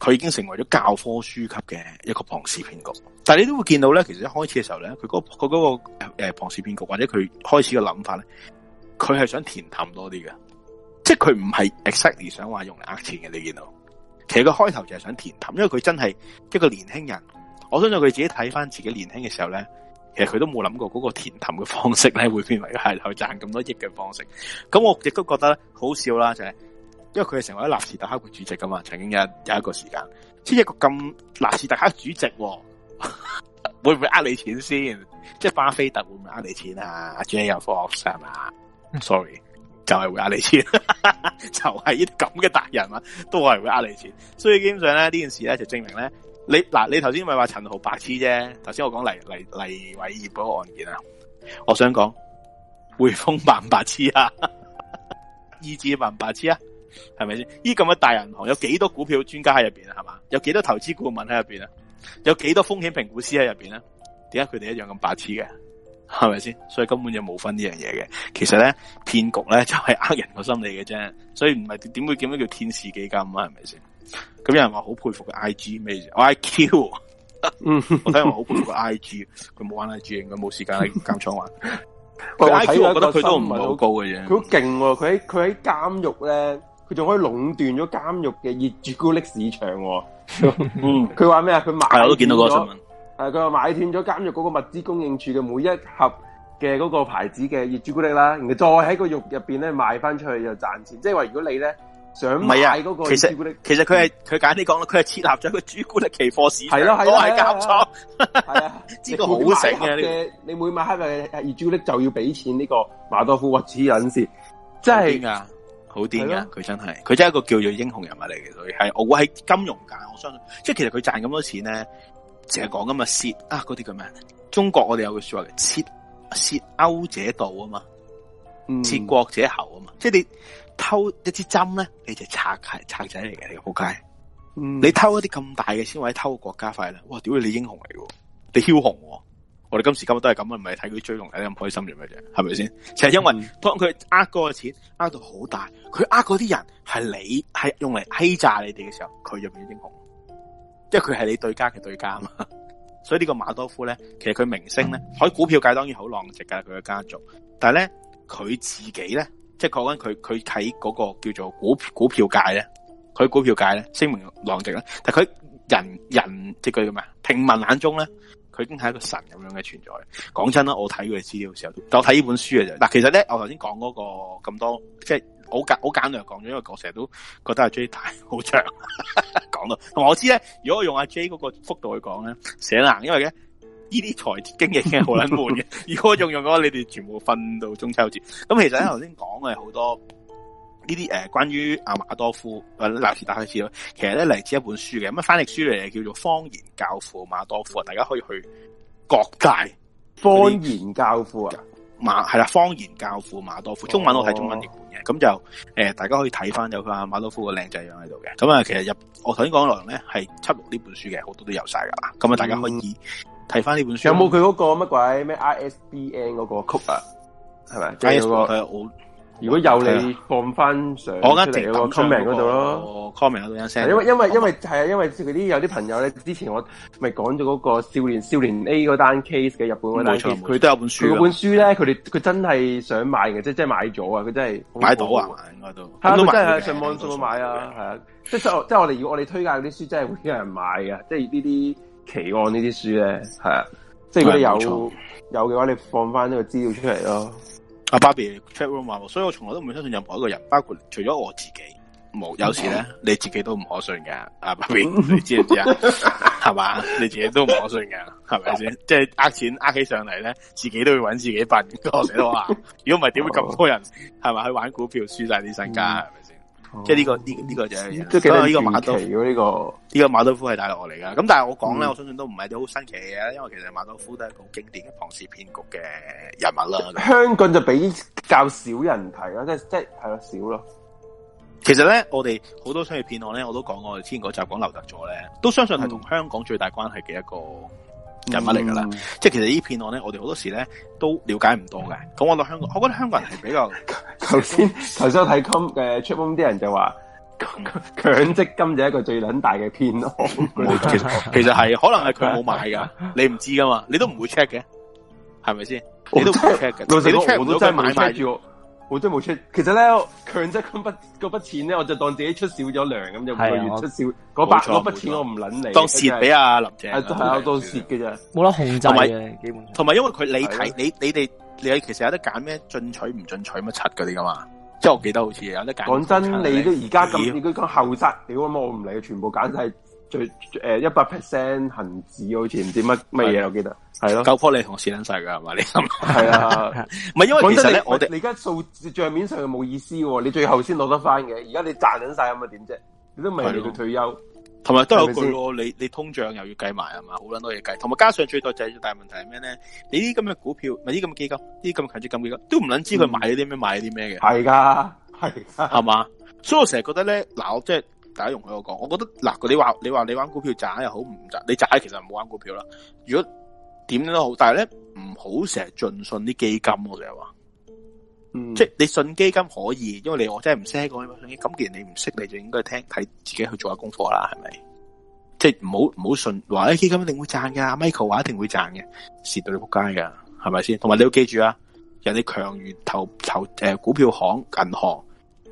佢已經成為咗教科書級嘅一個龐氏騙局。但係你都會見到咧，其實一開始嘅時候咧，佢嗰佢嗰個誒龐氏騙局或者佢開始嘅諗法咧。佢係想填氹多啲嘅，即係佢唔係 exactly 想話用嚟呃錢嘅。你見到，其實個開頭就係想填氹，因為佢真係一個年輕人。我相信佢自己睇翻自己年輕嘅時候咧，其實佢都冇諗過嗰個填氹嘅方式咧會變為係去賺咁多億嘅方式。咁我亦都覺得好笑啦，就係、是、因為佢係成為咗納斯達克嘅主席噶嘛。曾經有有一個時間，即係一個咁納斯達克主席，啊，會唔會呃你錢先？即係巴菲特會唔會呃你錢啊？John Fox 係 sorry，就係會呃你錢， 就係呢啲咁嘅達人啊，都係會呃你錢。所以基本上咧，呢件事咧就證明咧，你嗱，你頭先咪話陳豪白痴啫，頭先我講黎黎黎偉業嗰個案件啊，我想講匯豐白唔白痴啊，意志白唔白痴啊，係咪先？呢咁嘅大銀行有幾多股票專家喺入邊啊，係嘛？有幾多投資顧問喺入邊啊？有幾多風險評估師喺入邊咧？點解佢哋一樣咁白痴嘅？係咪先？所以根本就冇分呢樣嘢嘅。其實咧，騙局咧就係、是、呃人個心理嘅啫。所以唔係點會叫咩叫天使基金啊？係咪先？咁有人話好佩服佢 I G 咩意思？I Q 我睇我好佩服佢 I G。佢冇玩 I G，佢冇時間喺監倉玩。 I Q 我覺得佢都唔係好高嘅嘢。佢好勁，佢喺佢喺監獄咧，佢仲可以壟斷咗監獄嘅熱朱古力市場。 他說什麼他賣嗯，佢話咩啊？佢賣我都見到嗰個誒、啊，佢話買斷咗監獄嗰個物資供應處嘅每一盒嘅嗰個牌子嘅熱朱古力啦，然後再喺個獄入邊咧賣翻出去又賺錢。即係話如果你咧想買嗰個朱古力，啊、其實佢係佢簡單啲講啦，佢係設立咗一個朱古力期貨市場。係咯係咯，都係夾倉。係啊，呢個好正嘅。你每晚黑嘅熱朱古力就要俾錢呢個馬多夫或子人先，真係好癲噶，好癲噶，佢真係，佢真係一個叫做英雄人物嚟嘅。佢係我喺金融界，我相信，即係其實佢賺咁多錢咧。成日講噶嘛，竊啊嗰啲叫咩？中國我哋有句說話嘅，竊竊歐者道啊嘛，竊、嗯、國者侯啊嘛。即係你偷一支針咧，你就拆係賊仔嚟嘅，你仆街、嗯。你偷一啲咁大嘅先可以偷國家費啦。哇，屌你英雄嚟嘅，你梟雄、哦。我哋今時今日都係咁啊，唔係睇佢追龍睇咁開心嘅咩啫？係咪先？就、嗯、係因為當佢呃嗰個錢，呃到好大。佢呃嗰啲人係你係用嚟欺詐你哋嘅時候，佢就變英雄。因為佢係你對家嘅對家啊嘛，所以呢個馬多夫咧，其實佢明星咧喺股票界當然好狼藉㗎佢嘅家族，但係咧佢自己咧，即係講緊佢佢喺嗰個叫做股票呢股票界咧，佢股票界咧聲名狼藉啦，但係佢人人即係佢叫咩啊？平民眼中咧，佢已經係一個神咁樣嘅存在。講真啦，我睇佢資料嘅時候，我睇呢本書嘅就嗱，其實咧我頭先講嗰個咁多即係。好簡好簡略講咗，因為我成日都覺得阿 J 太好長講 到，同埋我知咧，如果我用阿 J 嗰個幅度去講咧，寫難，因為咧，呢啲財經嘅嘢好捻悶嘅。 如果我用用嘅話，你哋全部瞓到中秋節。咁其實呢，頭先講嘅好多呢啲誒，關於阿馬多夫誒，臨時打開資料。其實咧嚟自一本書嘅，咁啊翻譯書嚟嘅，叫做《謊言教父》馬多夫，大家可以去各界《謊言教父》啊。馬係啦，謊言教父馬多夫，中文我睇中文譯本嘅，咁、哦、就誒，大家可以睇翻有翻馬多夫個靚仔樣喺度嘅。咁啊，其實入，我頭先講內容咧，係輯錄呢本書嘅，好多都有晒噶啦。咁、嗯、啊，大家可以睇翻呢本書。有冇佢嗰個乜鬼咩 I S B N 嗰個曲啊？係咪？I S 如果有你放翻上我而家直 comment 嗰度咯那，comment 嗰度有聲。因為因為因為係啊，因為佢啲有啲朋友咧，之前我咪講咗嗰個少年少年 A 嗰單 case 嘅日本嗰單 case，佢都有本書。佢本書咧，佢哋佢真係想買嘅，即係即係買咗啊！佢真係買到啊，應該都都買，了真買了。上網做乜買啊？係啊，即係即係我哋，如果我哋推介嗰啲書，真係會有人買嘅。即係呢啲奇案呢啲書咧，係啊。即係如果你有有嘅話，你放翻呢個資料出嚟咯。阿巴比 chatroom 話， 所以我從來都唔會相信任何一個人，包括除咗我自己。冇有，有時咧，你自己都唔可信嘅。阿巴比，你知唔知啊？係 嘛，你自己都唔可信嘅，係咪先？ 即係呃錢呃起上嚟咧，自己都要揾自己笨。我成日都話，如果唔係，點會咁多人係咪去玩股票輸晒啲身家？ 是即係、這、呢個呢呢、哦這個就都係一個馬奇呢、這個呢、這個馬多夫係大鱷嚟噶，咁但係我講咧，我相信都唔係啲好新奇嘅嘢，因為其實馬多夫都係個經典嘅龐氏騙局嘅人物啦。香港就比較少人睇咯，即係即係係啦少咯。其實咧，我哋好多商業騙案咧，我都講過，之前嗰集講劉特助咧，都相信係同香港最大關係嘅一個。人物嚟噶啦，即係其實呢啲騙案咧，我哋好多時咧都了解唔多嘅。咁、okay. 我喺香港，我覺得香港人係比較頭先頭先我睇嘅出 m o 啲人就話強積金就係一個最大嘅騙案。其實其實係，可能係佢冇買噶， 你唔知噶嘛，你都唔會 check 嘅，係咪先？你都唔會 check 嘅，你 check 完咗真係買咗。我都冇出，其實咧強制咁筆嗰筆錢咧，我就當自己出少咗糧咁、啊，就每個月出少嗰百嗰筆錢，我唔捻，你當蝕俾阿林，係啊，當蝕嘅咋，冇得控制嘅，基本同埋因為佢你睇你你哋你，你，你其實有得揀咩進取唔進取乜七嗰啲噶嘛，即係我記得好似有得揀。講真，你都而家咁你佢講後扎屌啊嘛，我唔嚟，全部揀晒。最誒一百 percent 恒指好似唔知乜乜嘢，我記得係咯，九科你同學蝕撚晒噶係嘛？你係啊！唔 係因為其實呢我哋你而家數賬面上又冇意思喎、哦，你最後先攞得翻嘅，而家你賺緊晒咁啊點啫？你都未到退休，同埋都有句咯，你你通脹又要計埋係嘛？好撚多嘢計，同埋加上最多就係最大問題係咩咧？你啲咁嘅股票，唔係啲咁嘅基金，啲咁嘅投資咁嘅基金，都唔捻知佢買咗啲咩，買咗啲咩嘅，係噶係，係嘛？ 所以我成日覺得咧，嗱，即係。大家容許我講，我覺得嗱，你話你話你玩股票賺又好唔賺，你賺其實唔好玩股票啦。如果點都好，但係咧唔好成日盡信啲基金、啊、我就係話、嗯，即係你信基金可以，因為你我真係唔識講咩基金咁，既然你唔識，你、嗯、就應該聽睇自己去做下功課啦，係咪？即係唔好唔好信話呢、哎、基金一定會賺㗎 Michael 話一定會賺嘅，蝕到你仆街噶，係咪先？同埋你要記住啊，人哋強如投投誒、呃、股票行銀行。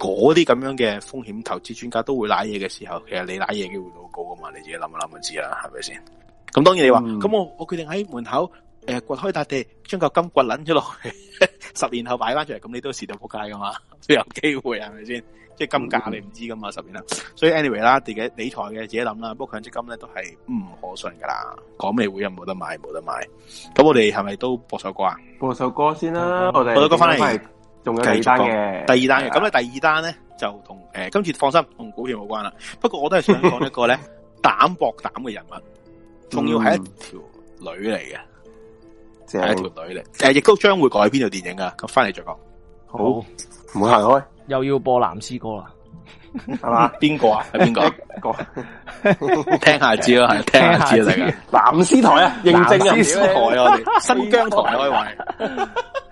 嗰啲咁樣嘅風險投資專家都會揦嘢嘅時候，其實你揦嘢嘅機會都好高噶嘛？你自己諗下諗下知啦，係咪先？咁當然你話，咁、嗯、我我決定喺門口誒掘、呃、開笪地，將嚿金掘捻落去 十是是、嗯。十年後擺翻出嚟，咁你都蝕到仆街噶嘛？都有機會，係咪先？即係金價你唔知噶嘛？十年啦，所以 anyway 啦，自己理財嘅自己諗啦。不過強積金咧都係唔可信噶啦，港幣匯有冇得買冇得買。咁我哋係咪都播首歌啊？播首歌先啦，我哋播首歌翻嚟。仲有第二單嘅，第二單嘅，咁咧第二單咧就同誒，欸、今次放心，同股票冇關啦。不過我都係想講一個咧膽 薄膽嘅人物，仲要係一條女嚟嘅，係、嗯、一條女嚟，誒，亦都將會改編做電影啊。咁翻嚟再講，好唔會行開，又要播藍絲歌啦，係嘛？邊個啊？邊個、啊 下早？ 聽下知咯，係聽下知嚟嘅。藍絲台啊，認證藍絲絲啊，藍絲絲台啊，新疆台開、啊、胃。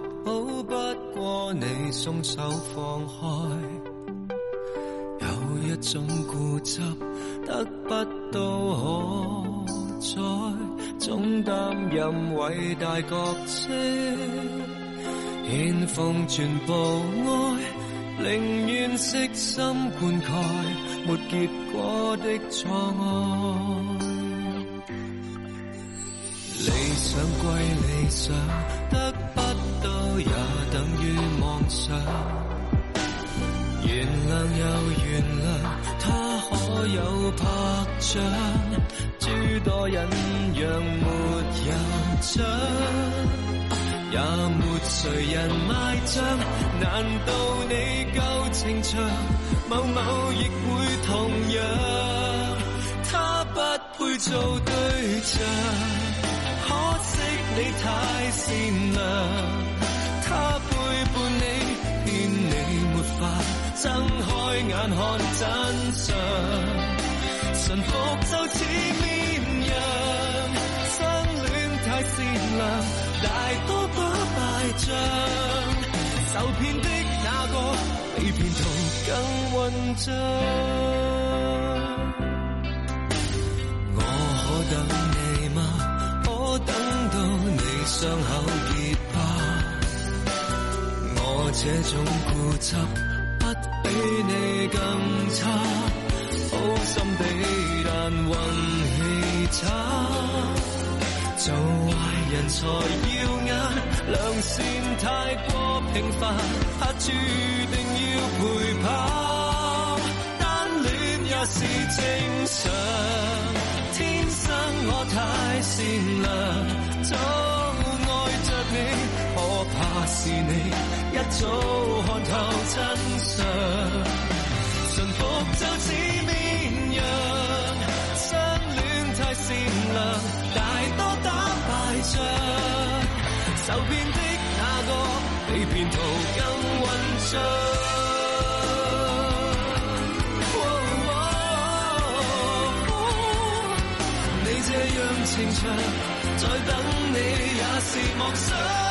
保不過你鬆手放開，有一種固執得不到喝彩，總擔任偉大角色，獻奉全部愛，寧願悉心灌溉，沒結果的錯愛。理想歸理想，得不到也等於妄想。原諒又原諒，他可有拍掌？諸多忍讓沒有獎，也沒誰人賣賬。難道你夠情長，某某亦會同樣？他不配做對象。可惜你太善良，他背叛你，騙你沒法睜開眼看真相。臣服就似綿羊，相戀太善良，大多不敗仗。受騙的哪個，比騙徒更混賬？傷口結疤，我這種固執不比你更差，好心地但運氣差，做壞人才要壓良線。太過平凡、啊，怕注定要陪伴陪跑。單戀也是正常，天生我太善良。是你一早看透真相，臣服就似綿羊，相戀太善良，大多打敗仗，手邊的那個比騙徒更混賬。你這樣情長，再等你也是妄想。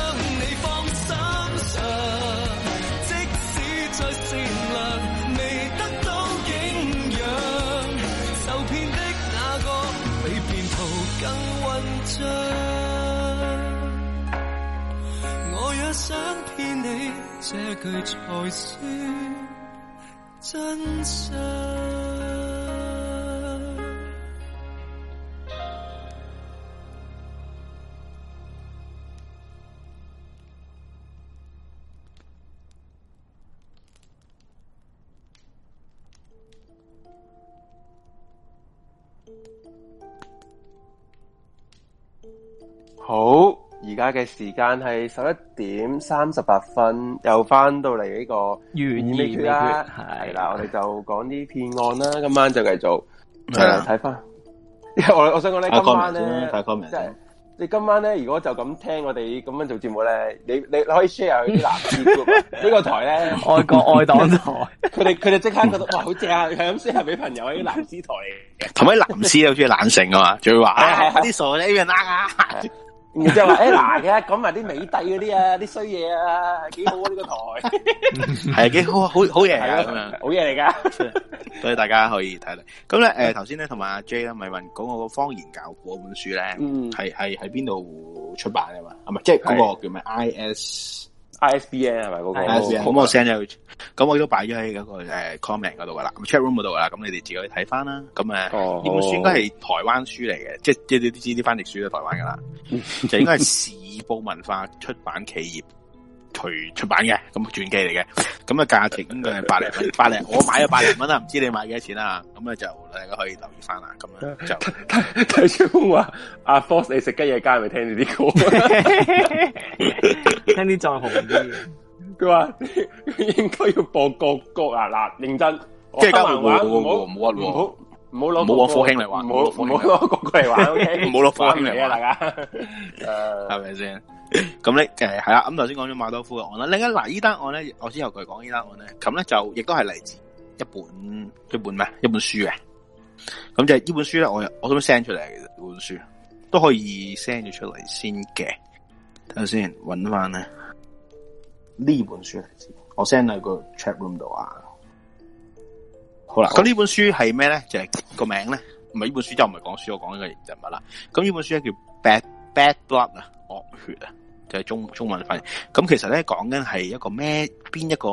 想騙你這句才算真相。而家嘅時間係十一點三十八分，又翻到嚟呢個懸疑未決係啦。我哋就講啲騙案啦，今晚就繼續係啦。睇翻、呃、我我想講咧，今晚咧，即係今晚咧，如果就咁聽我哋咁樣做節目咧，你你可以 share 下啲藍絲呢個台咧，愛國愛黨台，佢哋佢哋即刻覺得哇好正 啊！係咁 share 俾朋友喺啲藍絲台同埋藍絲又好中意冷靜啊嘛，仲要話啲傻咧 A 人啊！然之後話，誒嗱，而家講埋啲美帝嗰啲啊，啲衰嘢啊，幾好啊呢個台，係幾好啊，好好嘢啊，咁樣，好嘢嚟噶，所以大家可以睇啦。咁咧，誒，頭先咧同埋阿 J 啦，咪聞講我個方言教嗰本書咧，係係喺邊度出版啊嘛？係咪，即係嗰個叫咩？I S。I S B N 係咪嗰、那個？咁、oh, 我 send 咗，咁我都擺咗喺嗰個、uh, comment 嗰度㗎啦，check room 嗰度㗎啦，咁、uh, 你哋自己睇翻啦。咁呢、uh, 本書應該係台灣書嚟嘅，uh, 即係、uh, 即係你都知啲啲翻譯書都台灣㗎啦，uh, 就應該係時報文化出版企業。 佢出版嘅咁傳記嚟嘅，咁啊價錢係百零蚊，百零我買咗百零蚊啦，唔知你買幾多錢啦，咁啊就大家可以留意翻啦，咁樣就。睇話阿 Fox 你食雞嘢街咪聽呢啲歌， 聽啲藏紅佢話 應該要播國歌啊！嗱，認真，即係得唔屈唔好攞，唔好攞科興嚟玩，唔好攞哥哥嚟玩，O K，唔好攞科興嚟啊，大家，誒、 嗯，係咪先？咁咧，誒，係啦，咁頭先講咗馬多夫嘅案啦。另一嗱，依單案咧，我先由佢講呢單案咧，咁咧就亦都係嚟自一本一本咩？一本書嘅。咁就呢本書咧，我我都 send 出嚟嘅，其實本書都可以 send 咗出嚟先嘅。等下先，搵翻咧呢本書嚟自，我 send 喺個 chat room 度啊。好啦，咁呢本書係咩咧？就係、是、個名咧，唔係呢本書就唔係講書，我講、就是、一,一,一個人物啦。咁呢本書咧叫《Bad Bad Blood》啊，惡血啊，就係中中文翻譯。咁其實咧講緊係一個咩？邊一個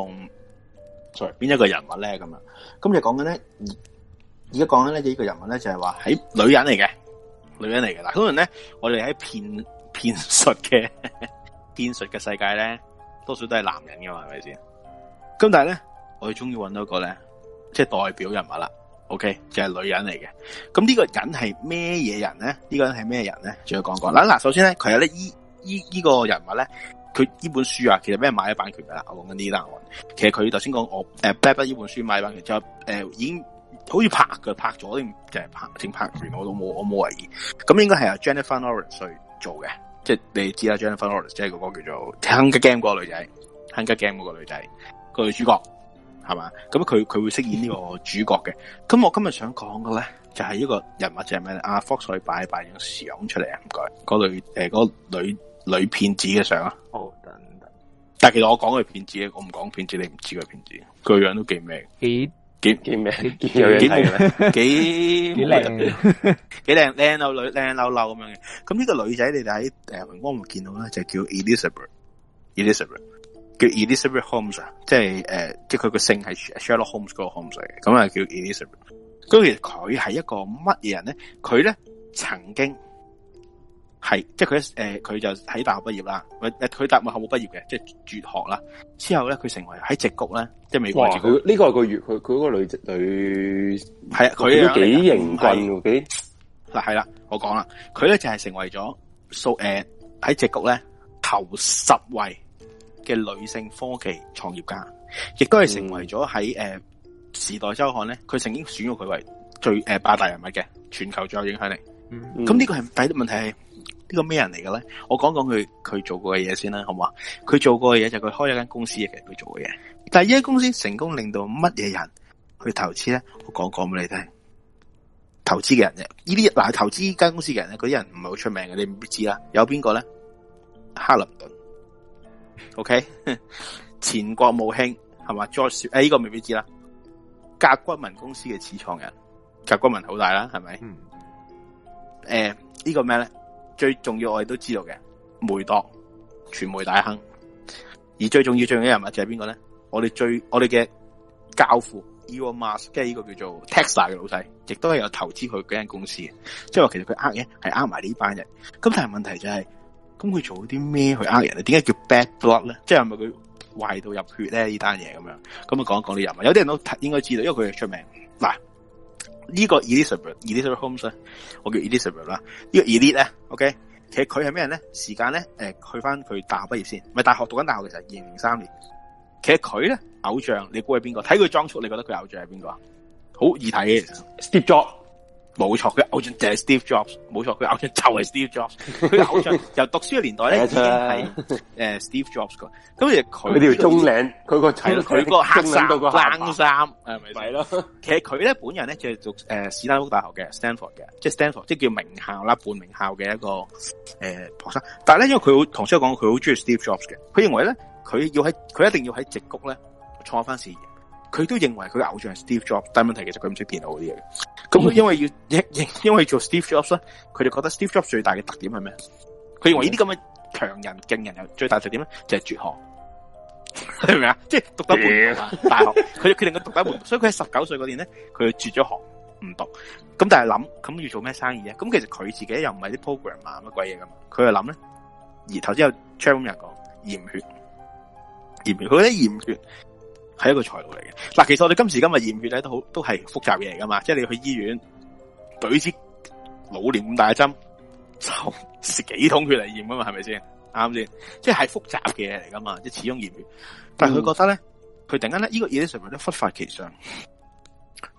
sorry 邊一個人物咧咁啊？咁就講緊咧，而家講緊咧呢個個人物咧就係話喺女人嚟嘅，女人嚟嘅啦。可能咧，我哋喺騙騙術嘅騙術嘅世界咧，多數都係男人噶嘛，係咪先？咁但係咧，我哋終於揾到一個咧。即係代表人物啦，OK，就係女人嚟嘅。咁呢個人係咩嘢人咧？呢、呢個人係咩人咧？仲有講過。嗱嗱，首先咧，佢有咧，依依依個人物咧，佢呢本書啊，其實咩人買咗版權噶啦？我講緊呢單案。其實佢頭先講我誒 b l 呢本書買版權之後，誒、呃、已經好似拍嘅，拍咗定定拍整拍劇，我都冇，我冇懷疑。咁應該係阿 Jennifer Lawrence 去做嘅，即係你知啦，Jennifer Lawrence 即係嗰個叫做《Hunger Game》嗰個女仔，《Hunger Game 樂》嗰、嗰個女仔，嗰個女主角。係嘛？咁佢佢會飾演呢個主角嘅。咁我今日想講嘅咧，就係、是、呢個人物就係咩咧？阿 Fox 再擺擺張相出嚟啊！唔該，嗰、呃、女誒，嗰女女騙子嘅相啊。好、哦，等等。但係其實我講佢騙子嘅，我唔講騙子，你唔知佢騙子。佢樣都幾咩？幾幾幾咩幾幾靚？幾靚靚女靚嬲嬲咁樣嘅。咁呢個女仔你哋喺誒熒光幕見到咧，就 yards Nicki 叫 Elizabeth。Elizabeth。叫 Elizabeth Holmes 啊、呃，即係誒，即係佢個姓係 Sherlock Holmes 個 Holmes 嘅，咁啊叫 Elizabeth 咁其實佢係一個乜嘢人咧？佢咧曾經係，即係佢誒，佢就喺大學畢業啦，佢佢大學後冇畢業嘅，即係輟學啦。之後咧，佢成為喺矽谷咧，即係美國。哇！佢呢、這個係個佢佢個女女，係啊，佢都幾英俊嘅。嗱，係啦，我講啦，佢咧就係、是、成為咗數誒喺矽谷咧頭十位。嘅女性科技創業家，亦都係成為咗喺誒時代周刊咧，佢曾經選咗佢為最誒八、呃、大人物嘅全球最有影響力。咁、嗯、呢、嗯、個係第一問題係呢個咩人嚟嘅咧？我講講佢佢做過嘅嘢先啦，好唔好啊？佢做過嘅嘢就佢開咗間公司嘅，其實佢做嘅嘢。但係呢間公司成功令到乜嘢人去投資咧？我講講俾你聽。投資嘅人嘅呢啲嗱，投資呢間公司嘅人咧，嗰啲人唔係好出名嘅，你唔知啦。有邊個咧？哈林頓。O、okay? K， 前國務卿，係嘛？再說、哎，誒、這、呢個未必知啦。甲骨文公司嘅始創人，甲骨文好大啦，係咪？誒、嗯哎這個、呢個咩咧？最重要我哋都知道嘅，梅鐸傳媒大亨。而最重要、最重要人物就係邊個咧？我哋最我哋嘅教父 Elon Musk，即呢個叫做 Tesla 嘅老細，亦都係有投資佢嗰間公司。嘅。即係話其實佢呃嘅，係呃埋呢班人。咁但係問題就係、是。咁佢做啲咩去呃人咧？點解叫 bad blood 咧？即係係咪佢壞到入血咧？呢單嘢咁樣咁啊，講講講你又嘛？有啲人都應該知道，因為佢係出名。嗱、啊，呢、這個 Elizabeth Elizabeth Holmes，我叫 Elizabeth 啦。呢個 Elizabeth 咧，OK，其實佢係咩人咧？時間咧，誒，去翻佢大學畢業先，咪大學讀緊大學其實二零三年。其實佢咧偶像，你估係邊個？睇佢裝束，你覺得佢偶像係邊個啊？好易睇嘅 Steve Jobs。冇錯，佢偶像就係 Steve Jobs，冇錯，佢偶像就係 Steve Jobs。佢 偶像由讀書嘅年代咧，已經係誒 Steve Jobs 㗎。咁而佢條中領，佢個睇佢個黑衫，個冷衫，誒咪係咯。 其實佢咧本人咧就係讀誒史丹福大學嘅 Stanford 嘅，即係 Stanford，即係叫名校啦，半名校嘅一個誒學、呃、生。但係咧，因為佢好，同詩講佢好中意 Steve Jobs 嘅。佢認為咧，佢要喺，佢一定要喺直谷咧創翻事業。佢都認為佢嘅偶像係 Steve Jobs，但係問題，其實佢唔識電腦啲嘢。咁因為要因、嗯、因為要做 Steve Jobs 咧，佢就覺得 Steve Jobs 最大嘅特點係咩？佢認為呢啲咁嘅強人勁人，又最大特點咧，就係絕學。明唔明啊？即係讀到半 大學，佢決定佢讀到半，所以佢喺十九歲嗰年咧，佢絕咗學，唔讀。咁但係諗，咁要做咩生意啊？咁其實佢自己又唔係啲 program 啊乜鬼嘢噶，佢就諗咧。而頭先有 Charles 講驗血，驗血，佢覺得驗血。係一個財路嚟嘅，嗱，其實我哋今時今日驗血咧都好都係複雜嘢嚟噶嘛，即係你去醫院舉支老年咁大嘅針，抽幾桶的血嚟驗啊嘛，係咪先？啱先，即係係複雜嘅嘢嚟噶嘛，即係始終驗血。但係佢覺得咧，佢，嗯，突然間咧，呢個嘢咧上面都忽發奇想。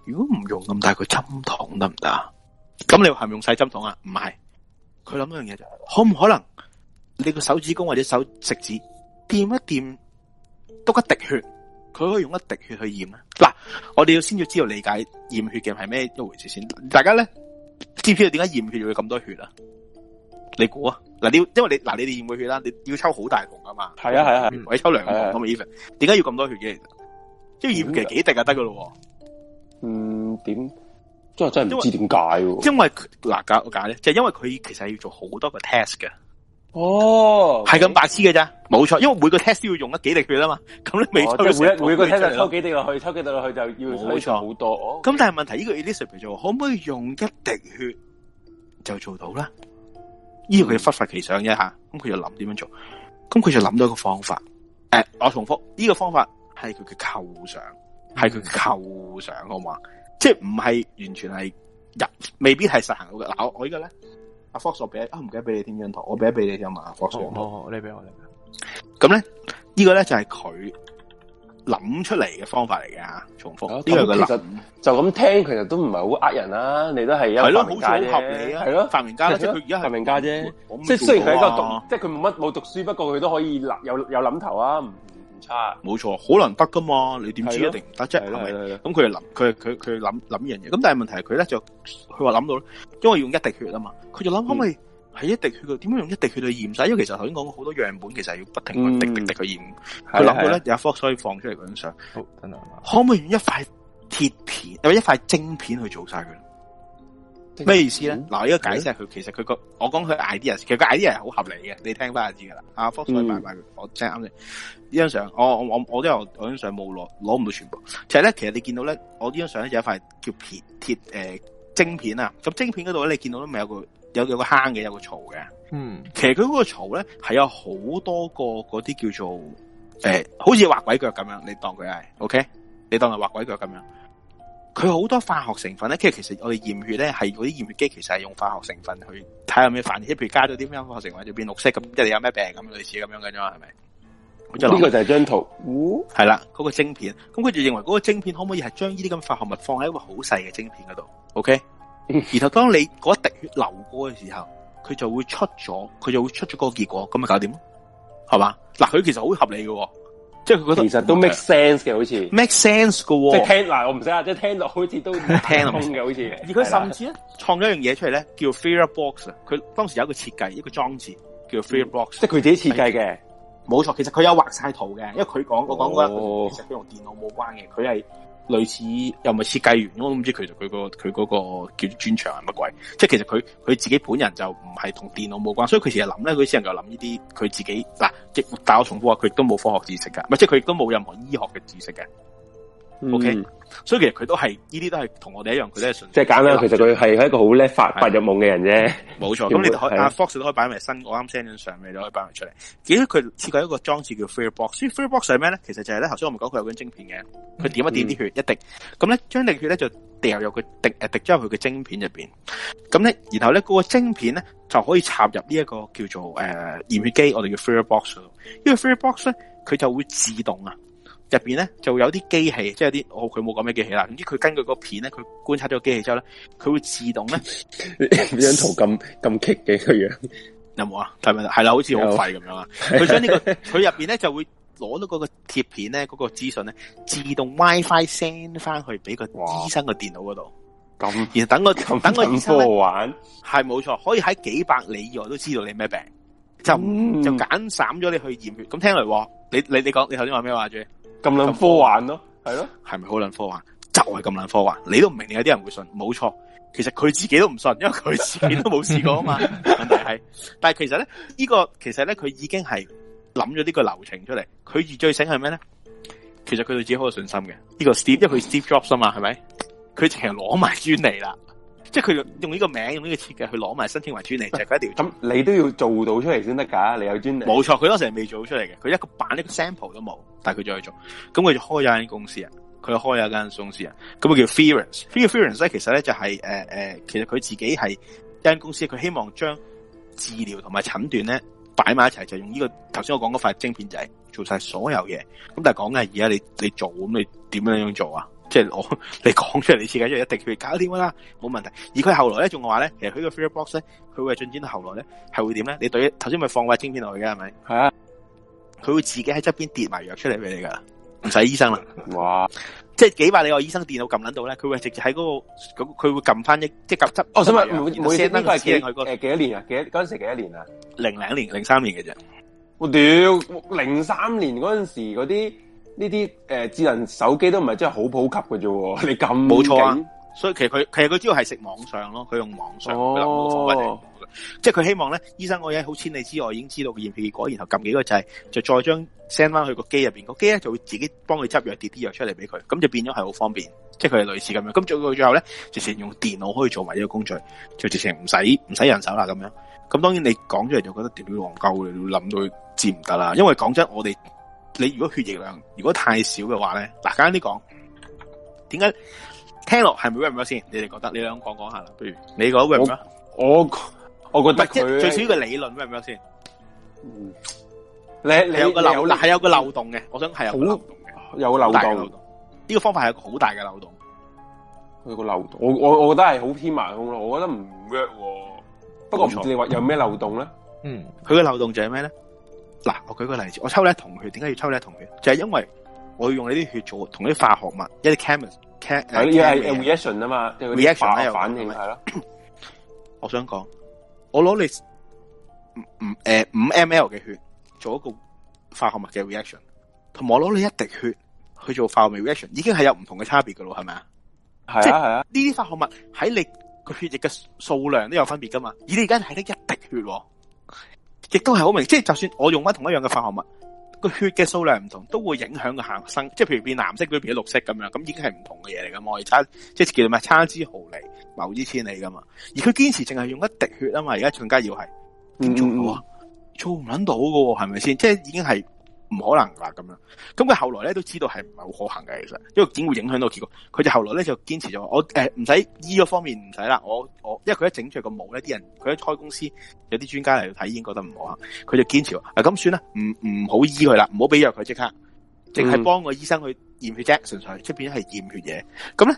如果唔用咁大個針筒得唔得？咁你係咪用細針筒啊？唔係，佢諗一樣嘢就係，可唔可能你個手指公或者手食指掂一掂，得一滴血？佢可以用一滴血去驗啦，嗱， 我哋要先要知道理解驗血嘅係咩一回事先。 大家咧知唔知道點解驗血要咁多血啊？你估啊？嗱，你因為你嗱，你哋驗過血啦，你要抽好大桶噶嘛？係 啊，係啊係，唔以、啊、抽兩桶咁 Evan 點解要咁多血嘅？即係驗其實幾滴就得噶咯。嗯，點即係真係唔知點解。因為嗱，解我解咧，就係、是、因為佢其實係要做好多個 test 嘅。哦，係咁白痴嘅咋？冇錯，因為每個 test 需要用一幾滴血啊嘛。咁、哦、你未抽、哦、每個每個 test 抽幾滴落去，去，抽幾滴落去就要冇錯好多。咁、哦、但係問題呢、這個 Elizabeth 就可唔可以用一滴血就做到咧？呢、嗯，這個佢忽發奇、啊、想一下，咁佢就諗點樣做？咁佢就諗到一個方法。誒、呃，我重複呢、這個方法係佢嘅構想，係佢嘅構想啊嘛，即係唔係完全係入，未必係實行到嘅嗱。我我個呢個咧。阿 Fox 叔俾、哦嗯嗯、啊，唔記得俾你添張圖，我俾一俾你添嘛，Fox 好好，你俾我啦。咁咧，呢個咧就係佢諗出嚟嘅方法嚟嘅。重複。呢、啊、個其就咁聽，其實都唔係好呃人啦。你都係一個好合理、就是。啊係咯，發明家係佢而家係明家啫。即係雖然佢一個讀，即係佢冇乜冇讀書，不過佢都可以有有諗頭啊。冇錯，好難得噶嘛？你點知一定唔得啫？係咪？咁佢諗，佢佢佢諗諗呢樣嘢。咁但係問題係佢咧就，佢話諗到因為用一滴血啊嘛，佢就諗、嗯、可唔可以喺一滴血嘅點樣用一滴血去驗晒？因為其實頭先講好多樣本，其實係要不停去滴滴滴去驗。佢諗到咧，對對對有一幅所以放出嚟嗰張相，可唔可以用一塊鐵片或者一塊晶片去做晒佢？咩意思咧？嗱、嗯，呢個解釋係佢，其實佢個我講佢 ideas，其實佢 idea 係好合理嘅，你聽翻就知噶啦、嗯。啊，Fox，唔我真係啱你。呢張相，哦，我我都有，我張相冇攞，攞唔到全部。其實咧，其實你見到咧，我呢張相咧有一塊叫片鐵誒晶片啊。咁晶片嗰度咧，你見到都咪有個有有個坑嘅，有個槽嘅。嗯。其實佢嗰個槽咧係有好多個嗰啲叫做誒、呃，好似畫鬼腳咁樣，你當佢係 OK，你當係畫鬼腳咁樣。佢好多化學成分咧，其實其實我哋驗血咧係嗰啲驗血機，其實係用化學成分去睇下有咩反應，譬如加咗啲咩化學成分就變綠色，咁即係你有咩病咁類似咁樣嘅啫嘛，係咪？咁就呢個就係張圖，嗯，係啦，嗰個晶片。咁佢就認為嗰個晶片可唔可以係將呢啲咁化學物放喺一個好細嘅晶片嗰度？O K，然後當你嗰一滴血流過嘅時候，佢就會出咗，佢就會出咗嗰個結果，咁咪搞掂咯，係嘛？嗱，佢其實好合理嘅。即係佢覺得其實都 make sense 嘅，好似 make sense 嘅，即係聽嗱，我唔使啊，即係聽落好似都聽得通嘅， 好似。而佢甚至咧， 創咗樣嘢出嚟咧，叫 Fearbox。佢當時有一個設計，一個裝置叫 Fearbox，嗯、即係佢自己設計嘅，冇錯。其實佢有畫晒圖嘅，因為佢講我講過，其實佢同電腦冇關嘅，佢係。類似又唔係設計員，我都唔知其實佢個佢嗰個叫專長係乜鬼。即係其實佢佢自己本人就唔係同電腦冇關，所以佢成日諗咧，佢先能夠諗呢啲。佢自己嗱，亦但我重複話，佢亦都冇科學知識噶，咪即係佢亦都冇任何醫學嘅知識嘅。O、okay? K，、嗯、所以其實佢都係，呢啲都係同我哋一樣，佢都係純。即係簡單，其實佢係一個好叻發、嗯、發入夢嘅人啫。冇錯，咁你可阿 Fox 都可以擺埋新，我啱 send 上嚟，就可以擺埋出嚟。記得佢設計一個裝置叫 Free Box，所以 Free Box 係咩咧？其實就係、是、咧，頭先我唔講佢有張晶片嘅，佢點一滴啲血，一滴，咁咧將啲血咧就掉入佢，滴誒滴咗入佢、那個晶片入邊，咁咧然後咧嗰個晶片咧就可以插入呢一個叫做誒驗、呃、血機，我哋叫 Free Box，因為 Free Box 咧佢就會自動啊。入邊咧就有啲機器，即係啲哦佢冇講咩機器啦。總之佢根據個片咧，佢觀察咗個機器之後咧，佢會自動咧。呢張圖咁咁棘嘅個樣有冇啊？係咪係啦？好似好廢咁樣啊！佢將呢個佢入邊咧就會攞到嗰個貼片咧，嗰、嗰個資訊咧自動 WiFi send 翻去俾個醫生嘅電腦嗰度。咁然後等我、嗯、等，我 等我醫生咧，係冇錯，可以喺幾百里以外都知道你咩病，嗯、就就揀散咗你去驗血。咁聽嚟，你你你講你頭先話咩話啫？咁撚科幻咯，係咯，係咪好撚科幻？幻是是多多幻就係咁撚科幻，你都唔明，有啲人會信，冇錯。其實佢自己都唔信，因為佢自己都冇試過啊嘛。問題係，但係其實咧，呢個其實咧，佢已經係諗咗呢個流程出嚟。佢而最醒係咩咧？其實佢對自己好有信心嘅。呢個 Steve，因為佢 Steve Jobs 啊嘛，係咪？佢成日攞埋專利啦。即係佢用呢個名，用呢個設計去攞埋申請為專利，啊、就係、佢、一定要做、啊。咁你都要做到出嚟先得噶，你有專利。冇錯，佢當時係未做到出嚟嘅，佢一個版一個 sample 都冇，但係佢再去做。咁佢就開咗間公司，間公司 Fearance，啊，佢開咗間公司啊。咁佢叫 Fearance，Fearance 呢，其實咧就係誒誒，其實佢自己係間公司，佢希望將治療同埋診斷咧擺埋一齊，就用呢、這個頭先我講嗰塊晶片仔做晒所有嘢。咁但係講緊而家你你做，咁你點樣樣做啊？即係我你講出嚟，你設計出嚟一定佢搞掂乜啦，冇問題。而佢後來咧，仲話咧，其實佢個 fair box 咧，佢會進展到後來咧，係會點咧？你對，頭先咪放塊晶片落去噶係咪？係啊，佢會自己喺側邊跌埋藥出嚟俾你噶，唔使醫生啦。哇！即係幾百你個醫生電腦撳捻到咧，佢會直接喺嗰個咁，佢會撳翻一即係夾執。我想問，每每點都係幾多年啊？幾嗰陣時幾多年啊？零零年、零三年嘅啫。我屌，零三年嗰陣時嗰啲。呢啲誒智能手機都唔係真係好普及嘅啫喎，你撳冇錯啊！所以其實佢其實佢主要係食網上咯，佢用網上嘅服、哦、即係佢希望咧，醫生我好千里之外已經知道驗血結果，然後撳幾個掣，就再將 send 翻去個機入邊，個機咧就會自己幫佢執藥、跌啲藥出嚟俾佢，咁就變咗係好方便。即係佢係類似咁樣。咁最到最後咧，直情用電腦可以做埋呢個工序，就直情唔使唔使人手啦咁樣。咁當然你講出嚟就覺得屌憨鳩嘅，你諗到佢知唔得啦。因為講真，我哋。你如果血液量如果太少嘅話咧，嗱，簡單啲講，點解聽落係咪？約唔約先？你哋覺得你兩個講講下啦。比如你講約唔約？我我覺得佢最少一個理論，約唔約先？你你有個漏，係有個漏，係有個漏洞嘅。我想係啊。好漏洞嘅，有個漏，有個漏洞。呢個方法係好大嘅漏洞。佢個漏洞，我我我覺得係好偏埋空咯。我覺得唔約喎。不過不知道你話有咩漏洞咧？嗯，佢個漏洞就係咩咧？嗱，我舉個例子，我抽你一筒血，點解要抽你一筒血？就係因為我要用呢啲血做同啲化學物，一啲 chemistry 係要 reaction 啊嘛，reaction 反應係咯。我想講，我攞你五誒五 mL 嘅血做一個化學物嘅 reaction，同我攞你一滴血去做化學物 reaction，已經係有唔同嘅差別噶咯，係咪啊？係啊係啊，呢啲化學物喺你個血液嘅數量都有分別噶嘛，而你而家係得一滴血。亦都係好明，明，即係就算我用翻同一樣嘅化學物，個血嘅數量唔同，都會影響個行生，即係譬如變藍色嗰啲變綠色咁樣，咁已經係唔同嘅嘢嚟噶嘛，差即係叫做咩？差之毫釐，謬之千里噶嘛？而佢堅持淨係用一滴血啊嘛，而家更加要係、嗯、做重到啊，做唔捻到噶喎，係咪先？即係已經係。唔可能啦，咁樣，咁佢後來咧都知道係唔係好可行嘅，其實，因為點會影響到結果。佢就後來咧就堅持咗，我誒唔使醫嗰方面唔使啦，我我，因為佢一整出個帽咧，啲人佢一開公司有啲專家嚟睇，已經覺得唔可行，佢就堅持啊咁算啦，唔唔好醫佢啦，唔好俾藥佢，即刻，淨係幫個醫生去驗血啫，純粹出邊係驗血嘢。咁咧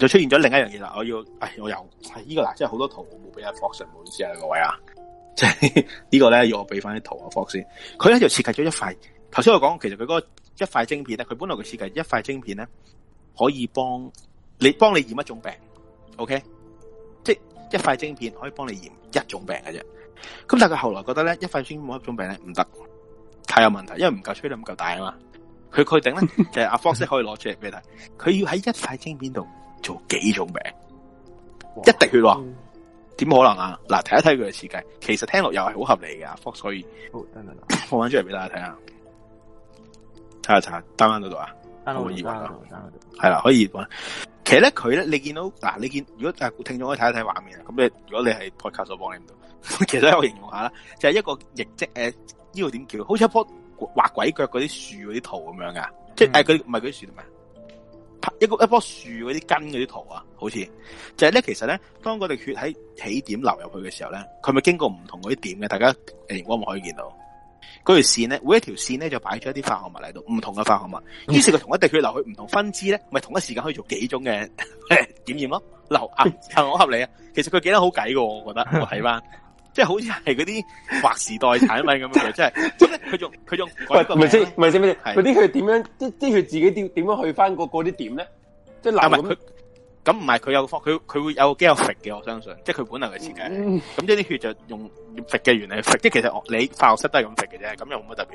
就出現咗另一樣嘢啦，我要，哎，我又係呢個啦，即係好多圖，冇俾阿 Fox 唔好意思啊，各位啊。即 係呢個咧，要我俾翻啲圖阿 Fox 先。佢咧就設計咗一塊，頭先我講，其實佢嗰一塊晶片咧，佢本來佢設計一塊晶片咧，可以幫你幫你驗一種病，OK？即係一塊晶片可以幫你驗一種病嘅啫。咁但係佢後來覺得咧，一塊晶片冇一種病咧唔得，太有問題，因為唔夠吹力，唔夠大啊嘛。佢確定咧， 就阿、啊、Fox 可以攞出嚟俾你睇，佢要喺一塊晶片度做幾種病，一滴血喎。嗯點可能啊？嗱，睇一睇佢嘅設計，其實聽落又係好合理嘅。Fox 可以，放翻出嚟俾大家睇下，睇下睇下，單翻嗰度啊，單以為係啦，可以。其實咧，佢咧，你見到嗱，你見如果誒聽眾可以睇一睇畫面，啊。咁你如果你係 podcast 幫你唔到， 其實我形容下啦，就係、是、一個逆迹誒呢度點叫？好似一棵畫鬼腳嗰啲樹嗰啲圖咁樣噶、嗯，即係佢唔係嗰啲樹嘛？一個一棵樹嗰啲根嗰啲圖啊，好似就係、是、咧，其實咧，當滴血喺起點流入去嘅時候咧，佢咪經過唔同嗰啲點嘅？大家誒，我唔可以見到嗰條線咧？每一條線咧就擺咗一啲化學物嚟度，唔同嘅化學物。於是佢同一滴血流去唔同分支咧，咪同一時間可以做幾種嘅 檢驗咯。流啊，合唔合理啊？其實佢幾得好計嘅，我覺得。我睇即係好似係嗰啲劃時代產品咁樣， 樣，即係即係佢仲佢仲，唔係先唔係嗰啲佢點樣？即係即係佢自己點點樣去翻嗰啲點咧？即係難咁。咁唔係佢有方，佢佢會有幾有食嘅？我相信，即係佢本能嘅設計。咁、嗯、即係啲血就用食嘅原理食。即係其實你化學室都係咁食嘅啫，咁又冇乜特別。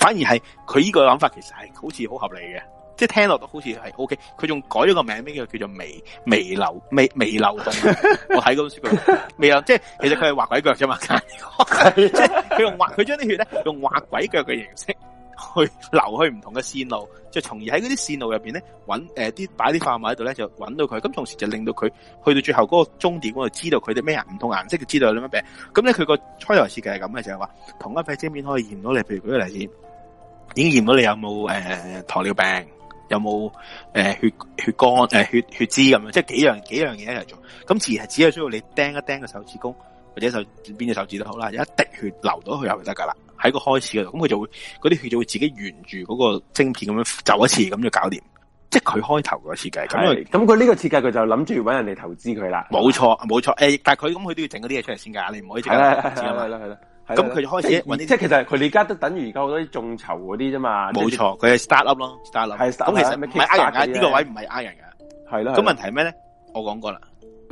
反而係佢呢個諗法，其實係好似好合理嘅。即係聽落都好似係 O K，佢仲改咗個名，咩叫叫做微微流微微流動？ 我睇嗰本書佢微流， 即係其實佢係畫鬼腳啫嘛，即係佢用畫佢將啲血咧用畫鬼腳嘅形式去流去唔同嘅綫路，就從而喺嗰啲綫路入邊咧揾誒啲擺啲化物喺度咧，就揾到佢。咁同時就令到佢去到最後嗰個終點，我就知道佢哋咩人唔同顏色就知道有啲乜病。咁咧佢個初頭設計係咁嘅，就係、是、話同一塊晶片可以驗到你，譬如舉個例子，已經驗到你有冇誒、呃、糖尿病。有冇誒、呃、血血肝誒、呃、血血脂咁樣，即係幾樣幾樣嘢一齊做，咁自然係只有需要你掕一掕個手指公，或者手邊隻手指都好啦，有一滴血流到去就得噶啦，喺個開始嗰度，咁佢就會嗰啲血就會自己沿住嗰個晶片咁樣走一次，咁就搞掂，即係佢開頭嗰個設計。係，咁佢呢個設計佢就諗住搵人哋投資佢啦。冇錯，冇錯。誒，但係佢咁，佢都要整嗰啲嘢出嚟先噶，你唔可以淨係投資啊咁佢就開始即，即係其實佢哋而家都等於而家好多啲眾籌嗰啲啫嘛。冇錯，佢係 start up 咯，start up。係 start up Iron。咁，其實唔係 I 人嘅呢個位 Iron，唔係 I 人嘅。係啦。咁問題係咩咧？我講過啦。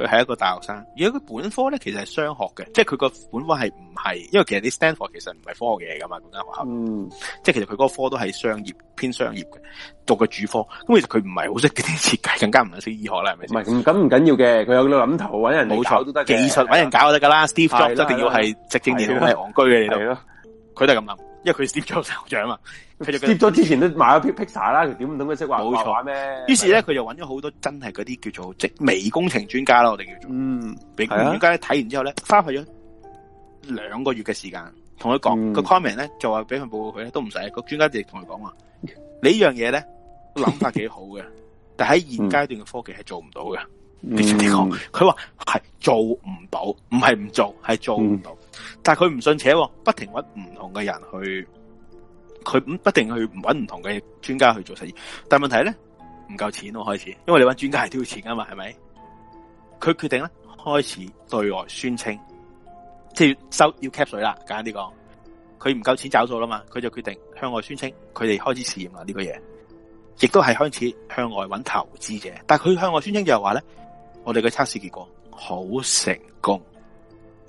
佢係一個大學生，而佢本科咧其實係商學嘅，即係佢個本科係唔係，因為其實啲 Stanford 其實唔係科學嘢噶嘛，間學校，嗯、即係其實佢嗰個科都係商業偏商業嘅，讀個主科，咁其實佢唔係好識嗰啲設計，更加唔係識醫學啦，係咪唔係，唔緊唔緊要嘅，佢有諗頭搵人冇錯，技術搵人搞得噶啦，Steve Jobs 一定要係直經年老係昂居嘅嚟到。佢都係咁諗，因為佢接咗手掌啊！佢就接咗 之前都買咗啲 pizza 啦，佢點唔同嘅識話冇錯咩？於是咧，佢就揾咗好多真係嗰啲叫做即微工程專家啦。我哋叫做嗯，俾佢。專家睇完之後咧，花費咗兩個月嘅時間同佢講個 comment 咧，就話俾佢報告佢咧都唔使個專家就同佢講話，呢樣嘢咧諗法幾好嘅，但喺現階段嘅科技係做唔到嘅。嗯，他說他他那個、他說 你講，佢話係做唔到，嗯、到，唔係唔做，係做唔到。嗯。但係佢唔信邪，不停搵唔同嘅人去，佢唔不停去搵唔同嘅專家去做實驗。但係問題咧，唔夠錢咯，開始，因為你搵專家係都要錢㗎嘛，係咪？佢決定咧，開始對外宣稱，即係收要吸水啦，簡單啲講，佢唔夠錢找數啦嘛，佢就決定向外宣稱，佢哋開始試驗呢個嘢，亦都係開始向外搵投資者。但係佢向外宣稱就係話咧，我哋嘅測試結果好成功。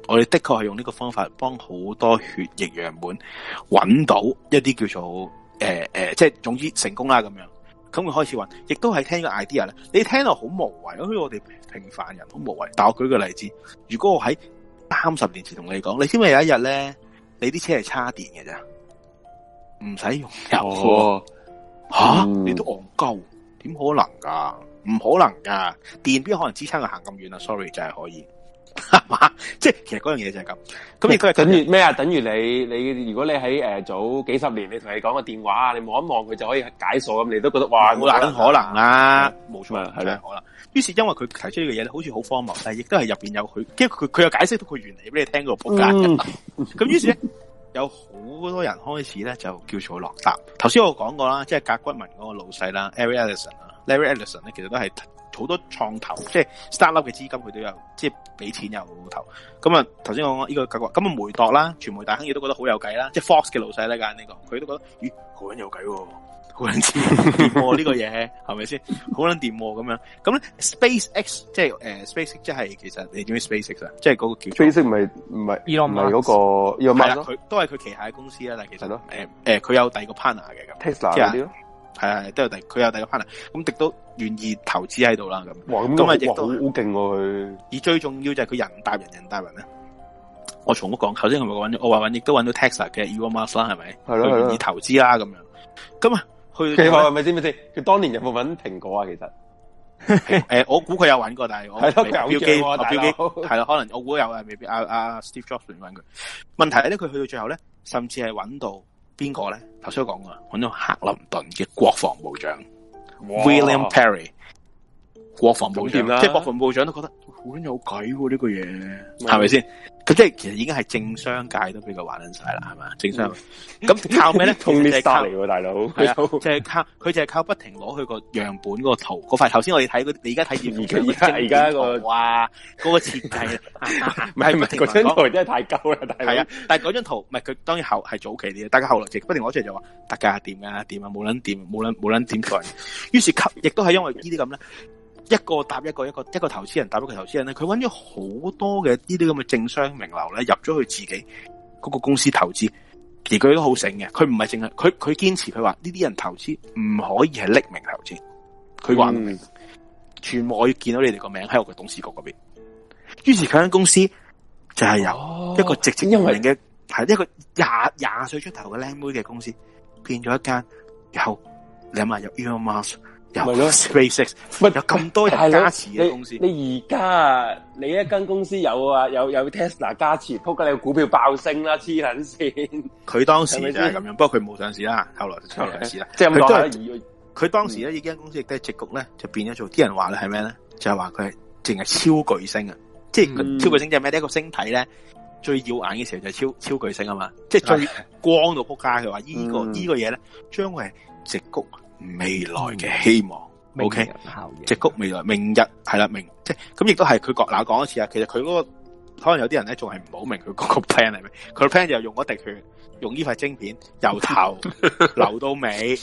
我哋的確係用呢個方法幫好多血液樣本揾到一啲叫做誒誒、呃呃，即係總之成功啦咁樣。咁佢開始揾，亦都係聽個 idea 咧。你聽到好無謂，好似我哋平凡人好無謂。但我舉個例子，如果我喺三十年前同你講，你知唔知有一日咧，你啲車係叉電嘅咋？唔使用油？吓、哦嗯，你都戇鳩？點可能噶？唔可能噶？電邊可能支撐佢行咁遠啊？Sorry，就係可以。即 係其實嗰樣嘢就係咁。咁亦都係等於咩啊？等於你你如果你喺誒、呃、早幾十年，你同你講個電話啊，你望一望佢就可以解鎖咁，你都覺得哇冇可能啦、啊，冇錯啦，係咧可能、啊。於、嗯是，嗯、是因為佢提出呢個嘢好似好荒謬，但係亦都係入邊有佢，即係佢佢又解釋到佢原嚟俾你聽個仆街。咁於、嗯、是咧，有好多人開始咧就叫做落答。頭先我講過啦，即係甲骨文嗰個老細啦，Larry Ellison 啊，Larry Ellison 咧其實都係。好多創投即係 startup 嘅資金，佢都有即係俾錢有去投。咁啊、這個，頭先講呢個感覺，咁啊，梅鐸啦，傳媒大亨亦都覺得好有計啦。即係 Fox 嘅老細呢簡呢啲佢都覺得咦，好撚有計喎，好撚掂喎，呢 個嘢係咪先？好撚掂咁樣。咁、呃、Space X 即係誒 Space X，即係其實你點樣 Space X 啊？即係嗰個叫 Space X 唔係唔係 Elon 嗰個 Elon？佢都係佢旗下嘅公司啦。但係其實誒誒，佢、呃呃、有第二個 partner 嘅咁 Tesla。係都有第，佢有第二個 partner，咁亦都願意投資喺度啦。咁，咁啊，亦、嗯、都好勁喎佢。而最重要就係佢人搭人，人搭人咧。我重複講，頭先係咪揾，我話搵，亦都搵到 Tesla 嘅 Elon Musk 啦，係咪？係咯。願意投資啦，咁樣。咁啊，佢其實係咪先？咪先？佢當年有冇搵蘋果啊？其實，其實我估佢、 欸、有搵過，但係我係都搞住啊，表 機係啦，可能我估有啊，未必啊，啊 Steve Jobs 搵佢。問題係咧，佢去到最後呢，甚至係搵到。邊個咧？頭先我講噶，搵咗克林頓嘅國防部長 William Perry。國防部掂啦，即係國防部長都覺得好捻、這個、有鬼呢個嘢，係咪先？咁即係其實已經係政商界都俾佢玩捻晒啦，係、嗯、嘛？政商咁、嗯、靠咩咧？ 就係靠嚟嘅大佬，係啊，就係、是、靠佢 就係靠,靠不停攞佢個樣本嗰個圖嗰塊頭先我哋睇你而家睇見而家而家個哇嗰、那個設計，唔係唔係嗰張圖真係太舊啦，係 啊！但係嗰張圖唔係佢，當然後係早期啲，大家後來直不停攞出嚟就話，得噶點噶點啊，冇捻點，冇捻冇捻點改。于、啊啊啊啊、 是吸，亦都係因為呢啲咁咧。一個搭一,一個，一個一個投資人搭咗佢投資人咧，佢揾咗好多嘅呢啲咁嘅政商名流咧，入咗去自己嗰個公司投資，而佢都好醒嘅，佢唔係淨係，佢佢堅持佢話呢啲人投資唔可以係匿名投資，佢話、嗯、全部我要見到你哋個名喺我嘅董事局嗰邊。於是佢間公司就係、是、由一個直接、哦、因為嘅係一個廿廿歲出頭嘅靚妹嘅公司，變咗一間有兩萬入 Umar。你諗下有咪有咁多人加持呢？公司。你而家啊，你一間公司有啊，有有 Tesla 加持，撲街你個股票爆升啦，黐捻線。佢當時就係咁樣是不是，不過佢冇上市啦，後來,後來,後來 就來上市啦。佢都係二佢當時咧，呢、嗯、間公司亦都係直局咧，就變咗做。啲人話咧，係咩咧？就係話佢係淨係超巨星啊！即係超巨星，嗯、即係咩咧？一個星體咧，最耀眼嘅時候就係超超巨星啊嘛！即係最光到撲街。佢話、這個嗯、呢個呢個嘢咧，將會係直局。未來嘅希望，OK，即係谷未來，明日係啦，明即係咁，亦都係佢講，嗱講一次啊，其實佢嗰個可能有啲人咧，仲係唔好明佢嗰個 plan 係咩，佢 plan 就用一滴血，用呢塊晶片由頭流到尾，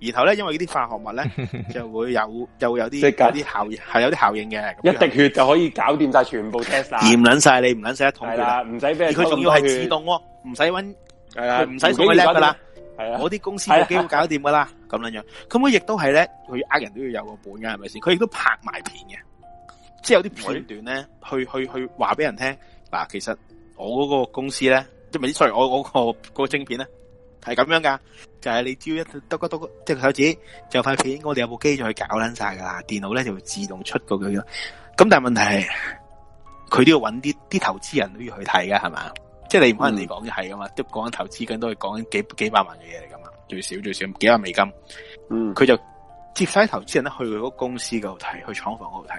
然後咧因為呢啲化學物咧就會有，就會有啲有啲效應，係有啲效應嘅，一滴血就可以搞掂晒全部 test，驗捻晒你唔捻晒一桶，係啦，唔使咩，佢仲要係自動，唔使搵，佢唔使咁叻噶啦。係啊，我啲公司嘅機會搞掂噶啦，咁樣、啊、樣，咁佢亦都係咧，佢呃人都要有個本噶，係咪先？佢亦都拍埋片嘅，即係有啲片段咧，去去去話俾人聽。嗱，其實我嗰個公司咧、就是，即係咪啲？所以我我個個晶片咧係咁樣噶，就係你只要一得個即係隻手指，就塊片，我哋有部機就去搞捻晒噶啦，電腦咧就會自動出過佢咗。咁但係問題係，佢都要搵啲啲投資人都要去睇噶，係嘛？嗯、即係你唔可能嚟講就係噶嘛，都講緊投資緊，都係講緊幾幾百萬嘅嘢嚟噶嘛，最少最少幾萬美金。嗯，佢就接晒投資人咧去佢個公司嗰度睇，去廠房嗰度睇。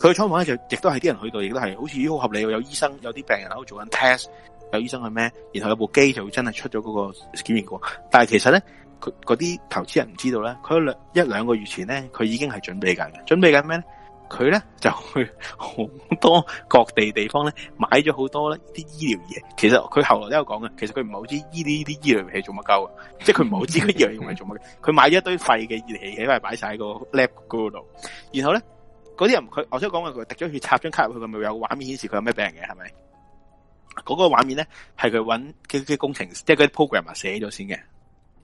佢嘅廠房咧就亦都係啲人去到，亦都係好似好合理。有醫生有啲病人喺度做緊 test，有醫生去咩？然後有部機就真係出咗嗰個檢驗過。但係其實咧，佢嗰啲投資人唔知道咧，佢兩一,一兩個月前咧，佢已經係準備緊嘅，準備緊咩？佢咧就去好多各地地方咧，買咗好多咧啲醫療嘢。其實佢後來都有講嘅，其實佢唔係好知呢啲呢啲醫療器做乜鳩啊，即係佢唔係好知佢用嚟做乜嘅。佢買咗一堆廢嘅儀器，而家係擺晒喺個 lab 嗰度。然後咧，嗰啲人佢我想講嘅佢滴咗血插張卡入去，咪有畫面顯示佢有咩病嘅係咪？嗰、嗰個畫面咧係佢搵幾幾工程，即係嗰啲 program 啊寫咗先嘅。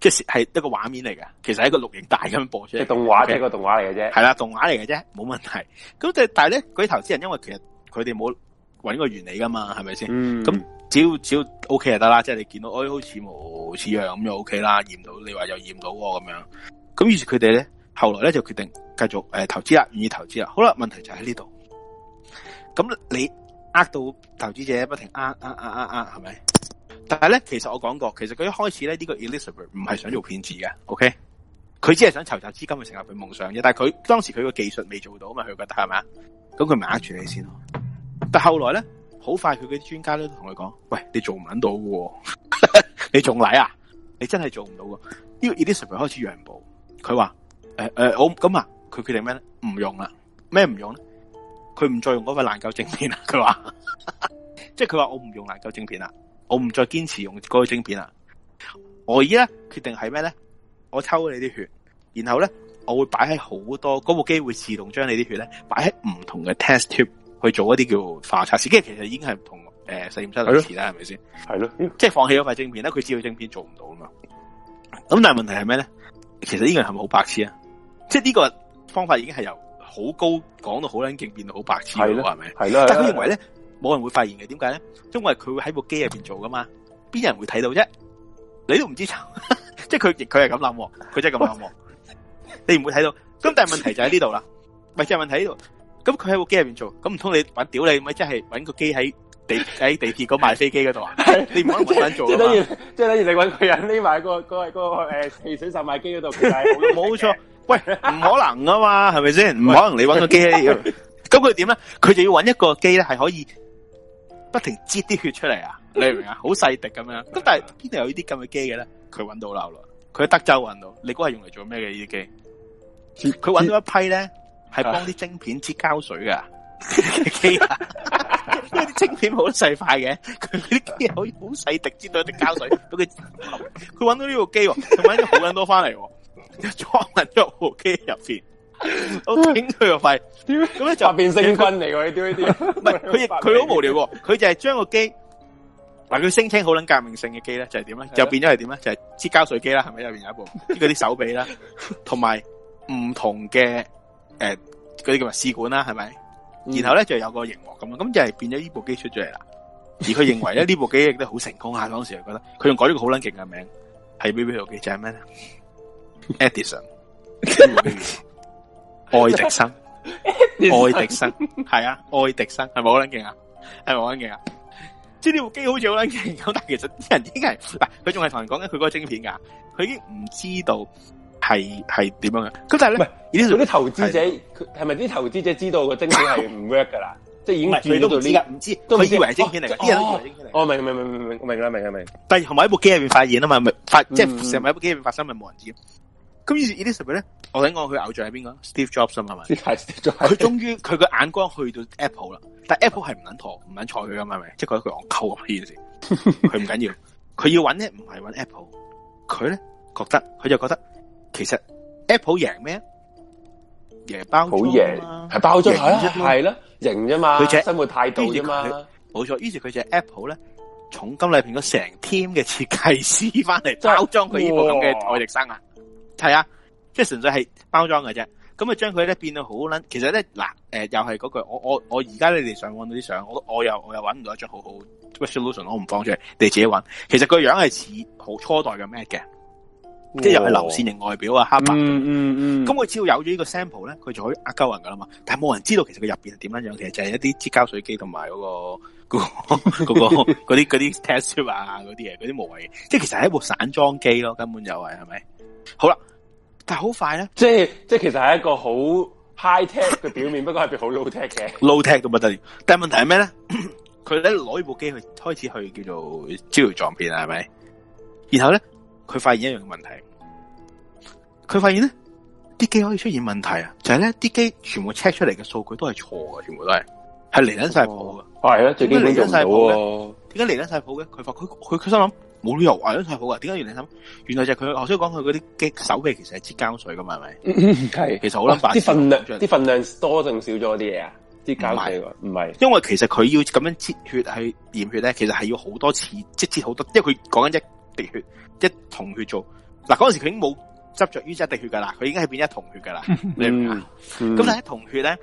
即係一個畫面嚟嘅，其實係一個錄影帶咁樣播出，即係動畫嘅一個動畫嚟嘅啫。係啦，動畫嚟嘅啫，冇、okay、問題。咁即係，但係咧，嗰啲投資人因為其實佢哋冇揾個原理噶嘛，係咪先？咁、嗯、只要只要 OK 就得啦，即係你見到，哎，好似冇似樣咁就 OK 啦。驗到你話又驗到喎、啊、咁樣，咁於是佢哋咧，後來咧就決定繼續誒、呃、投資啦，願意投資啦。好啦，問題就喺呢度。咁你呃到投資者不停呃呃呃呃呃，係咪？但係咧，其實我講過，其實佢一開始咧呢，這個 Elizabeth 唔係想做騙子嘅，OK？佢只係想籌集資金去成立佢夢想嘅。但係佢當時佢個技術未做到嘛，佢覺得係咪？咁佢咪呃住你先咯。但後來咧，好快佢嗰啲專家咧都同佢講：喂，你做唔撚到嘅， 你仲嚟啊？你真係做唔到嘅。呢，這個 Elizabeth 開始讓步，佢話：誒、呃、誒、呃，我咁啊，佢決定咩咧？唔用啦，咩唔用咧？佢唔再用嗰份難搞晶片啦。佢話， 即係佢話我唔用難搞晶片啦。我唔再堅持用嗰個晶片啦，我而家決定係咩咧？我抽你啲血，然後咧我會擺喺好多嗰部機會自動將你啲血咧擺喺唔同嘅 test tube 去做一啲叫化測試，跟住其實已經係同誒實驗室類似啦，係咪先？係咯，即係放棄咗塊晶片咧，佢知道晶片做唔到嘛。咁但係問題係咩咧？其實呢個人係咪好白痴啊？即係呢個方法已經係由好高講到好冷靜，變到好白痴咯，係咪？係啦，但係佢認為咧。冇人會發現嘅，點解咧？因為佢會喺部機入邊做噶嘛，邊人會睇到啫？你都唔知，即係佢，佢係咁諗，佢真係咁諗。你唔會睇到。咁但係問題就喺呢度啦，咪即係問題喺呢度。咁佢喺部機入邊做，咁唔通你搵屌你咪即係搵個機喺地喺地鐵嗰賣飛機嗰度啊？你唔可能搵做啊嘛？即係等於即係等於你搵個人匿埋喺個個個個誒汽水售賣機嗰度，冇錯。喂，唔可能啊嘛，係咪先？唔可能你搵個機喺度。咁佢點咧？佢就要搵一個機咧，係可以。不停擠啲血出嚟啊！你明唔明啊？好細滴咁樣，咁但係邊度有這這呢啲咁嘅機嘅咧？佢搵到喇，啦，佢喺德州搵到。你估係用嚟做咩嘅呢啲機？佢搵到一批咧，係幫啲晶片擠膠水嘅機啊！ 因為啲晶片好細塊嘅，佢啲機可以好細滴擠到一滴膠水。咁佢佢搵到呢部機，佢搵咗好鬼多翻嚟，裝喺咗部機入邊。我頂佢個肺，咁咧就變細菌嚟喎！你屌一屌，唔係佢亦佢好無聊喎！佢就係將個機，嗱佢聲稱好捻革命性嘅機咧，就係點咧？就變咗係點咧？就係膠水機啦，係咪？入邊有一部，嗰啲手臂啦，同埋唔同嘅誒嗰啲叫咩試管啦，係咪？然後咧就有個熒幕咁樣，咁就係變咗呢部機出咗嚟啦。而佢認為咧呢部機亦都好成功啊！當時就覺得佢仲改咗個好捻勁嘅名，係咩咩？就係咩呢？Edison。愛迪生， 愛迪生係 啊，愛迪生係咪好撚勁啊，係咪好撚勁啊，即係呢部機好似好撚勁咁，但係其實人已經係唔係佢仲係同人講緊佢嗰個晶片噶，佢已經唔知道係係點樣嘅，咁但係咧，唔係啲投資者，係咪啲投資者知道個晶片係唔 work 噶啦？即係已經注意唔知，道知，道知道，都知道佢以為係晶片嚟嘅、哦，哦，哦，明明明明明，我明啦，明啦，明，白明，白明，白明白。但係同埋喺部機入面發現啊嘛，咪、嗯、發，即係成日喺部機入面發生咪冇人知。嗯咁於是、Elizabeth、呢啲事咧，我想講佢偶像係邊個？Steve Jobs 啊嘛，佢終於佢個眼光去到 Apple 啦，但 Apple 係唔卵妥唔卵錯佢噶嘛？係咪？即係佢一句戇媾先，佢唔緊要，佢要揾咧唔係揾 Apple，佢咧覺得佢就覺得，就覺得其實 Apple 贏咩啊？贏包好贏，係包裝係啦，係啦，贏啫、啊、嘛。佢嘅、就是、生活態度啊嘛，冇錯。於是佢就是 Apple 咧，重金麗聘咗成 team 嘅設計師翻嚟包裝佢呢部咁嘅愛迪生啊。係啊，即係純粹係包裝嘅啫，咁啊將佢咧變到好捻，其實咧嗱，誒、呃、又係嗰句，我我我而家你哋上網到啲相，我我又我又搵唔到一張好好 resolution，我唔放出嚟，你哋自己搵。其實個樣係似好初代嘅 Mac 嘅。即係又係流線型外表啊，哦、黑白。嗯嗯嗯。咁佢只要有咗呢個 sample 咧，佢就可以呃鳩人噶啦嘛。但係冇人知道其實佢入邊係點樣樣，其實就係一啲膠水機同埋嗰個嗰、 嗰個嗰啲嗰啲 test tube 啊，嗰啲嘢，嗰啲無謂嘅。即係其實係一部散裝機咯，根本就係，係咪？好啦，但係好快咧。即係即係其實係一個好 high tech 嘅表面，不過係變好 low tech 嘅。low tech 到不得了。但係問題係咩咧？佢咧攞呢部機去開始去叫做招搖撞騙啊，係咪？然後咧。佢發現一樣嘅問題，佢發現咧啲機可以出現問題啊，就係咧啲機全部 check 出嚟嘅數據都係錯嘅，全部都係係離得晒譜嘅，係、哦哦、啊，最驚離得晒譜嘅，點解離得晒譜嘅？佢話佢佢心諗冇理由離得晒譜啊。點解？原來諗，原來就係佢頭先講佢嗰啲機手臂其實係接膠水噶嘛，係咪？係，其實好啦、啊，啲分量啲份量多定少咗啲嘢啊？啲膠水唔係，因為其實佢要咁樣接血去驗血咧，其實係要好多次，即係接好多，因為佢講緊一。滴血一筒血做嗱，嗰陣時佢已經冇執着於一滴血噶啦，佢已經係變一筒血噶啦，你明唔明啊？咁、 嗯嗯、但係筒血咧，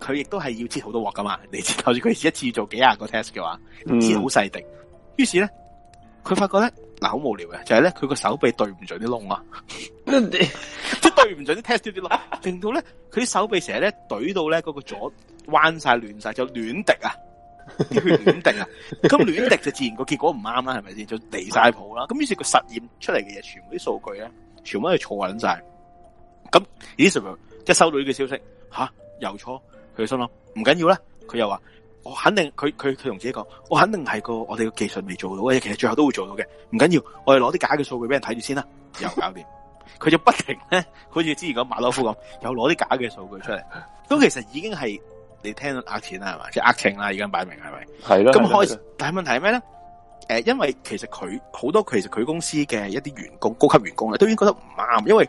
佢亦都係要接好多鑊噶嘛，你知。好似佢一次做幾廿個 test 嘅話，接好細滴。於、嗯、是咧，佢發覺咧，嗱好無聊嘅，就係、是、咧，佢個手臂對唔準啲窿啊，即 係對唔準啲 test 啲窿， 令到咧佢啲手臂成日咧懟到咧嗰個左彎晒亂晒，就亂滴啊！啲亂掟啊，咁亂掟就自然個結果唔啱啦，係咪先就離晒譜啦？咁於是佢實驗出嚟嘅嘢，全部啲數據咧，全部都係錯緊晒。咁 Easterwood 即係收到呢個消息，吓、啊、又錯，佢心諗唔緊要啦。佢又話我肯定，佢佢佢同自己講，我肯定係個我哋嘅技術未做到嘅，其實最後都會做到嘅，唔緊要。我哋攞啲假嘅數據俾人睇住先啦，又搞掂。佢 就不停咧，好似之前咁馬多夫咁，又攞啲假嘅數據出嚟。咁 其實已經係。你聽到呃錢啦係嘛，即係呃錢啦，已經擺明係咪？係咯。咁開始但係問題係咩咧？誒，因為其實佢好多其實佢公司嘅一啲員工，高級員工咧，都已經覺得唔啱。因為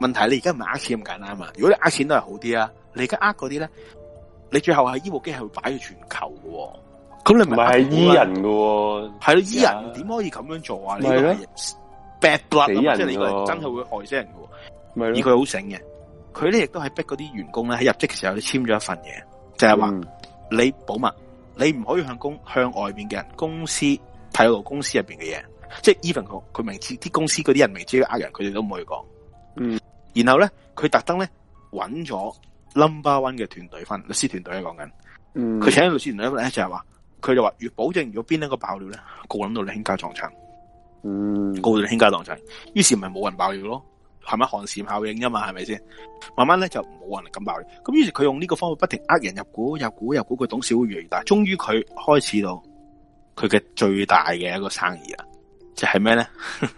問題是你而家唔係呃錢咁簡單啊嘛。如果你呃錢都係好啲啊，你而家呃嗰啲咧，你最後係醫護機係會擺去全球嘅。咁你唔係呃人嘅，係咯、哦？呃人點可以咁樣做啊？係咧，逼死人，呢個就係 bad blood，即係你真係會害死人嘅。係，而佢好醒嘅，佢咧亦都係逼嗰啲員工咧喺入職嘅時候，你簽咗一份嘢。就係話你保密，你唔可以向公向外面嘅人，公司睇到公司入邊嘅嘢，即係 even 佢佢明知啲公司嗰啲人明知佢呃人，佢哋都唔可以講。嗯，然後咧佢特登咧揾咗 number one 嘅團隊返，律師團隊啊，講緊，嗯，佢請律師團隊咧就係話，佢就話要保證，如果邊一個爆料咧，告到你傾家蕩產，嗯，告到你傾家蕩產，於是咪冇人爆料咯。係咪寒蟬效應啫、啊、嘛？係咪先？慢慢咧就冇人嚟敢爆嘅。咁於是佢用呢個方法不停呃人入股，入股入股，佢董事會越大，終於佢開始到佢嘅最大嘅一個生意啊，就係咩咧？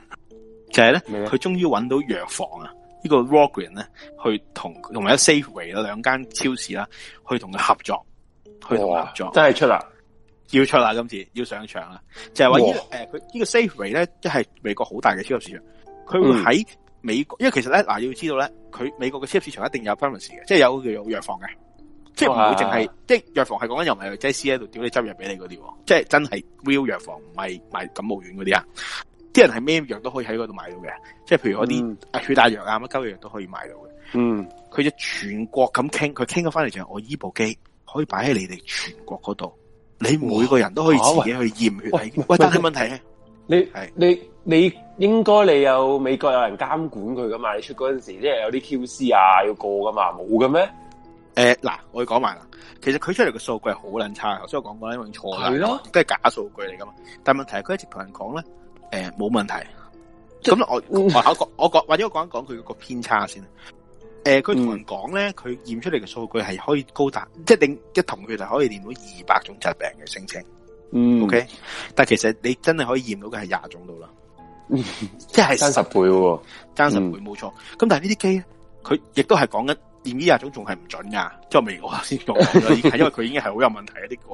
就係咧，佢終於揾到藥房啊！這個、呢個 Walgreen 咧，去同同埋咧 Safeway 兩間超市啦，去同佢合作，去同佢合作，真係出啦，要出啦，今次要上場啦。就係、是、話、這個呃這個、呢誒，佢呢個 Safeway 咧，即係美國好大嘅超級市場，佢會喺。嗯美國，因為其實咧，嗱，要知道咧，佢美國嘅 cheap 市場一定有 pharmacy 嘅，即係有叫做藥房嘅，即係唔會淨係，即係藥房係講緊又唔係喺 CIA 度屌你執藥俾你嗰啲，即係真係 real 藥房，唔係賣感冒丸嗰啲啊，啲人係咩藥都可以喺嗰度買到嘅，即係譬如嗰啲血大藥啊乜鳩嘢藥都可以買到嘅，嗯，佢就全國咁傾，佢傾咗翻嚟就係我呢部機可以擺喺你哋全國嗰度，你每個人都可以自己去驗血、啊、喂，但係問題咧，你係你你。你你應該你有美國有人監管佢噶嘛？你出嗰陣時，即係有啲 QC 啊，要過噶嘛？冇嘅咩？誒，嗱，我講埋啦。其實佢出嚟嘅數據係好撚差，頭先我講過啦，因為錯晒，都係假數據嚟噶嘛。但問題係佢一直同人講咧，誒、欸，冇問題。咁我我考我講或者我講一講佢嗰個偏差先。誒、呃，佢同人講咧，佢、嗯、驗出嚟嘅數據係可以高達，即係同佢就可以驗到二百種疾病嘅聲稱。嗯、o、okay? K，但其實你真係可以驗到嘅係廿種到啦。即係爭十倍喎，爭十倍冇錯、嗯。咁但係呢啲機咧，佢亦都係講緊驗醫廿種仲係唔準噶。即係未我先講係因為佢已經係好有問題啊呢、這個。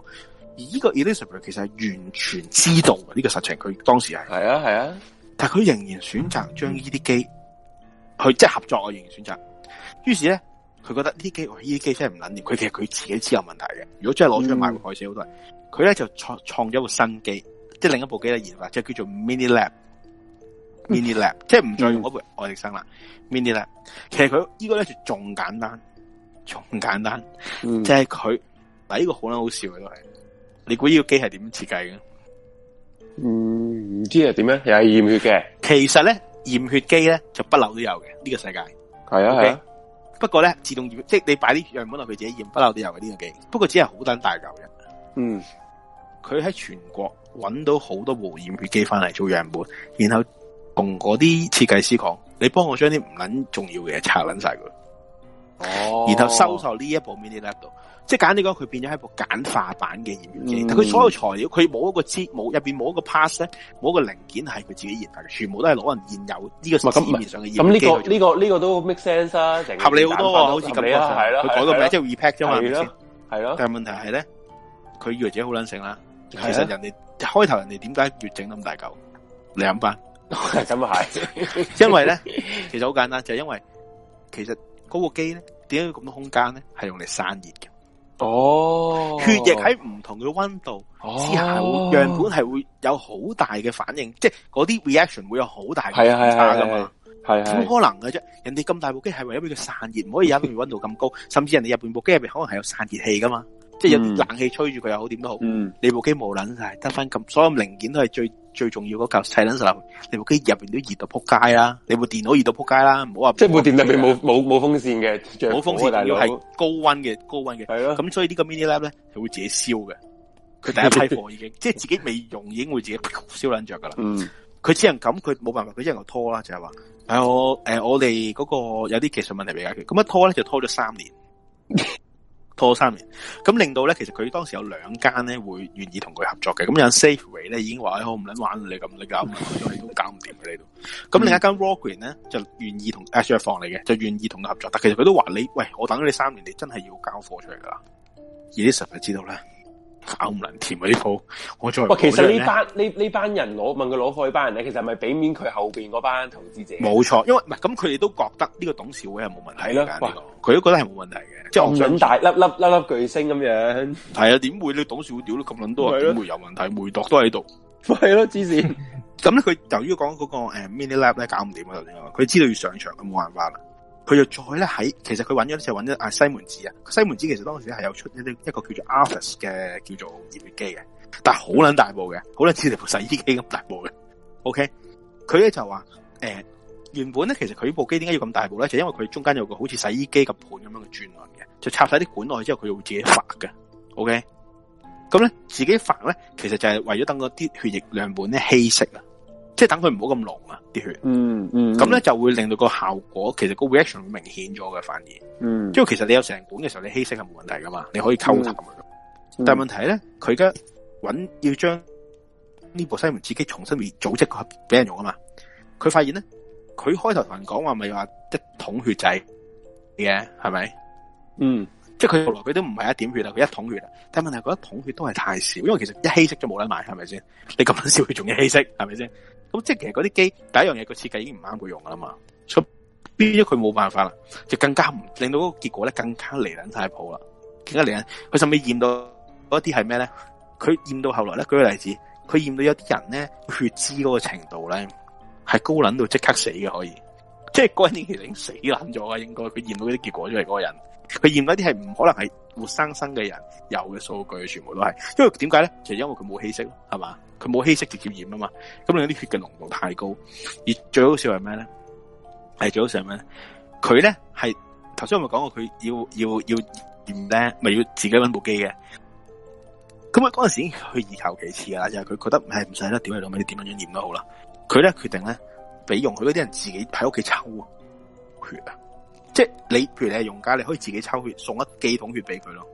而呢個 Elizabeth 其實係完全知道呢、這個實情，佢當時係係啊係啊。但係佢仍然選擇將呢啲機，佢、嗯、即係合作我仍然選擇。於是咧，佢覺得呢機呢機真係唔撚掂佢其實佢自己知有問題嘅。如果真係攞出去賣，嗯、會害死好多。佢咧就創創咗個新機，即係另一部機嘅研發，就叫做 Mini Lab。Mini Lab、嗯、即係唔再用嗰部愛迪生啦，Mini Lab 其實佢、這個、呢個咧就仲簡單，仲簡單，嗯、即係佢但呢個好捻好笑嘅都係，你估呢個機係點設計嘅？嗯，唔知係點樣，又係驗血嘅。其實咧，驗血機咧就不漏都有嘅呢、這個世界。係啊，okay? 是啊。不過咧自動驗即係你擺啲樣本落去自己驗，不漏都有嘅呢個機。不過只係好捻大舊嘅。嗯，佢喺全國揾到好多部驗血機翻嚟做樣本，然後。同嗰啲設計師講，你幫我將啲唔捻重要嘅嘢拆捻晒佢，哦、oh，然後收收呢一部 mini laptop 即係簡單講，佢變咗係部簡化版嘅燃料機，但佢所有材料，佢冇一個支，冇入邊冇一個 pass 咧，冇一個零件係佢自己研發嘅，全部都係攞人現有呢個市面上嘅，咁呢、這個呢、這個呢、這個都 make sense 啊，合理好多啊，好似咁啊，係佢改個名，即係 repack 啫嘛，係咯，但係問題係咧，佢以為自己好捻性啦，其實人哋開頭人哋點解越整咁大嚿兩百？你咁啊係，因為咧，其實好簡單，就係、是、因為其實嗰個機咧，點解要咁多空間咧，係用嚟散熱嘅。哦，血液喺唔同嘅溫度之下、哦，樣本係會有好大嘅反應，即係嗰啲 reaction 會有好大係啊，係差噶嘛，係係，冇可能嘅啫。是是是人哋咁大部機係為咗俾佢散熱，唔可以入邊溫度咁高， 甚至人哋入邊部機入邊可能係有散熱器噶嘛。即係有冷氣吹住佢又好，點都好。你部機冇捻曬，得翻咁，所有零件都係最最重要嗰嚿砌捻實。你部機入邊都熱到扑街啦，你部電腦熱到扑街啦。唔好話即係部電腦入邊冇冇冇風扇嘅，冇、啊、風扇，主要係高溫嘅高溫嘅。係咯。咁所以個呢個 mini lab 咧，就會自己燒嘅。佢第一批貨已經， 即係自己未用已經會自己燒捻着噶啦。佢只能咁，佢冇辦法，佢只能拖啦，就係、是、話。誒、哎、我誒、呃、我哋嗰、那個有啲技術問題未解決，咁一拖咧就拖咗三年。 拖三年，咁令到咧，其實佢當時有兩間咧會願意同佢合作嘅。咁有 Safeway 咧已經話：，哎，好唔捻玩你咁，你搞唔掂， 你都搞唔掂嘅度。」咁另一間 Warren 咧就願意同 a s h i t y 房嚟嘅，就願意同佢、啊、合作。但其實佢都話：，你喂，我等咗你三年，你真係要交貨出嚟噶啦。而啲神就知道咧，搞唔能填嗰啲鋪，我再。哇，其實呢班呢呢班人攞問佢攞貨，呢班人咧，其實係咪俾面佢後邊嗰班投資者？冇錯，因為唔係咁，佢哋都覺得呢個董事會係冇問題嘅。佢、這個、都覺得係冇問題嘅。即係大粒粒粒粒巨星咁樣，係啊？點會你董事會屌到咁撚多啊？點會有問題？梅鐸都喺度，係咯？黐線咁咧。佢 由於講嗰個誒 mini lab 咧搞唔掂啊，佢知道要上場，咁冇辦法啦。佢就再咧喺，其實佢揾咗就揾咗阿西門子啊。西門子其實當時係係有出一啲一個叫做 Avance 嘅叫做機洗衣機嘅，但係好撚大部嘅，好撚似部洗衣機咁大部嘅。OK，佢咧就話誒、欸，原本咧其實佢部機點解要咁大部咧？就是、因為佢中間有個好似洗衣機個盤咁樣嘅轉輪。就插晒啲管落去之後，佢會自己發嘅，OK？咁咧，自己發咧，其實就係為咗等嗰啲血液樣本咧稀釋，就是、啊，即係等佢唔好咁濃啊啲血。嗯嗯。咁咧就會令到個效果，其實個 reaction 明顯咗嘅，反而。嗯。因為其實你有成管嘅時候，你稀釋係冇問題噶嘛，你可以溝淡佢。但係問題咧，佢而家搵要將呢部西門自己重新面組織佢俾人用啊嘛。佢發現咧，佢開頭同人講話咪話一桶血仔嘅係咪？嗯，即係佢後來佢都唔係一點血啦，佢一桶血啦。但係問題佢一桶血都係太少，因為其實一稀釋咗冇得賣，係咪先？你咁少血仲要稀釋，係咪先？咁即係其實嗰啲機第一樣嘢個設計已經唔啱佢用啦嘛，所以變咗佢冇辦法啦，就更加唔令到嗰個結果咧更加離捻太譜啦。其實嚟緊，佢甚至驗到嗰一啲係咩咧？佢驗到後來咧，舉個例子，佢驗到有啲人咧血脂嗰個程度咧係高捻到即刻死嘅，可以，即係嗰人其實已經死捻咗啊，應該。佢驗到嗰啲結果就係嗰個人。佢驗嗰啲係唔可能係活生生嘅人有嘅數據，全部都係，因為點解咧？就因為佢冇稀釋，係嘛？佢冇稀釋直接驗啊嘛。咁你外啲血嘅濃度太高，而最好笑係咩咧？係最好笑係咩咧？佢咧係頭先我咪講過佢要，佢要要要驗咧，咪要自己搵部機嘅。咁啊，嗰陣時佢以求其次啊，就係、係、佢覺得唔係唔使得點嚟諗，你點樣樣驗都好啦。佢咧決定咧俾用佢嗰啲人自己喺屋企抽血啊。即係你，譬如你係用家，你可以自己抽血，送一寄桶血俾佢咯。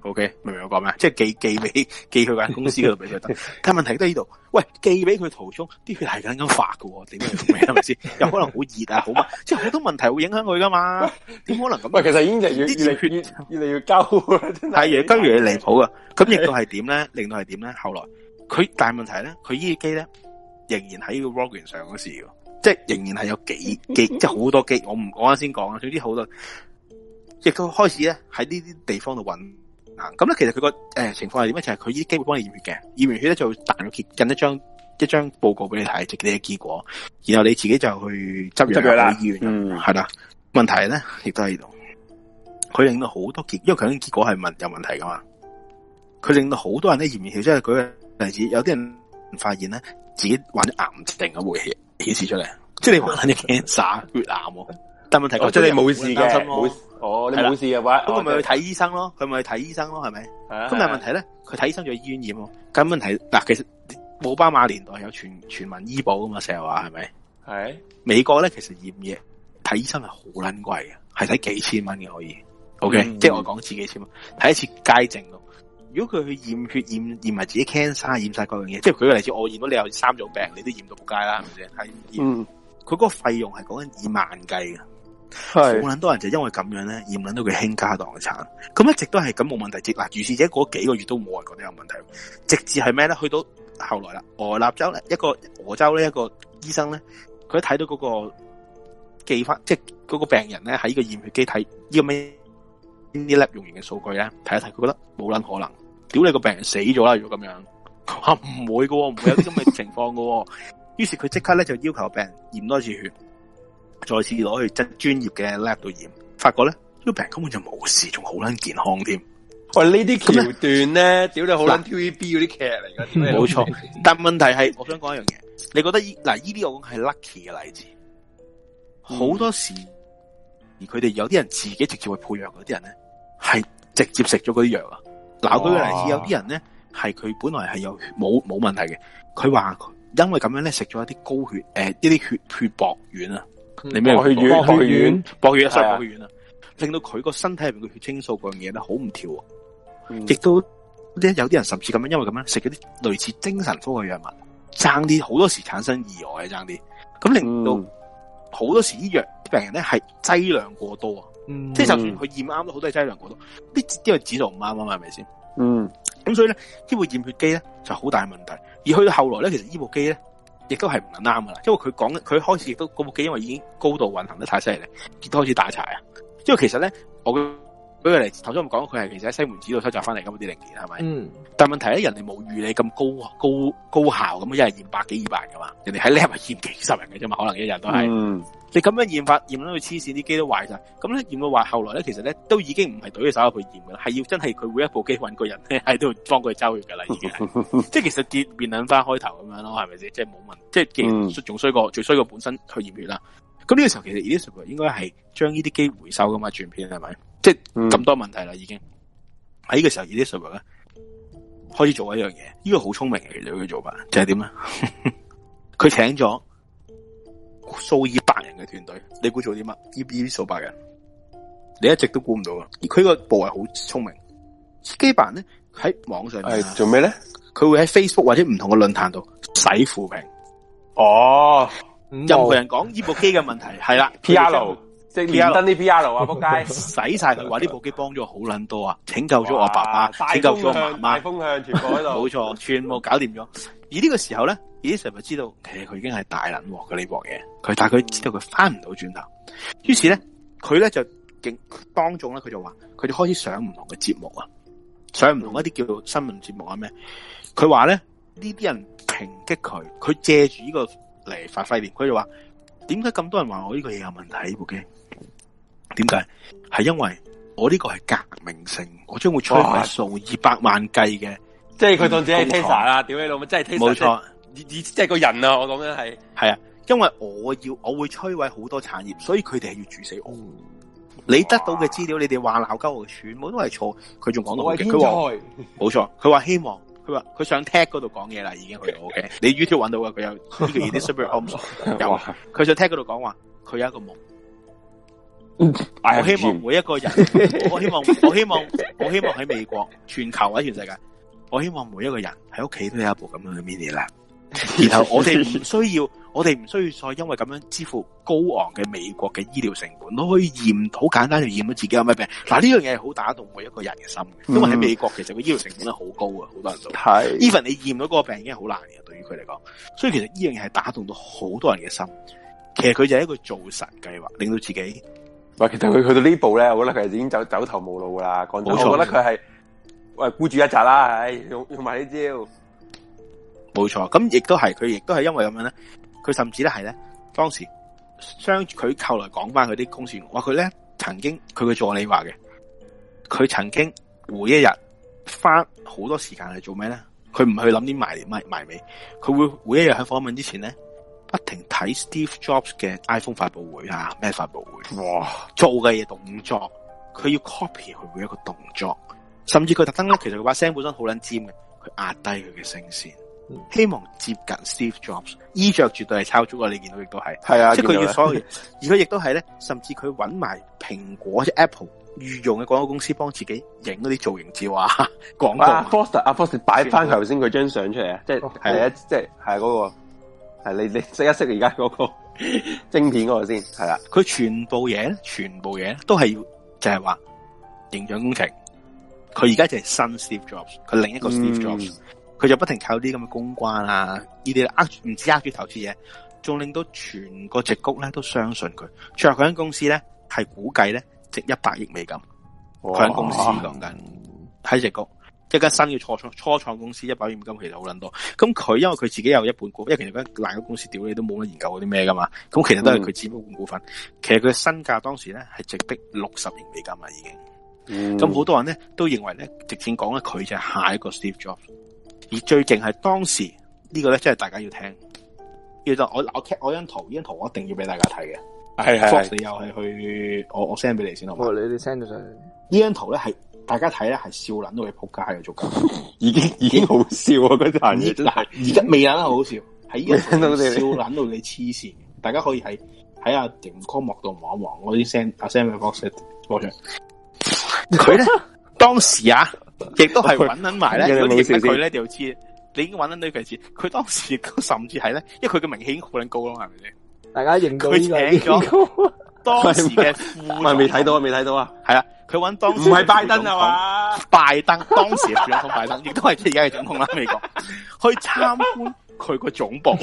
O、okay, K，明唔明我講咩？即係寄寄俾寄佢間公司嗰度俾佢。 但問問題都喺呢度，喂，寄俾佢途中啲血係緊咁化點點樣嚟？係咪先？又 可能好熱啊，好嘛？ 即係好多問題會影響佢噶嘛？點可能咁？唔其實已經越越嚟越越嚟越溝係。係越溝越離譜噶。咁 亦都係點咧？令到係點咧？後來佢大問題咧，佢依機咧，仍然喺個 w o r g a n 上嗰時。即係仍然係有幾幾，幾，即係好多幾。我唔我啱先講啊，總之好多亦都開始咧喺呢啲地方度搵啊。咁咧其實佢個誒情況係點咧？就係佢呢啲機會幫你驗血嘅，驗完血咧就會彈咗結印一張一張報告俾你睇，即係你嘅結果。然後你自己就去執藥啦，醫院嗯係啦。問題咧亦都係呢度，佢令到好多結，因為佢啲結果係問有問題噶嘛。佢令到好多人咧驗完血，即係舉個例子，有啲人發現咧自己患咗癌症咁危件事出嚟，即係你患啲癌症、血 癌南、啊， 但係問,、啊哦那個問,這個、問題，即係你冇事嘅，冇哦，你冇事嘅話，咁佢咪去睇醫生咯，佢咪去睇醫生咯，係咪？咁但係問題咧，佢睇醫生就要醫院驗，咁問題，嗱，其實冇奧巴馬年代有全全民醫保噶嘛，成日話係咪？係美國咧，其實驗嘢睇醫生係好撚貴嘅，係睇幾千蚊嘅可以，OK，、嗯、即係我講自己千睇一次街症如果佢去驗血驗驗埋自己 cancer，驗晒嗰樣嘢，即係舉個例子，我驗到你有三種病，你都驗到扑街啦，係咪先？佢嗰個費用係講緊以萬計嘅，係好捻多人就因為咁樣咧，驗捻到佢傾家蕩產，咁一直都係咁冇問題，直、啊、嗱，如是者嗰幾個月都冇人覺得有問題，直至係咩咧？去到後來啦，俄立州呢，一個俄州呢，一個醫生咧，佢睇到嗰、那個寄翻，即係嗰個病人咧喺個驗血機睇呢咩，樣啲粒用完嘅數據咧，睇一睇，佢覺得冇捻可能。屌，你個病人死咗啦！如果咁樣，吓、啊、唔會喎，唔會有啲咁嘅情況喎。於 是佢即刻咧就要求病人驗多一次血，再次攞去真專業嘅 lab 度驗，發覺咧呢個病人根本就冇事，仲好撚健康添。喂，呢啲橋段咧，屌 你好撚 TVB 嗰啲劇嚟噶，冇錯。 但問題係，我想講一樣嘢，你覺得呢嗱啲我講係 lucky 嘅例子，好、嗯、多時而佢哋有啲人自己直接去配藥嗰啲人咧，係直接食咗嗰啲藥啊。嗱，舉個例子，有啲人咧係佢本來係有血冇冇問題嘅，佢話因為咁樣咧食咗一啲高血誒呢啲血血薄丸啊，你咩血血丸？血血啊，令到佢個身體入邊嘅血清素嗰樣嘢咧好唔調啊，亦、嗯、都啲有啲人甚至咁樣，因為咁樣食啲類似精神科嘅藥物，爭啲好多時產生意外啊，爭啲咁令到好多時啲藥病人咧係劑量過多啊。嗯、即係就算佢驗啱都好，都係質量唔夠多，啲因個指標唔啱啊嘛，係咪先？嗯，咁所以咧，部驗呢部驗血機咧就好大問題。而去到後來咧，其實部機呢部機咧，亦都係唔係啱噶啦，因為佢講，佢開始亦都嗰部機因為已經高度運行得太犀利，亦都開始打柴啊。因為其實咧，我嘅。不過你頭先，我講佢係其實喺西門子度收集翻嚟咁啲零件，係咪？嗯。但問題咧，人哋冇預你咁高高高效咁，一日驗百幾二百噶嘛？人哋係咧係驗幾十人嘅啫嘛，可能一日都係。嗯。你咁樣驗法驗到佢黐線，啲機都壞晒。咁咧驗到話，後來咧其實咧都已經唔係隊隻手去驗嘅啦，係要真係佢每一部機搵個人係都要幫佢抽血㗎啦。已經係 即其實結面諗翻開頭咁樣咯，係咪先？即冇問，即係既仲衰過最衰過本身去驗血啦。咁呢個時候其實 Elizabeth 應該係將呢啲機回收噶嘛？轉片係咪？是即係咁、嗯、多問題啦，已經喺呢個時候 a i s i a 咧開始做一樣嘢，呢、呢個好聰明嚟嘅做法，就係點咧？佢 請咗數以百人嘅團隊，你估做啲乜？依依數百人，你一直都估唔到噶。而佢個部位好聰明，機班咧喺網上係、欸、做咩咧？佢會喺 Facebook 或者唔同嘅論壇度洗負面。哦，任何人講呢部機嘅問題係啦 PR 即登呢啲 B R 啊，仆街，使晒佢話呢部機幫咗好捻多啊，拯救咗我爸爸，拯救咗我媽媽，大風向，大風向全部喺度，冇錯，全部搞掂咗。 而呢個時候咧，已經成日知道，其實佢已經係大捻鑊嘅呢部嘢，佢但係佢知道佢翻唔到轉頭，於、嗯、是咧，佢咧就勁當眾咧，佢就話，佢就開始上唔同嘅節目啊，上唔同一啲叫做新聞節目啊咩？佢話咧呢啲人抨擊佢，佢借住呢個嚟發揮啲，佢就話，點解咁多人話我呢個嘢有問題？呢部機。點解？係因為我呢個係革命性，我將會摧毀數以百萬計嘅、嗯，即係佢當自己 Tesla 啦，屌你老母，真係 Tesla 冇錯，以即係個人啊！我講緊係係啊，因為我要我會摧毀好多產業，所以佢哋係要住死屋。你得到嘅資料，你哋話鬧交全部都係錯。佢仲講到好勁，佢話冇錯，佢話希望，佢話佢上 TED 嗰度講嘢啦，已經去 OK， 你 YouTube 揾到啊，佢有呢個 Elizabeth Holmes 有，佢上 TED 嗰度講話，佢有一個夢。 我希望每一個人， 我希望我希望我希望喺美國、全球或者全世界，我希望每一個人喺屋企都有一部咁樣嘅 mini 啦。然後我哋唔需要， 我哋唔需要再因為咁樣支付高昂嘅美國嘅醫療成本，我可以驗好簡單就驗到自己有咩病。嗱，呢樣嘢好打動每一個人嘅心，因為喺美國其實個醫療成本都好高啊，好多人都係 even 你驗到嗰個病已經好難嘅，對於佢嚟講，所以其實呢樣嘢係打動到好多人嘅心。其實佢就係一個造神計劃，令到自己。喂，其實佢去到呢步咧，我覺得佢已經走走投無路啦。講真，我覺得佢係喂孤注一擲啦，用用埋呢招錯。冇錯，咁亦都係，佢亦都係因為咁樣咧。佢甚至咧係咧，當時相佢後來講翻佢啲公司，話佢咧曾經，佢嘅助理話嘅，佢曾經每一日花好多時間去做咩咧？佢唔去諗啲埋埋埋尾，佢會每一日喺訪問之前咧。不停睇 Steve Jobs 嘅 iPhone 發布會啊，咩發布會？哇，做嘅嘢，動作，佢要 copy 佢每一個動作，甚至佢特登咧，其實佢把聲本身好捻尖嘅，佢壓低佢嘅聲線，嗯，希望接近 Steve Jobs，衣着絕對係抄足啊，你見到亦都係，係啊，即係佢要所有嘢。 而佢亦都係咧，甚至佢揾埋蘋果即 Apple 御用嘅廣告公司幫自己影嗰啲造型照啊，廣告。阿 Foster，阿 Foster 擺翻頭先佢張相出嚟啊，即係係啊，即係係，哦嗰個。係你你識一識而家嗰個晶片嗰個先係啦，佢 全部嘢，全部嘢都係要就係話形象工程。佢而家就係新 Steve Jobs，佢另一個 Steve Jobs，佢、嗯、就不停靠啲咁嘅公關啊，依啲呃唔止呃住投資嘢，仲令到全個直谷咧都相信佢。最後佢間公司咧係估計咧值一百億美金。佢間公司講緊喺直谷。一間新嘅初創初創公司，一百億美金其實好捻多。咁佢因為佢自己有一半股份，因為其實間爛嘅公司屌你都冇得研究嗰啲咩噶嘛。咁其實都係佢只半股份。嗯、其實佢身價當時咧係直逼六十億美金啊，已經元元。咁、嗯、好多人咧都認為咧，直情講咧佢就係下一個 Steve Jobs。而最勁係當時、這個、呢個咧，真係大家要聽。叫做我我 cut 我張圖，呢、這、張、個、圖我一定要俾大家睇嘅。係係。你又係去我我 send 俾你先好嘛？我你你 send 咗上去。呢張圖咧係。大家睇咧，係笑捻到你仆街嘅做況，已經已經好笑啊！嗰陣，而家而家未捻得好笑，喺依個笑捻到你黐線。大家可以喺喺阿螢光幕度望一望我啲聲阿 Sam 嘅 v o 佢咧當時啊，亦都係搵揾埋咧。佢咧就知，你已經揾揾女皮子。佢當時亦都甚至係咧，因為佢嘅名氣已經好撚高咯，係咪先？大家認佢呢咗？當時嘅未未睇到啊，未睇到啊，係啊。佢揾當時唔係拜登啊嘛，拜登當時嘅總統拜登，亦都係而家嘅總統啦，美國去參觀佢個總部，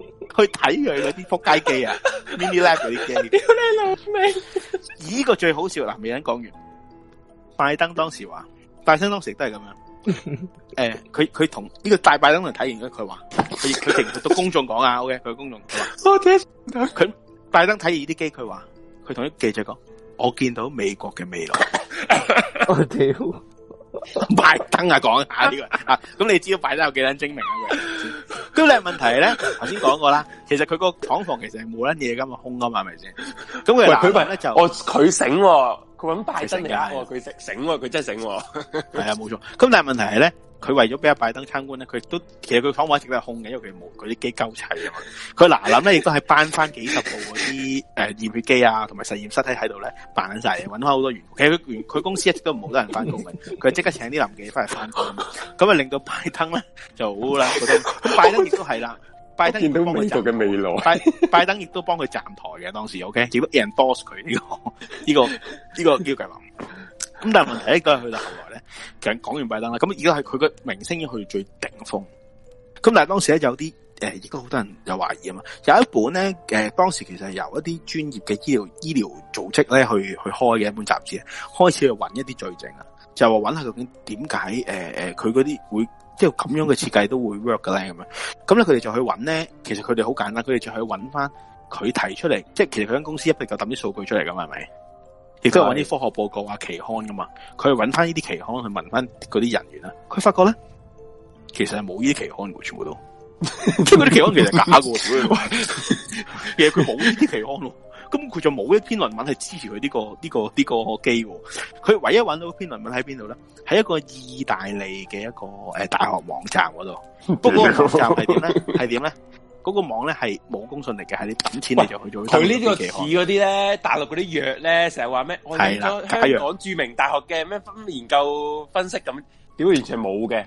去睇佢嗰啲扑街機啊，mini lab 嗰啲機。屌你老味 個最好笑嗱，美人講完，拜登當時話，拜登當時都係咁樣。誒、 欸，佢佢同呢個大拜登就睇完咗佢話，佢佢同到公眾講啊，好 嘅、OK,，佢公眾。或佢拜登睇完啲機，佢話佢同啲記者講。我見到美國嘅未來，我屌拜登啊，講下呢、個咁、啊、你知道拜登有幾撚精明啊？咁但係問題咧，頭先講過啦，其實佢個廠房其實係冇撚嘢㗎嘛，空㗎嘛，係咪先？咁佢佢問咧就，哦，佢醒、啊醒，醒，啊、醒，佢問拜登而佢醒醒，佢真係醒，係啊，冇錯、啊 啊。咁但係問題係咧。佢為咗俾阿拜登參觀咧，佢都其實佢講話一直係度空嘅，因為佢冇嗰啲機鳩齊啊。佢嗱諗咧，亦都係搬翻幾十部嗰啲誒驗血機啊，同埋實驗室喺喺度咧辦晒，搵翻好多員工。其實佢公司一直都唔好多人翻工嘅，佢即刻請啲臨記翻嚟翻工啊。咁啊，令到拜登咧就好啦。拜登亦都係啦，拜登見到美國嘅未來。拜登亦都幫佢站台嘅，當時 OK，只不 endorse 佢呢、呢個呢、呢個呢、呢個計劃。咁但係問題，應該係去到後來咧，其實講完拜登啦，咁而家係佢個明星已經去最頂峰。咁但係當時咧，有啲誒，亦都好多人有懷疑啊嘛。有一本咧，誒、呃，當時其實由一啲專業嘅醫療醫療組織咧去去開嘅一本雜誌，開始去揾一啲罪證啊，就係話揾下究竟點解誒誒，佢嗰啲會即係咁樣嘅設計都會 work 嘅咧咁樣。咁咧佢哋就去揾咧，其實佢哋好簡單，佢哋就去揾翻佢提出嚟，即係其實佢間公司一嚿嚿抌啲數據出嚟噶嘛，係咪？亦都係揾啲科學報告啊，期刊噶嘛，佢係揾翻呢啲期刊去問翻嗰啲人員啦，佢發覺咧，其實係冇呢啲期刊全部都，即係嗰啲期刊其實假嘅，其實佢冇呢啲期刊咯，咁佢就冇一篇論文係支持佢呢個呢個呢個機，佢唯一揾到一篇論文喺邊度咧？喺一個意大利嘅一個誒大學網站嗰度，不過網站係點咧，係點咧？嗰、那個網咧係冇公信力嘅，係你抌錢你就去咗。佢呢個似嗰啲咧，大陸嗰啲藥咧，成日話咩？我聽香港著名大學嘅咩分研究分析咁，屌完全冇嘅，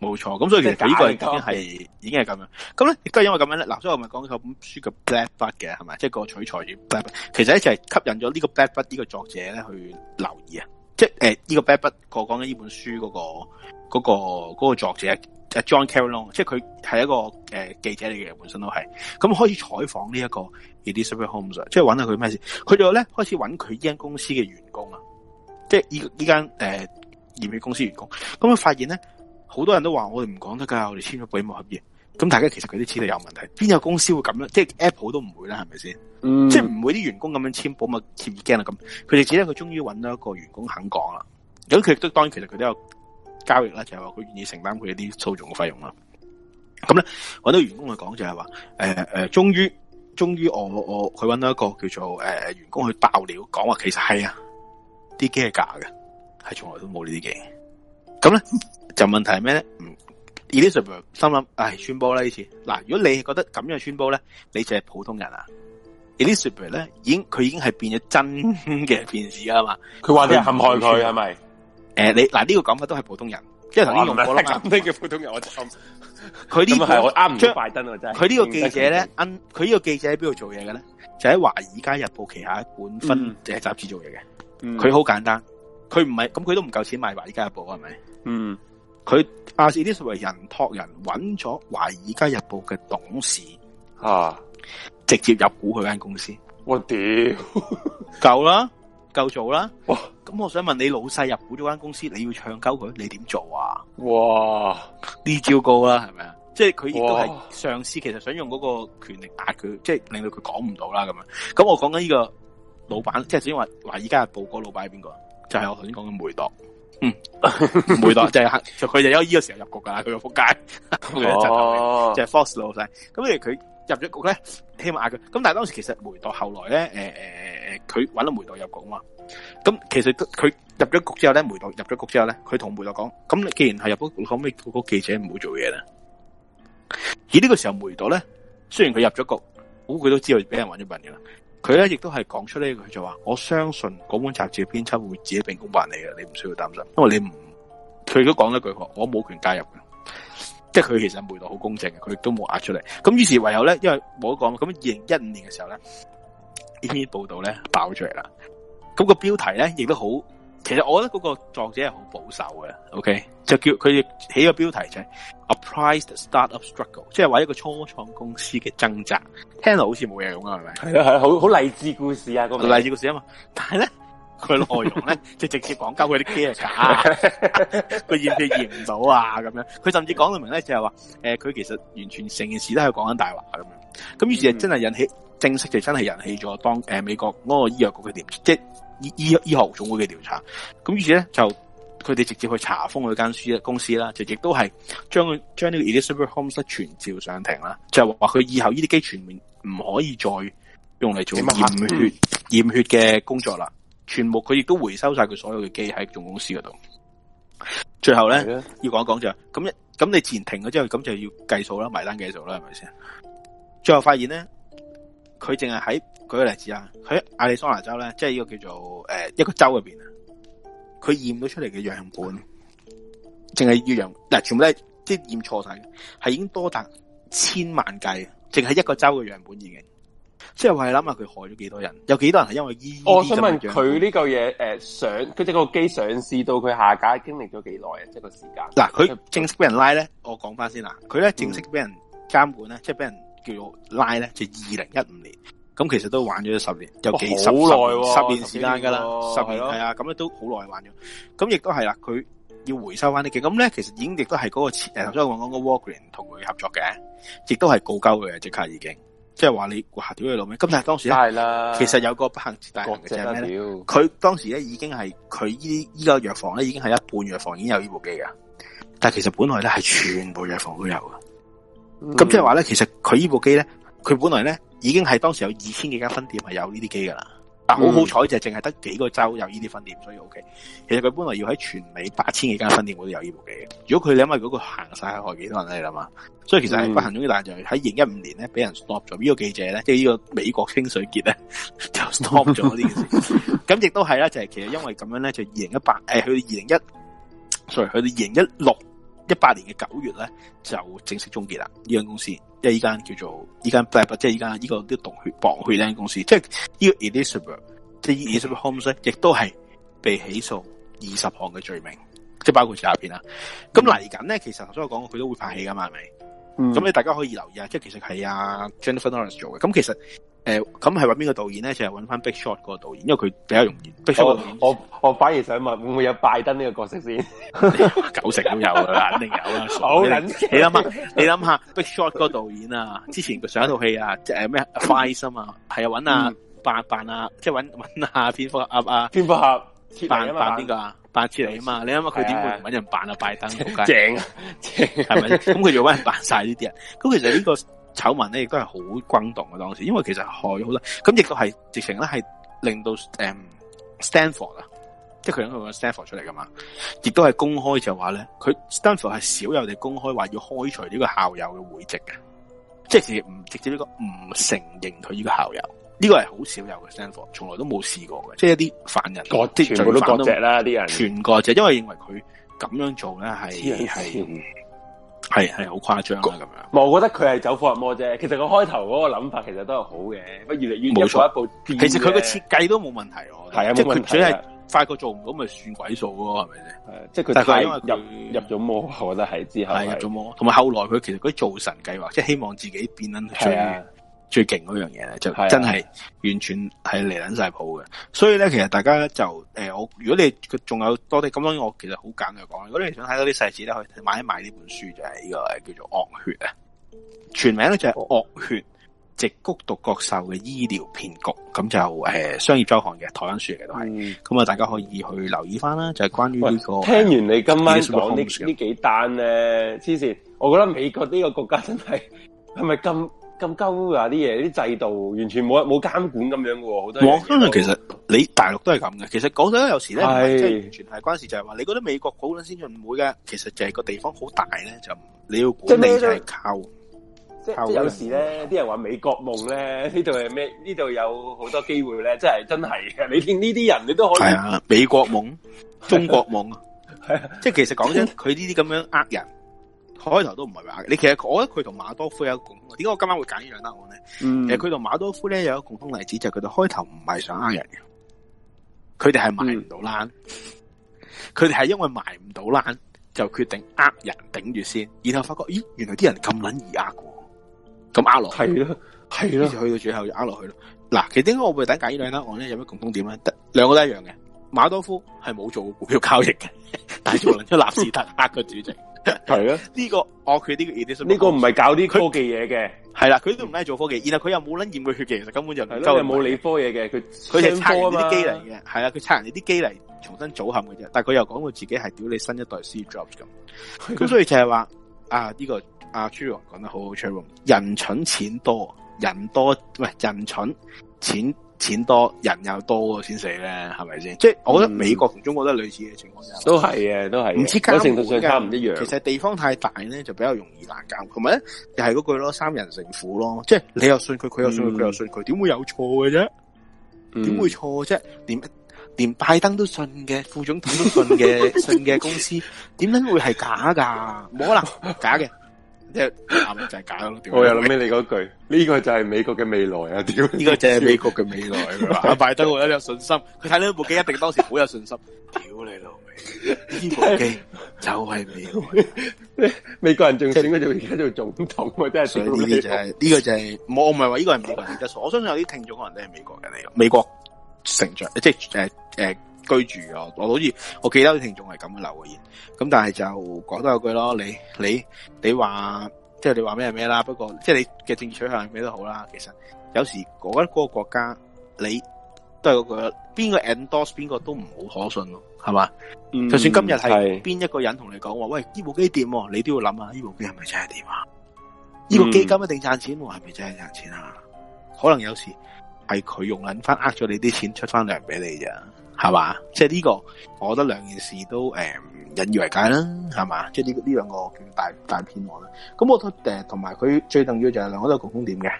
冇錯。咁所以其實幾、這個人究竟係已經係咁樣。咁咧亦都係因為咁樣咧。嗱，所以我咪講咗本書嘅 Black Blood 嘅係咪？即係、就是、個取材嘅 Black Blood。其實咧就係、是、吸引咗呢、這個 Black Blood 呢個作者咧去留意啊，即係誒呢個 Black Blood 過講緊呢本書嗰、那個嗰、那個、那個作者。John Carroll 即係佢係一個誒、呃、記者嚟嘅，本身都係咁開始採訪呢一個 Elizabeth Holmes，即係揾下佢咩事。佢就咧開始揾佢呢間公司嘅員工啊，即係依依間誒驗血公司員工。咁佢發現咧，好多人都話我哋唔講得㗎，我哋簽咗保密合約。咁大家其實佢啲資料有問題，邊有公司會咁樣？即係 Apple 都唔會啦，係咪先？嗯、即係唔會啲員工咁樣簽保密協議驚啦。咁佢哋只係佢終於揾到一個員工肯講啦。咁佢都當然，其實佢都有。交易啦，就係話佢願意承擔佢一啲操縱嘅費用啦。咁咧，我到員工去講就係、是、話，誒、呃、誒，終於終於我我佢搵到一個叫做誒、呃、員工去爆料，講話其實係啊，啲機係假嘅，係從來都冇呢啲機。咁咧就問題係咩咧？Elizabeth 心諗，唉、哎，穿煲啦呢次。嗱，如果你覺覺得咁樣穿煲咧，你就係普通人啊。Elizabeth 咧已經佢已經係變咗真嘅騙子啊嘛。佢話你陷害佢係咪？是誒、呃，你嗱呢、這個講法都係普通人，即係同啲用過啦嘛。唔啲叫普通人，我操！佢呢個係我啱唔？出拜登啊，真係。佢呢個記者咧，佢呢個記者喺邊度做嘢嘅咧？就喺華爾街日報旗下一本分，份嘅雜誌做嘢嘅。佢好簡單，佢唔係咁，佢都唔夠錢買華爾街日報係咪？嗯，佢阿史啲所謂人託人揾咗華爾街日報嘅董事啊，直接入股佢間公司。我屌，夠啦、啊，夠做啦。咁我想問你老細入股咗間公司，你要唱鳩佢，你點做啊？哇！呢招高啦，係咪啊？即係佢亦都係上司，其實想用嗰個權力壓佢，即係令到佢講唔到啦。咁樣，咁我講緊呢個老闆，即係先話？話依家係報告老闆係邊個？就係、是、我頭先講嘅梅鐸。嗯， 梅鐸酷 就係、是、佢就喺呢個時候入局噶，佢仆街。哦， 就係 Fox 老細。咁誒，佢入咗局咧，希望壓佢。咁但係當時其實梅鐸後來咧，誒誒誒佢揾到梅鐸入局嘛？咁其實佢入咗局之後咧，梅鐸入咗局之後咧，佢同梅鐸講：咁你既然係入咗局，可唔可以叫嗰個記者唔好做嘢咧？而呢、這個時候，梅鐸咧，雖然佢入咗局，估、哦、佢都知道俾人揾咗笨嘅啦。佢咧亦都係講出呢句就話：我相信嗰本雜誌編輯會自己秉公辦你嘅，你唔需要擔心。因為你唔，佢都講咗句話我冇權加入嘅。即係佢其實梅鐸好公正嘅，佢亦都冇壓出嚟。咁於是唯有咧，因為冇得講。咁二零一五年嘅時候咧，呢篇報道咧爆出嚟啦。咁、那個標題咧，亦都好。其實我覺得嗰個作者係好保守嘅。OK，就叫佢起個標題就係 A priced startup struggle，即係話一個初創公司嘅掙扎。聽到好似冇嘢咁啊，係咪？係啊，係啊，好好勵志故事啊、那個勵志故事啊嘛。但係咧，佢內容咧 就直接講鳩佢啲 character 佢演戲演唔到啊咁樣。佢甚至講到明咧就係、是、話，誒、呃，佢其實完全成件事都係講緊大話咁樣。咁於是真係引起、嗯、正式就真係引起咗當誒、呃、美國嗰個醫藥局嘅點，即醫醫學總會嘅調查，咁於是咧就佢哋直接去查封佢間公司啦，就亦都係將佢將呢個 Elizabeth Holmes 傳召上庭啦，就話佢以後呢啲機全面唔可以再用嚟做驗血驗血嘅工作啦，全部佢亦都回收晒佢所有嘅機喺總公司嗰度。最後咧要講一講就咁，咁你自然停咗之後，咁就要計數啦，埋單計數啦，係咪先？最後發現咧。佢淨係喺舉個例子啊，喺亞利桑那州咧，即係呢個叫做誒一個州入邊啊，佢驗到出嚟嘅樣本，淨係要樣，嗱全部都係即係驗錯晒嘅，係已經多達千萬計啊，淨係一個州嘅樣本已經，即係話你諗下佢害咗幾多人，有幾多人係因為依，我想問佢呢嚿嘢誒上，佢即個機、呃、上市到佢下架經歷咗幾耐啊，即、這個個時間嗱佢正式俾人拉咧，我講翻先啦，佢咧正式俾人監管咧、嗯，即係俾人。叫做拉咧，就二零一五年，咁其實都玩咗十年，有幾十、哦啊、十年時間噶啦，十年係啊，咁咧都好耐玩咗，咁亦都係啦，佢要回收翻啲嘅，咁咧其實已經亦都係嗰個誒，頭先我講個 Wargreen 同佢合作嘅，亦都係告鳩嘅，即刻已經，即係話你哇，屌你老味，咁但係當時呢，其實有個不幸之大嘅咩？佢當時咧已經係佢依啲依個藥房咧已經係一半藥房已經有呢部機㗎。但係其實本來咧係全部藥房都有嘅。咁即係話咧，其實佢依部機咧，佢本來咧已經係當時有二千幾間分店係有呢啲機噶啦，但好好彩就淨係得幾個州有呢啲分店，所以 OK。其實佢本來要喺全美八千幾間分店我都有呢部機嘅。如果佢你諗下嗰個行晒喺外邊，都問得嚟啦嘛？所以其實係不幸中之大就係喺二零一五年咧，俾人 stop 咗。呢、這個記者咧，即係呢個美國清水杰咧，就 stop 咗呢件事。咁亦都係啦，就係、是、其實因為咁樣咧，就二零一八誒，佢二零一，sorry，佢哋二零一六。一八年嘅九月咧，就正式終結啦！呢間公司，即係呢間叫做呢間，即係呢間呢個啲動血綁血呢間公司，即係呢 Elizabeth，、mm-hmm. 即係 Elizabeth Holmes，呢亦都係被起訴二十項嘅罪名，即係包括詐騙啦。咁嚟緊咧，其實頭先我講過佢都會拍戲噶嘛，係咪？咁、mm-hmm. 你大家可以留意下啊，即係其實係啊 Jennifer Lawrence 做嘅。咁其實。誒、嗯，咁係揾邊個導演咧？就係搵翻 Big Short 個個導演，因為佢比，、oh, 比較容易。我我我反而想問，會唔會有拜登呢個角色先？ 九成都有啦，肯定有啦。 好你諗下，你諗下 Big Short 個個導演啊，之前佢上一套戲啊， 啊，、嗯、啊，即係咩？Vice 啊，係啊，揾啊扮扮啊，即係揾揾下蝙蝠俠啊，蝙蝠俠扮嘛，邊個啊？扮切尼啊嘛！你諗下佢點會揾人扮啊拜登？正啊，係咪？咁佢就揾人扮晒呢啲啊？咁其實呢個。醜聞咧，亦都係好轟動嘅當時，因為其實害咗好多，咁亦都係直情咧，係令到誒 Stanford 啊，即係佢響佢個 Stanford 出嚟噶嘛，亦都係公開就話咧，佢 Stanford 係少有地公開話要開除呢個校友嘅會籍嘅，即係直接唔直接呢個唔承認佢呢個校友，呢個係好少有嘅 Stanford，從來都冇試過嘅，即係一啲犯人，國籍全部都國藉啦，啲人全國藉就因為認為佢咁樣做咧係係。係係好誇張啊咁樣，我覺得佢係走火入魔啫。其實佢開頭嗰個諗法其實都係好嘅，不越嚟越一步一步。其實佢個設計都冇問題我，我係啊，即係佢主要係發覺做唔到咪算鬼數咯，係咪先？即係佢，就是、他但係佢入入咗魔，我覺得係之後係入咗魔，同埋後來佢其實嗰啲造神計劃，即、就、係、是、希望自己變得緊。最勁嗰樣嘢咧，就真係完全係嚟捻晒譜嘅。所以咧，其實大家就誒，我如果你仲有多啲咁樣，我其實好簡嘅講。如果你想睇多啲細節咧，可以買一買呢本書就係、是、呢、這個叫做《惡血》啊，全名咧就係、是《惡血直谷獨角獸嘅醫療騙局》。咁就誒，商業周刊嘅台灣書嚟嘅都係。咁、嗯、啊，大家可以去留意翻啦。就係、是、關於呢、這個聽完你今晚講呢呢幾單咧，黐線、啊！我覺得美國呢個國家真係係咪咁？是咁鳩啊啲嘢，啲制度完全冇冇監管咁樣喎。好多嘢我相信其實你大陸都係咁嘅。其實講真，有時咧即係完全係關事就係話，你覺得美國好撚先進唔會嘅。其實就係個地方好大咧，就你要管理係靠。即係、就是、有時咧，啲人話美國夢咧，呢度係咩？呢度有好多機會咧，真係真係嘅。你連呢啲人你都可以。係啊，美國夢、中國夢， 啊，即係其實講真，佢呢啲咁樣呃人。開頭都唔係話你其實我覺得佢同馬多夫有一個共通點。點解我今晚會揀呢兩單案咧？其實佢同馬多夫咧有一個共通例子就係佢哋開頭唔係想呃人嘅，佢哋係買唔到單，佢哋係因為買唔到單就決定呃人頂住先，然後發覺咦，原來啲人咁撚易呃嘅，咁呃落去咯，係咯，嗯、去到最後就呃落去咯。嗱，其實點解我會等揀呢兩單案咧？有咩共通點咧？兩個都一樣嘅，馬多夫係冇做股票交易嘅，但係做論出納斯達克呃 個主席。係咯，呢、 這個我佢呢個呢、這個唔係搞啲科技嘢嘅，係啦，佢都唔係做科技，嗯、然後佢又冇諗染佢血嘅，其實根本就係就係冇理科嘢嘅，佢佢係拆人哋啲機嚟嘅，係啦佢拆人哋啲機嚟重新組合嘅啫，但係佢又講到自己係屌你新一代 C drops 咁，咁所以就係話啊呢、啊啊這個阿朱榮講得好好趣，人蠢錢多，人多喂、哎、人蠢錢。錢多人又多，先死咧，係咪先？即係我覺得美國同中國都係類似嘅情況，嗯，都係嘅，都係。唔知差唔多唔一樣。其實地方太大咧，就比較容易難搞。同埋咧，又係嗰句咯，三人成虎咯。即係你又信佢，佢又信佢，佢、嗯、又信佢，點會有錯嘅啫？點、嗯、會錯啫？連連拜登都信嘅，副總統都信嘅， 信嘅公司，點樣會係假噶？冇可能假嘅。即、就、係、是、假，就係假咯。我又諗起你嗰句，呢 個就係美國嘅未來啊！屌，呢個就係美，美國嘅未來啊！阿 拜登好有信心，佢 睇到部機一定當時好有信心。屌你老味，呢部機就係美國。美國人仲選佢做而家做總統，即係呢啲就係、是、呢 個就係、是。這個就是、 我唔係話呢個係美國人嘅錯，我相信有啲聽眾可能都係美國嘅嚟，這個、美國成長即係誒誒。就是 uh, uh, 居住啊，我好似我記得啲聽眾係咁嘅留言，咁但係就講多句咯。你你你話即係你話咩係咩啦？不過即係你嘅政治取向係咩都好啦。其實有時我嗰個國家你都係嗰、嗰個邊個 endorse 邊個都唔好可信咯，係嘛？就、嗯、算今日係邊一個人同你講話，喂，呢部機掂、啊，你都要諗下啊，呢部機係咪真係掂啊？呢、嗯呢個基金一定賺錢喎、啊，係咪真係賺錢啊？可能有時係佢用緊翻呃咗你啲錢出翻糧俾你啫。係嘛，即係呢個，我覺得兩件事都誒、呃、引以為戒啦。係嘛，即係呢呢兩個大大騙案啦。咁我覺得誒，同埋佢最重要就係兩個都共通點嘅，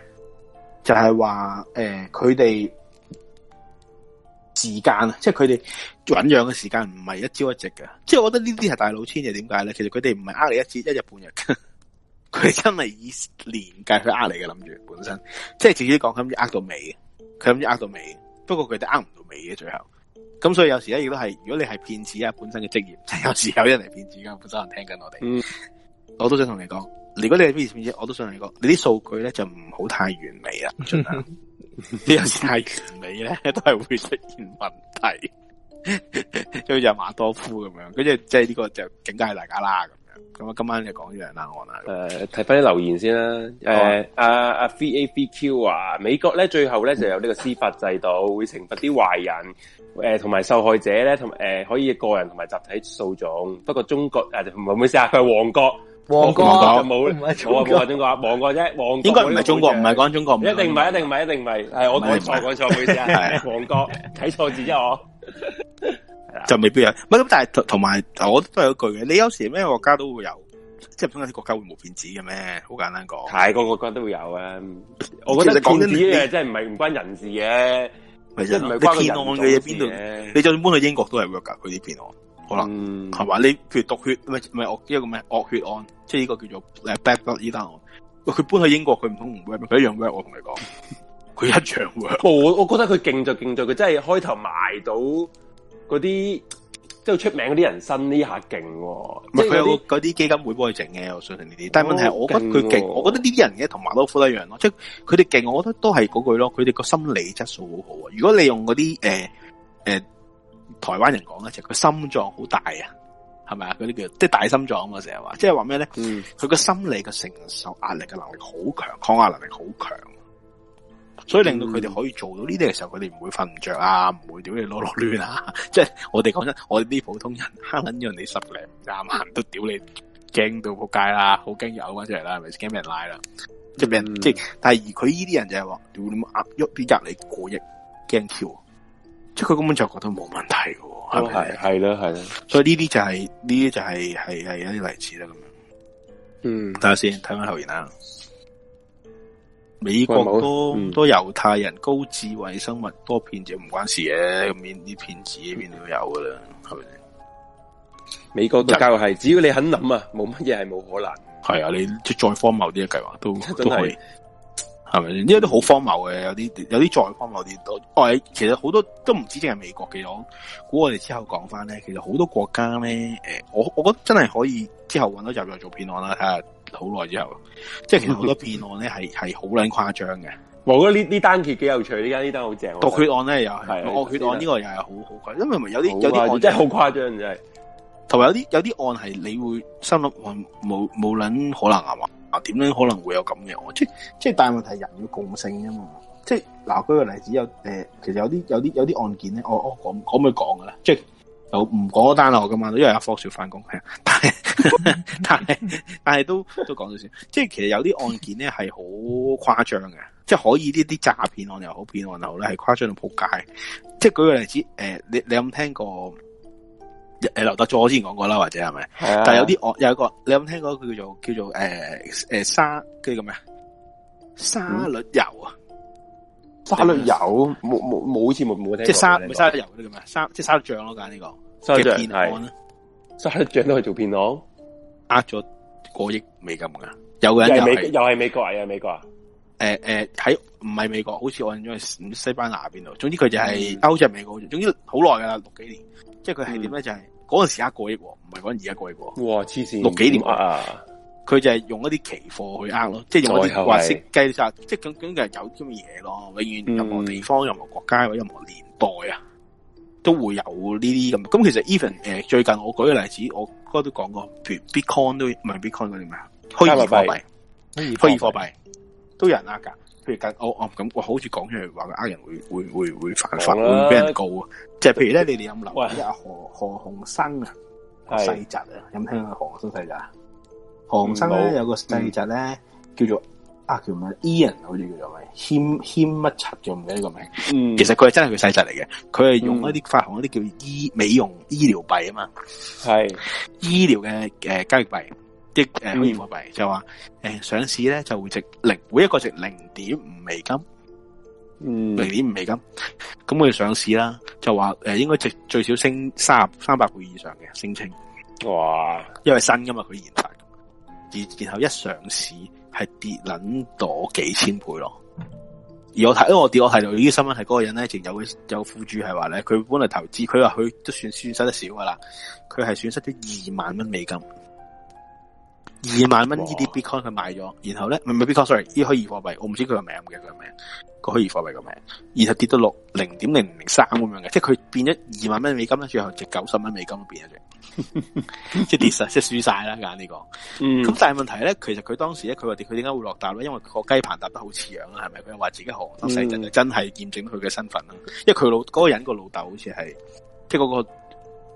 就係話誒佢哋時間啊，即係佢哋醞釀嘅時間唔係一朝一夕嘅。即係我覺得呢啲係大老千嘅點解咧？其實佢哋唔係呃你一次一日半日，佢 真係以年計去呃你嘅諗住本身，即係自己講咁易呃到尾，佢諗住呃到尾。不過佢哋呃唔到尾嘅最後。咁所以有時咧，亦都係，如果你係騙子啊，本身嘅職業，有時有人嚟騙子噶，本身人聽緊我哋、嗯。我都想同你講，如果你係騙子，我都想同你講，你啲數據咧就唔好太完美啦呢、嗯、 有時太完美咧，都係會出現問題，就 好似阿馬多夫咁樣。跟住即係呢個就警戒大家啦。咁樣咁啊，今晚就講呢樣啦。我啦，誒，睇翻啲留言先啦。誒，阿阿 V A B Q 啊，美國咧最後咧就有呢個司法制度會懲罰啲壞人。誒，同埋受害者咧，同埋誒，可以個人同埋集體訴訟。不過中國誒，唔好意思啊，佢係旺角。旺角，冇，唔係中國，唔係中國啫。旺角啫，應該唔係中國，唔係講中國。一定唔係，一定唔係，一定唔係，哎。我講錯，講錯，唔好意思啊。係旺角睇錯字啫，我 就未必有。唔係咁，但係同埋，我都都有一句嘅。你有時咩國家都會有，即係通解啲國家會冇騙子嘅咩？好簡單講，泰國國國家都會有啊。我覺得騙子嘅即係唔係唔關人事嘅。因為唔係關個人嘅嘢，邊度？你就算搬去英國都係 work 噶，佢呢片案，可能係嘛？你譬如毒血唔係唔係惡一個咩惡血、呃、案，即係呢個叫做誒 back 到呢單案。佢搬去英國，佢唔通唔 work，佢一樣 work。我同你講，佢一樣 work、哦。我我覺得佢勁就勁在佢真係開頭埋到嗰啲。即係出名嗰啲人，新呢下勁喎，唔係佢有嗰啲基金會幫佢整嘅，我相信呢啲。但係問題係，我覺得佢勁，哦，我覺得呢啲人嘅同馬多夫一樣咯，即係佢哋勁，我覺得都係嗰句咯，佢哋個心理質素好好啊。如果你用嗰啲誒誒台灣人講嘅就係佢心臟好大啊，係咪啊？嗰啲叫即係大心臟啊嘛，成日話，即係話咩咧？佢，嗯、個心理嘅承受壓力嘅能力好強，抗壓能力好強。所以令到佢哋可以做到呢啲嘅時候，佢哋唔會瞓唔着啊，唔會屌你囉囉攣啊！即 係我哋講真，我哋啲普通人慳咗人哋十零廿萬都屌你驚到扑街啦，好驚有翻出嚟啦，係咪驚俾人拉啦、嗯就是？即係俾人即係，但係而佢呢啲人就係話屌咁啊喐啲入你過億驚跳，即係佢根本就覺得冇問題嘅，係、哦、咪？係啦係啦，所以呢啲就係呢啲就係係係有啲例子啦咁樣。嗯，等下先，睇翻後面啊。美國都多猶太人、嗯、高智慧生物多騙子唔關事嘅，咁邊啲騙子邊都有噶啦，係咪先？美國教育係只要你肯諗啊，冇乜嘢係冇可能。係啊，你即再荒謬啲嘅計劃都都可以，係咪先？因為都好荒謬嘅，有啲有啲再荒謬啲。我我其實好多都唔止淨係美國嘅，我估我哋之後講翻咧，其實好多，多，多國家咧，誒，我我覺得真係可以之後搵多集嚟做騙案啦，誒。好耐之後，即係其實好多片案咧，係係好卵誇張嘅。我覺得呢呢單劇幾有趣，家呢單好正。毒血案咧又係，我血案呢個又係好好鬼，因為唔有啲有啲案真係好誇張，就係。同埋有啲有啲案係你會心諗，冇無，無可能啊嘛？點解可能會有咁嘅？即係即係大問題，人要共性啫嘛。即係嗱，舉、那個例子，有誒，其實有啲有啲有啲案件咧，我我講可唔可以講嘅咧？即係唔講單單啦，那個、案我今晚，因為阿霍 o x 要翻工。 但係但係都 都講咗先，即係其實有啲案件咧係好誇張嘅，即係可以呢啲詐騙案又好，騙案又好咧係誇張到扑街。即係舉個例子，誒、呃，你你有冇聽過誒劉德佐之前講過啦，或者係咪？啊、但係有啲案，有一個，你有冇聽過佢叫做叫做誒誒、呃、沙叫做咩啊？沙律油啊、嗯？沙律油冇冇冇好似冇冇聽過。即係沙、沙、油即沙、這個，沙律油嗰啲叫咩？沙即係沙律醬咯，㗎呢個嘅騙案收得賺到去做騙佬，呃咗過億美金噶，有個美又係又係美國，又係美國啊！誒誒、啊，喺唔係美國，好似象咗西班牙邊度。總之佢就係歐洲美國，總之好耐噶啦，六幾年。即係佢係點咧？就係嗰陣時呃過億，唔係嗰陣而家過億喎。哇！黐線，六幾年啊！佢就係用一啲期貨去呃咯、嗯，即係用一啲話式計即係咁樣，樣就係有咁嘅嘢咯。永遠、嗯、任何地方、任何國家或者任何年代啊！都會有呢啲咁，咁其實 even 誒、呃、最近我舉個例子，我剛都講過，譬如 Bitcoin 都唔係 Bitcoin 嗰啲咩啊虛擬貨幣，虛擬貨幣都有人呃㗎，譬如近我我咁，我、哦、好似講出嚟話佢呃人會會會會犯法，會俾人告啊。就係譬如咧、嗯，你哋有冇留意啊？何何鴻燊啊，世侄啊，有冇聽過何鴻燊世侄啊？何鴻燊咧、嗯、有個世侄咧叫做。啊叫咩？E 人好似叫做咩？謙謙乜柒就唔記得個名。其實佢係真係佢細侄嚟嘅。佢係用一啲、嗯、發行一啲叫醫美容醫療幣啊嘛。係醫療嘅誒交易幣，即誒虛擬貨幣就話誒、呃、上市咧就會值零，每一個值零點五美金，零點五美金。咁我哋上市啦，就話誒、呃、應該值最少升三三百倍以上嘅聲稱。哇！因為新噶嘛，佢研發，而然後一上市。係跌捻多幾千倍咯，而我睇，因為我跌，我睇到呢啲新聞，係嗰個人咧，仲有有個副主係話咧，佢本來投資，佢話佢都算損失得少噶啦，佢係損失咗二萬蚊美金，二萬蚊呢啲 bitcoin 佢賣咗，然後咧唔係 bitcoin，sorry，呢啲虛擬貨幣，我唔知佢個名嘅佢個名，個虛擬貨幣個名，然後跌到六零點零零三咁樣嘅，即係佢變咗二萬蚊美金咧，最後值九十蚊美金變咗。即係跌晒，即係輸晒啦！講呢、這個，咁、嗯、但係問題咧，其實佢當時咧，佢話點，佢點解會落蛋咧？因為個雞棚搭得好似樣啦，係咪？佢又話自己何生，嗯、真的真係驗證佢嘅身份啦。因為佢老個人爸爸、那個老豆好似係，即係嗰個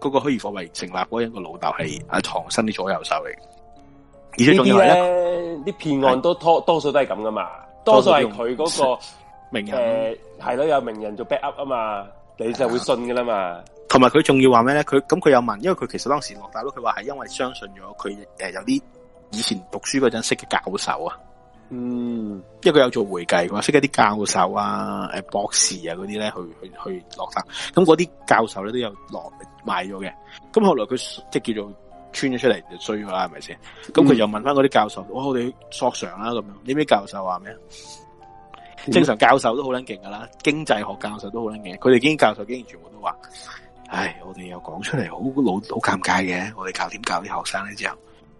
嗰個虛擬貨幣成立嗰人個老豆係啊藏身啲左右手嚟。而且仲有咧，啲騙案都是多，多數都係咁噶嘛，多數係佢嗰個名人係咯、呃，有名人做 backup 啊嘛，你就會信噶啦嘛。同埋佢仲要話咩咧？佢咁佢又問，因為佢其實當時落大咯，佢話係因為相信咗佢誒有啲以前讀書嗰陣識嘅教授啊。嗯，因為佢有做會計，話識一啲教授啊，誒博士啊嗰啲咧，去去去落大。咁嗰啲教授咧都有落賣咗嘅。咁後來佢即係叫做穿咗出嚟就衰啦，係咪先？咁佢又問翻嗰啲教授，嗯、我哋索償啦咁樣。呢啲教授話咩、嗯？正常教授都好捻勁噶啦，經濟學教授都好捻勁。佢哋啲教授竟然全部都話。唉，我哋又講出嚟好老好尷尬嘅，我哋教點教啲學生咧之後，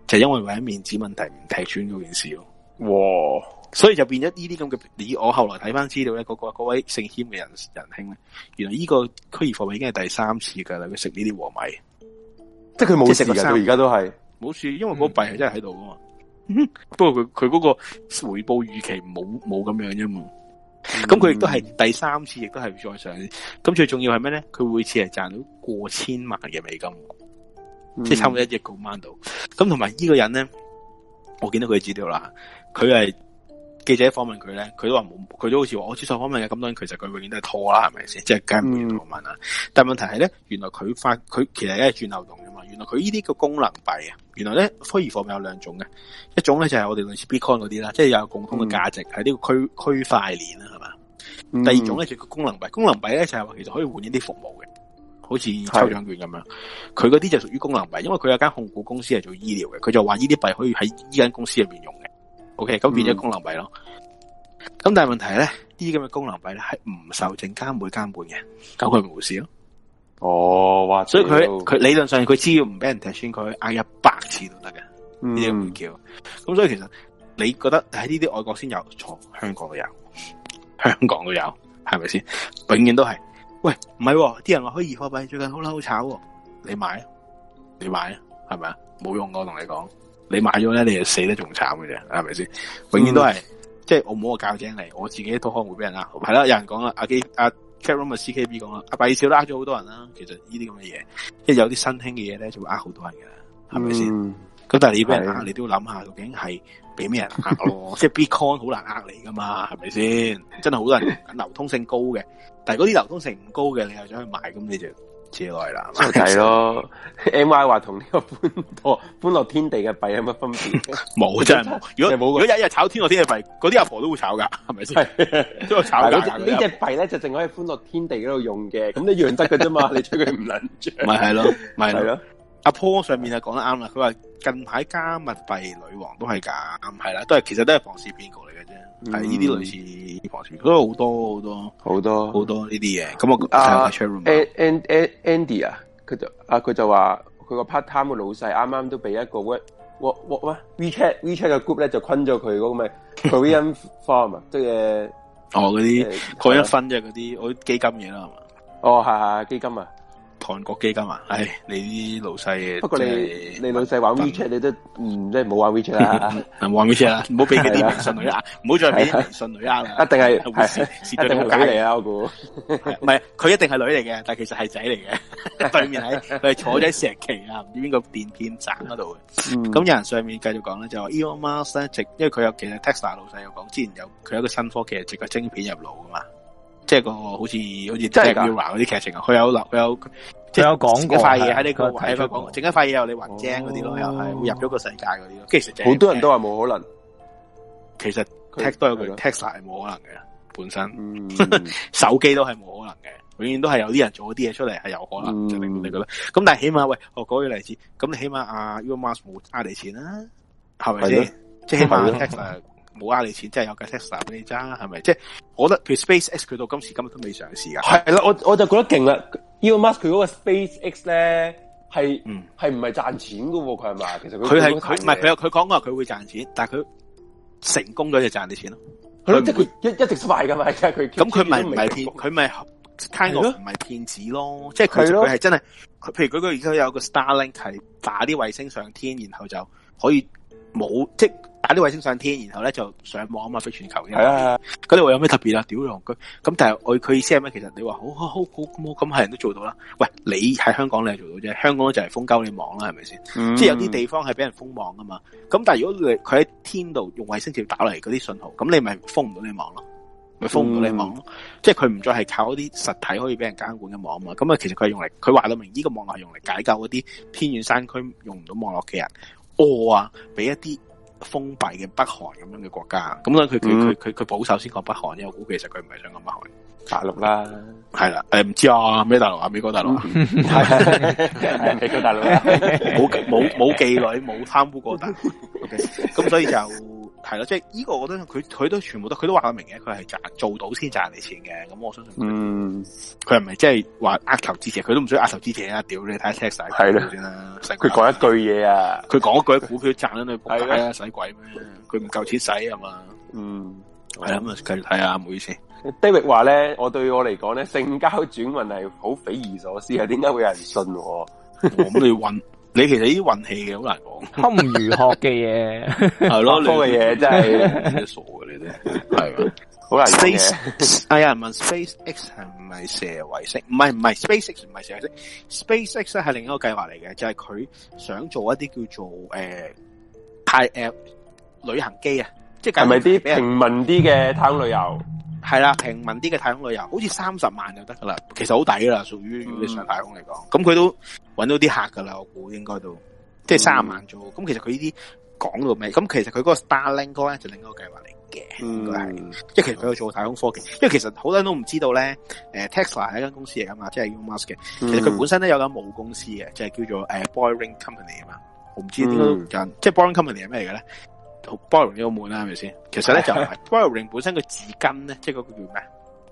就是、因為為咗面子問題唔踢穿嗰件事咯。哇！所以就變咗呢啲咁嘅，以我後來睇翻資料咧，嗰、嗰個位姓謙嘅人仁兄咧，原來呢個虛擬貨幣已經係第三次噶啦，佢食呢啲和米，即係佢冇食嘅，到而家都係冇事，因為嗰個幣係真係喺度噶嘛。不過佢佢嗰個回報預期冇冇咁樣啫嘛。咁、嗯、佢亦都係第三次，亦都係再上，咁最重要係咩咧？佢每次係賺到過千萬嘅美金，嗯、即係差唔多一億個蚊度。咁同埋呢個人咧，我見到佢嘅資料啦，佢係。記者訪問佢咧，佢都話冇，佢都好似話我接受訪問嘅咁多，當然其實佢永遠都係拖啦，係咪先？即係梗係唔會訪問啦。嗯、但係問題係咧，原來佢發佢其實係轉流動噶嘛。原來佢呢啲個功能幣啊，原來咧，虛擬貨幣有兩種嘅，一種咧就係、是、我哋類似 Bitcoin 嗰啲啦，即係有共通嘅價值喺呢、嗯、個區區塊鏈啦，係嘛？嗯、第二種咧就叫、是、功能幣，功能幣咧就係、是、話其實可以換一啲服務嘅，好似抽獎券咁樣。佢嗰啲就屬於功能幣，因為佢有間控股公司係做醫療嘅，佢就話呢啲幣可以喺呢間公司入邊用嘅。O K，咁變咗功能幣咯。咁、嗯、但係問題咧，啲咁嘅功能幣咧係唔受證監會監管嘅，咁佢冇事咯。哦，哇所以佢佢理論上佢只要唔俾人踢穿，佢嗌一百次都得嘅呢啲叫。咁、嗯、所以其實你覺得喺呢啲外國先有，錯，香港都有，香港都有，係咪先？永遠都係。喂，唔係、啊，啲人話虛擬貨幣最近好喇好炒，你買，你買啊，係咪啊？冇用噶，我同你講。你買咗咧，你就死得仲慘嘅啫，係咪先？永遠都係、嗯，即係我冇個教精嚟，我自己都可能會俾人呃。係、嗯、啦，有人講啦，阿、啊、基阿 c a e r o n 嘅、啊、CKB 講啦，阿幣少都呃咗好多人啦。其實呢啲咁嘅嘢，即係有啲新興嘅嘢咧，就會呃好多人㗎，係咪先？咁、嗯、但係你畀俾人呃，你都要諗下，究竟係俾咩人呃咯？ 即係 Bitcoin 好難呃你㗎嘛，係咪先？真係好多人流通性高嘅，但係嗰啲流通性唔高嘅，你又想去買，咁你就～借來啦，係咯。米話同呢個歡樂歡樂天地嘅幣有乜分別？冇，真係冇。如果有，如果一日炒歡樂天地幣，嗰啲阿婆都會炒噶，係咪先？都 係 炒㗎。呢隻幣咧就淨可以歡樂天地嗰度用嘅，咁一樣得噶啫嘛。 你追佢唔捻住。咪係咯，咪係咯。阿坡、就是啊、上面就講得啱啦，佢話近排加密幣女王都係假唔係啦，都係其實都係龐氏騙局嚟嘅啫。係呢啲類似保險，好多好多好多好多呢啲嘢。咁我阿、啊啊、Andy 啊，佢就啊佢就話佢個 part time 嘅老細啱啱都俾一個 what what what WeChat WeChat 嘅 group 咧就昆咗佢嗰個咩？佢 earn farm 啊，即係哦嗰啲嗰一分嘅嗰啲，我啲基金嘢啦係嘛？哦，係係、欸啊基，哦啊、基金啊！韓國基金啊，唉，你啲老細。不過你你老細玩 WeChat，你都唔、嗯、即係冇玩 WeChat 啦。唔 玩 WeChat 啦，唔好俾佢啲微信女啊！唔 好再俾啲微信女啊！ 一定係係絕對冇仔嚟啊，我估。唔係，佢一定係女嚟嘅 我猜， 但係其實係仔嚟嘅。對面喺佢係坐喺石旗啊，唔知邊個電片站嗰度，咁有人上面繼續講咧，就話 Elon Musk 咧直，因為佢有其實 Tesla 老細又講，之前有佢有一個新科技係直個晶片入腦㗎嘛。即、就、係、是、個好似好似即係啊嗰啲劇情啊，佢有立佢有佢有講塊嘢喺呢個喺呢講，整一塊嘢又你畫正嗰啲咯，又係、哦、入咗個世界嗰啲咯。其實好、就是、多人都話冇可能，其實 Tesla 都有佢 Tesla 係冇可能嘅，本身、嗯、 手機都係冇可能嘅，永遠都係有啲人做啲嘢出嚟係有可能，嗯、就令到你覺得噶啦。咁但係起碼喂，我舉個例子，咁你起碼阿 Madoff 冇呃你錢啦、啊，係咪先？即係、就是、起碼 Tesla。冇呃你錢，即係有個 Tesla 俾你揸，係咪？即係我覺得佢 SpaceX 佢到今時今日都未嘗試噶。係啦，我我就覺得勁啦。Elon Musk 佢嗰個 SpaceX 咧係，係唔係賺錢噶？佢係咪？其實佢係佢唔係佢，佢講話佢會賺錢，但係佢成功咗就賺你錢咯。係咯，即係佢一一直都賣噶嘛，即係佢。咁佢唔係唔係騙，佢咪泰諾唔係騙子咯？即係佢佢係真係，佢譬如佢佢而家有個 Starlink 係打啲衛星上天，然後就可以冇即打啲衛星上天，然後咧就上網啊嘛，飛全球嘅。係啊，咁你話有咩特別啊？屌用佢。咁但係外，佢意思係咩？其實你話好好好好咁，係人都做到啦。喂，你喺香港你係做到啫，香港就係封鳩你網啦，係咪先？即係有啲地方係俾人封網噶嘛。咁但係如果佢喺天度用衛星碟打落嚟嗰啲信號，咁你咪封唔到你網咯，咪封唔到你網咯，嗯。即係佢唔再係靠一啲實體可以俾人監管嘅網啊嘛。咁啊，其實佢係用嚟，佢話到明呢個網絡係用嚟解救嗰啲偏遠山區用唔到網絡嘅人餓啊，俾一啲。封閉嘅北韓咁樣嘅國家，咁咧佢佢佢佢佢保守先講北韓，因為我估其實佢唔係想講北韓，大陸啦，係啦，誒唔知啊，咩大陸啊，美國大陸啊，係美國大陸啊，冇冇冇忌諱，冇貪污過大陸，ok，咁所以就。係咯，即係呢個，我覺得佢佢都全部都，佢都話得明嘅。佢係賺做到先賺你錢嘅，咁我相信。嗯，佢係咪即係話呃投資者？佢都唔想呃投資者啊！屌你下，睇下 check 晒係啦，算啦。佢講一句嘢啊！佢講一、啊、 一句股票賺咗你，係使鬼咩？佢唔夠錢使啊嘛。嗯，係啦，咁、嗯、啊，繼續睇下。唔好意思。David 話咧，我對我嚟講咧，性交轉運係好匪夷所思啊！點解會有人信我？我 唔、哦、要運。你其實依啲運氣嘅，好難講。堪輿學嘅嘢係咯，你嘅嘢真係。你傻嘅你真係，好難講、 啊。係有人問 Space X 係唔係蛇尾星？唔係唔係，Space X 唔係蛇尾星。Space X 咧係另一個計劃嚟嘅，就係、是、佢想做一啲叫做誒、呃、派誒、呃、旅行機啊，即係係咪啲平民啲嘅太空旅遊？嗯係啦，平民啲嘅太空旅遊，好似三十萬就得噶啦，其實好抵噶啦，屬於如果你上太空嚟講，咁、嗯、佢都揾到啲客噶啦，我估應該都即係三十萬做。咁、嗯、其實佢呢啲講到咩？咁其實佢嗰個 Starlink 咧就另一個計劃嚟嘅，應該係，即、就、係、是、其實佢有做太空科技，因為其實好多人都唔知道咧，誒、呃、Tesla 係一間公司嚟噶嘛，即係 Space，其實佢本身咧有間母公司嘅、就是嗯，即係叫做誒 Boring Company 啊嘛，我唔知點解即係 Boring Company 係咩嚟嘅咧。好 boring，好悶啦，係咪先？其實咧就係 boring，本身個字根咧，即係嗰個叫咩？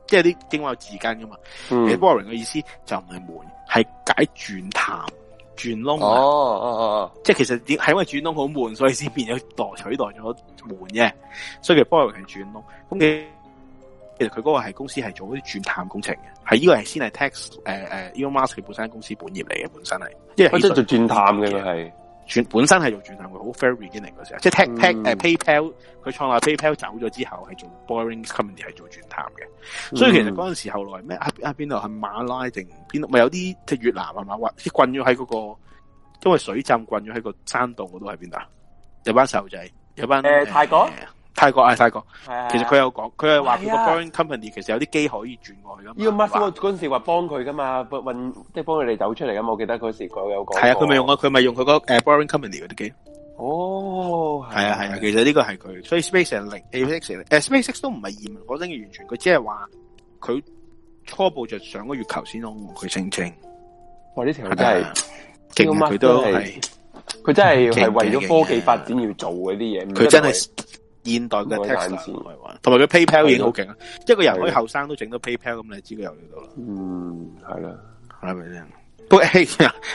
即係啲英文有字根噶嘛？boring 嘅意思就唔係悶，係解鑽探鑽窿，哦哦哦，即係其實點係因為鑽窿好悶，所以先變咗代取代咗悶嘅，所以叫 boring 係鑽窿。咁其實佢嗰個係公司係做啲鑽探工程嘅，係、這、呢個係先係 text 唉、呃、唉、呃、Elon Musk 佢本身公司本業嚟嘅，本身係、啊、即係本身做鑽探嘅佢係。轉本身係做轉探嘅。好 fair beginning 嗰時，即係踢踢誒 PayPal，佢、嗯、創立 PayPal 走咗之後係做 Boring Company 係做轉探嘅。所以其實嗰陣時候後來咩啊啊邊度係馬拉定邊度？咪有啲即係越南啊嘛？或啲困咗喺嗰個因為水浸困咗喺個山洞嗰度係邊度啊？有班細路仔，有班誒、呃呃、泰國。泰國係泰國，其實佢有講，佢係話佢個 Boring Company 其實有啲機可以轉過去噶。呢、這個 Musk 嗰陣時話幫佢噶嘛，運即係幫佢哋走出嚟。咁我記得嗰時佢有講。係啊，佢咪用啊，佢咪用佢個誒 Boring Company 嗰啲機。哦，係啊，係啊，啊，啊，啊，啊，其實呢個係佢。所以 Space X 零，Space X、啊、誒，Space X 都唔係移民，我真係完全，佢只係話佢初步就上個月球先咯，佢聲稱。哇！呢條真係佢、啊這個、都係，佢真係係為咗科技發展要做啲嘢，佢真係。現代嘅 Tesla 啦，同埋佢 PayPal 已經好勁啦，一個人可以後生都整到 PayPal 咁，你知佢又嚟到啦。嗯，係啦，係咪先。不過，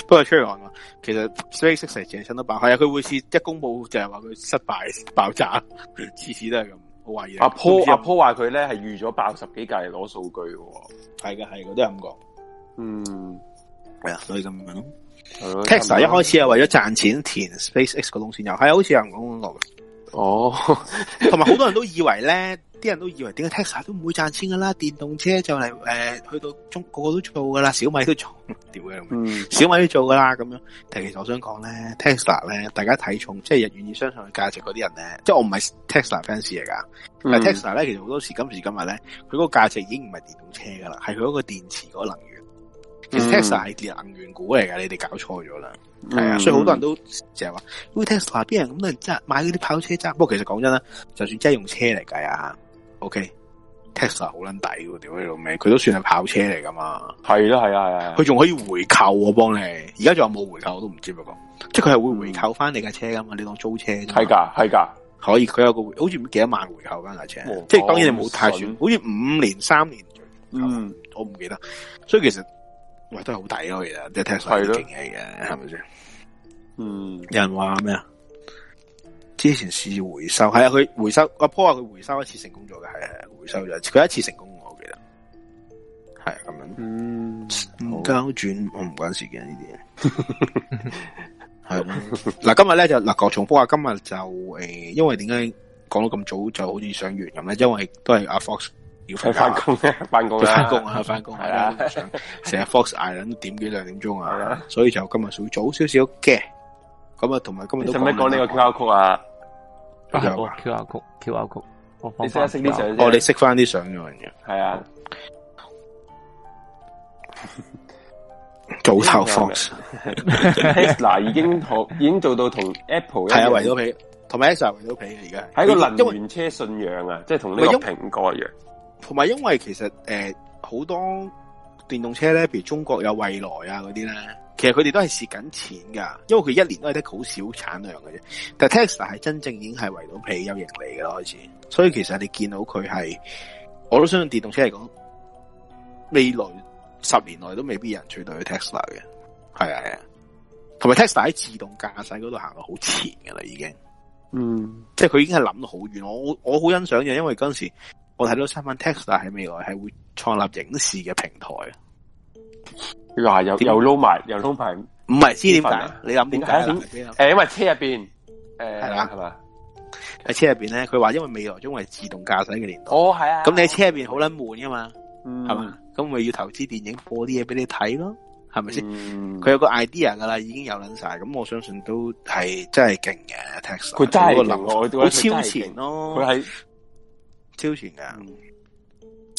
不過出嚟講話，其實 SpaceX 成日親到爆，係啊，佢每次一公佈就係話佢失敗爆炸，次次都係咁。好懷疑。阿坡阿坡話佢咧係預咗爆十幾架攞數據喎，哦，係嘅係，都係咁講。嗯，係啊，所以咁樣咯。就是、Tesla 一開始係為咗賺錢填 SpaceX 個窿先又係好似阿講咁講。哦，同埋好多人都以為咧，啲人都以為點解 Tesla 都唔會賺錢噶啦？電動車就係、是、誒、呃，去到中國個個都做噶啦，小米都做，屌嘅，小米都做噶啦咁樣。但其實我想講咧，Tesla 咧，大家睇重即係人願意相信佢價值嗰啲人咧，即係我唔係 Tesla fans 嚟噶， 但係 Tesla 咧，其實好多時今時今日咧，佢個個價值已經唔係電動車噶啦，係佢嗰個電池嗰能源。其實 Tesla 係電能源股嚟噶，你哋搞錯咗啦。係啊、嗯，所以好多人都成日話，會 Tesla 話邊人咁嚟揸買嗰啲跑車揸。不過其實講真啦，就算真係用車嚟計啊，O K，Tesla 好撚抵嘅，屌你老味，佢都算係跑車嚟噶嘛。係囉，係啊，係啊，佢仲可以回購我幫你。而家仲有冇回購我都唔知，不過、就是，即係佢係會回購翻你架車噶嘛、嗯？你當是租車係噶係噶，可以。佢有個好似幾多萬回購架車，哦哦、即係當然你冇太算，好似五年三年。嗯，我唔記得。所以其實。喂，都係好抵咯，而家啲 Tesla 嘅勁嘢嘅，係咪先？嗯，有人話咩啊？之前試回收，係啊，佢回收阿 Po 佢回收一次成功咗嘅，係啊，回收咗佢一次成功，我記得係咁樣。嗯，交轉我唔關事嘅呢啲，係咯。嗱 是的， 今日咧就嗱，各重波啊，今日就誒，因為點解講到咁早就好似想完咁咧？因為都係阿 Fox。要翻工咧，翻工啦，翻工啊，翻工係啊，成日、啊啊嗯嗯、Fox 挨緊點幾兩點鐘啊，啊，所以就今日早早少少嘅咁啊，同埋今日使唔使講呢個 Q R 曲啊？有 Q R 曲，Q R 曲，你識得識啲相哦？你識翻啲相嘅，係啊，早頭 Fox 嗱，已經已經做到同 Apple 係啊，圍咗皮，同埋 Apple 圍咗皮而家，係一個能源車信仰啊，即係同呢個蘋果一樣。同埋，因為其實誒，好多電動車咧，譬如中國有蔚來啊嗰啲咧，其實佢哋都係蝕緊錢噶，因為佢一年都係得好少產量嘅啫。但係 Tesla 係真正已經係圍到皮有盈利噶啦開始，所以其實你見到佢係，我都相信電動車嚟講，未來十年內都未必有人取代去 Tesla 嘅，係啊，同埋 Tesla 喺自動駕駛嗰度行到好前噶啦，已經，嗯，即係佢已經係諗到好遠，我我好欣賞嘅，因為嗰陣時。我睇到新聞，Tesla 喺未來係會創立影視嘅平台啊！嗱，又又撈埋，又撈埋，唔係知點解？你諗點解？誒，因為車入邊，誒、呃，係嘛係嘛？喺車入邊咧，佢話因為未來將會自動駕駛嘅年代，哦係啊。咁你喺車入邊好撚悶噶嘛，係、嗯、嘛？咁咪要投資電影播啲嘢俾你睇咯，係咪先？佢、嗯、有個 idea 噶啦，已經有撚晒，咁我相信都係真係勁嘅 Tesla。佢真係個能耐，好超前咯，佢喺。超前噶，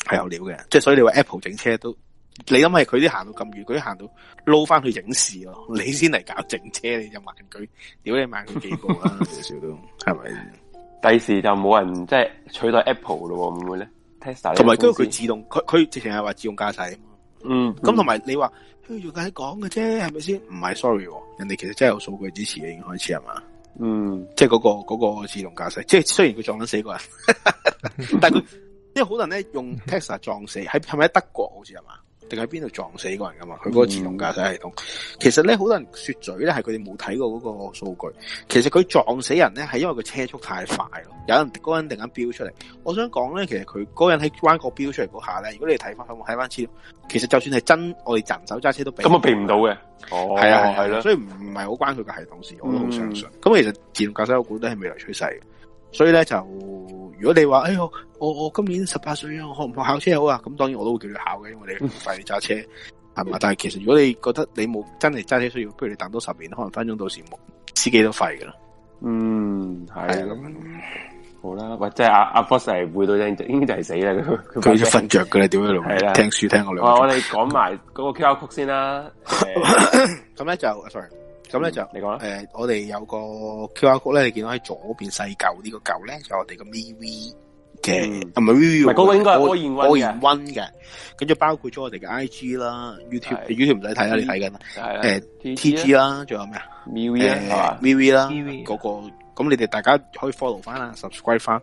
係、嗯、有料嘅，即係所以你話 Apple 整車都，你諗係佢啲行到咁遠，佢啲行到撈翻去影視咯，你先嚟搞整車，你就玩佢，屌你買佢幾個啦，少 少都係咪？第時就冇人即係取代 Apple 咯，唔會咧？同埋跟住佢自動，佢佢直情係話自動駕駛，嗯，咁同埋你話，噓、嗯、用鬼講嘅啫，係咪先？唔係，sorry，、哦、人哋其實真係有數據支持嘅已經開始啊嘛。嗯，即係、嗰個、嗰個自動駕駛，即係雖然佢撞咗死一個人， 但係佢因為好多人咧用 Tesla 撞死，喺係咪喺德國好似係嘛？定喺邊度撞死一個人噶嘛？佢嗰個自動駕駛系統，嗯、其實咧好多人說嘴咧，係佢哋冇睇過嗰個數據。其實佢撞死人咧，係因為佢車速太快咯。有人嗰、那個、人突然間飆出嚟，我想講咧，其實佢嗰人喺彎角飆出嚟嗰下咧，如果你睇翻睇翻車，其實就算係真，我哋人手揸車都避，咁咪避唔到嘅。哦，係啊，係咯、啊啊啊，所以唔係好關佢個系統事，我都好相信。咁、嗯、其實自動駕駛我估都係未來趨勢。所以咧就，如果你話，哎呀，我我，我今年十八歲，我學唔學校車好啊？咁當然我都會叫你考嘅，因為你唔使揸車，係、嗯、嘛？但係其實如果你覺得你冇真係揸車需要，不如你等多十年，可能分鐘到時冇司機都廢嘅啦。嗯，係啊，咁好啦，或者阿阿博士係到應，應該就係死啦，佢佢要瞓着噶啦，點都係聽書聽我兩、哦。我哋講埋嗰個 Q R 曲先啦，咁 咧、嗯 嗯、 就 s o r r y 咁、嗯、咧就，你講啦、呃。我哋有個 Q R code 咧，你見到喺左邊細舊呢個舊咧，就我哋嘅 V V 嘅，唔係 V，唔係嗰個應該溫，嗰個熱温嘅。跟住包括咗我哋嘅 I G 啦，YouTube，YouTube 唔使睇啦，YouTube，你睇緊啦、呃、T T G 啦，仲有咩啊？誒 V V 啦，嗰、嗰個。咁你哋大家可以 follow 翻啦，subscribe 翻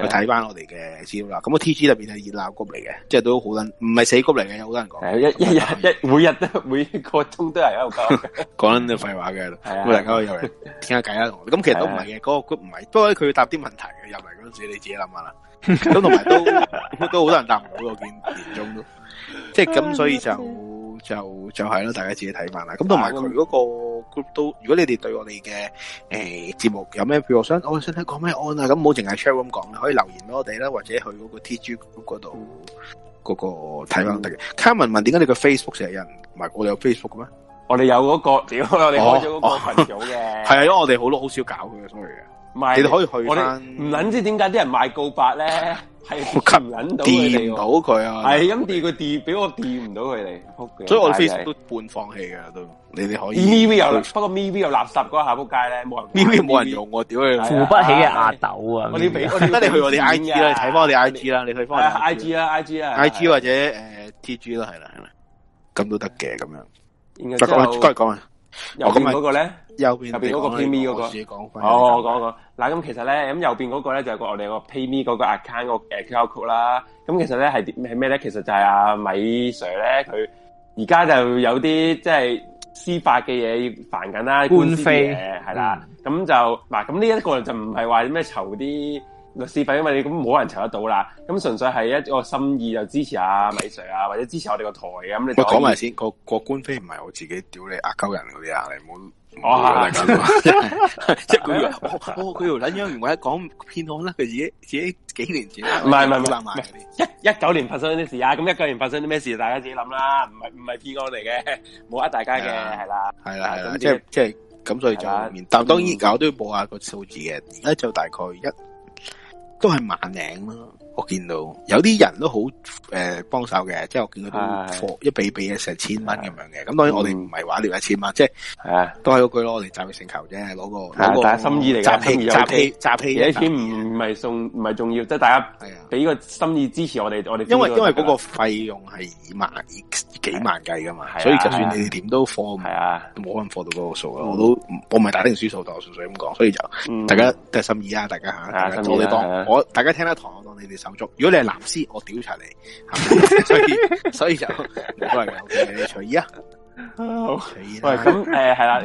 去睇翻我哋嘅資料啦。咁啊 T G 入邊係熱鬧谷嚟嘅，即係都好捻，唔係死谷嚟嘅。有好多人講，一一日一每日都每一個鐘都係喺度講，講緊都廢話嘅。咁大家入嚟傾下偈啦。咁其實都唔係嘅，嗰個谷唔係，不過佢答啲問題嘅入嚟嗰陣時，你自己諗下啦。咁同埋都都好多人答唔到我件年終咯，即係咁，所以就。就就係、是、咯，大家自己睇翻啦。咁同埋佢嗰個 group 都，如果你哋對我哋嘅誒節目有咩，譬如我想，我、哦、想睇講咩案啊，咁冇淨係 chat room 講可以留言俾我哋啦，或者去嗰個 TG group 嗰度嗰、嗯那個睇翻得嘅。嗯、Calvin 問點解你個 Facebook 成日人，唔係我哋有 Facebook 嘅咩？我哋有嗰、那個，屌 我哋開咗嗰個群組嘅。係、哦、啊、哦， 因為我哋好多好少搞佢嘅，sorry 嘅。唔係，你哋可以去我哋唔撚知點解啲人賣告白咧？ 係吸引到佢啊係咁佢掂，俾我掂唔到佢哋、啊，撲所以我 Facebook 都半放棄噶都，你哋可以。M V 又不過 M V 又垃圾嗰下撲街咧，冇人。M V 冇人用我屌佢！扶、啊、不起嘅阿斗啊！我哋俾得你去我哋 I G 啦，睇翻我哋 I G 啦，你去我哋 I G 啦，I G 啦，I G 或者誒、uh, T G 都係啦，係咪，咁都得嘅，咁樣。應該。該，講啊。右邊嗰個咧，右邊右邊嗰個 PayMe 嗰、嗰個我自己講返，哦，我講講，嗱，咁其實咧，咁右邊嗰個咧就係我哋個 PayMe 嗰個 account 個誒交曲啦。咁其實咧係係咩咧？其實就係阿米 Sir 咧，佢而家就有啲即係司法嘅嘢煩緊啦，官非，嘅係啦。咁就嗱，咁呢一個就唔係話咩，籌啲。律師費，因為你咁冇人查得到啦，咁純粹係一個心意，就支持阿米 Sir 啊，或者支持我哋個台咁。你講埋先，個個官非唔係我自己屌你呃鳩人嗰啲啊，你唔好哇！即係佢，我佢條捻樣，而我一講騙案啦，佢自己自己幾年前唔係唔係唔係一一九年發生啲事啊，咁一九年發生啲咩事，大家自己諗啦，唔係唔係騙案嚟嘅，冇呃大家嘅，係啦，係啦係啦，即係、嗯啊、即係咁，所以就但、啊、當然我都要報下個數字嘅、嗯，一就大概一。都係萬零咯。我見到有啲人都好誒、呃、幫手嘅，即係我見佢貨一俾俾嘅成千蚊咁樣嘅，咁當然我哋唔係話聊一千蚊，即係都係嗰句咯，嚟集腋成裘啫，攞、嗰個攞心意嚟嘅，集氣集氣集氣一千唔係送唔係重要，即係大家俾個心意支持我哋我哋、呢個，因為因為嗰個費用係萬幾萬計㗎嘛，所以就算你哋點都貨冇可能貨到嗰個數啊，我都我唔係打定輸數，但我純粹咁講，所以就、嗯、大家嘅心意啊，大家嚇、啊，我你當我大家聽得台，我當你哋如果你係藍絲，我屌柒你， 所以所以就都係隨意啊，好，喂，咁誒係啦，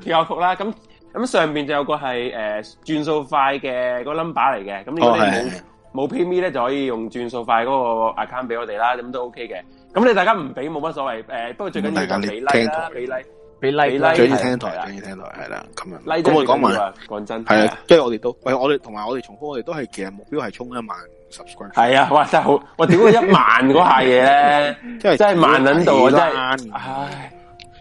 幾好曲啦，咁、嗯、咁、嗯嗯、上邊就有個係誒轉數快嘅個 number 嚟嘅，咁你冇冇 PayMe 咧，就可以用轉數快嗰個 account 俾我哋啦，咁都 OK 嘅，咁你大家唔俾冇乜所謂，誒、呃、不過最緊要、like, 大家俾 like 啦，俾 like 俾 like，最緊要聽台啦，最緊要聽台啦，咁樣，咁、like、我講埋，講真係啊，即係我哋都，喂，我哋同埋我哋重複，我哋都係其實目標係衝一萬。係 啊，哇真係好， 我屌佢一萬嗰下嘢咧，真係真係萬捻度啊！真係，唉，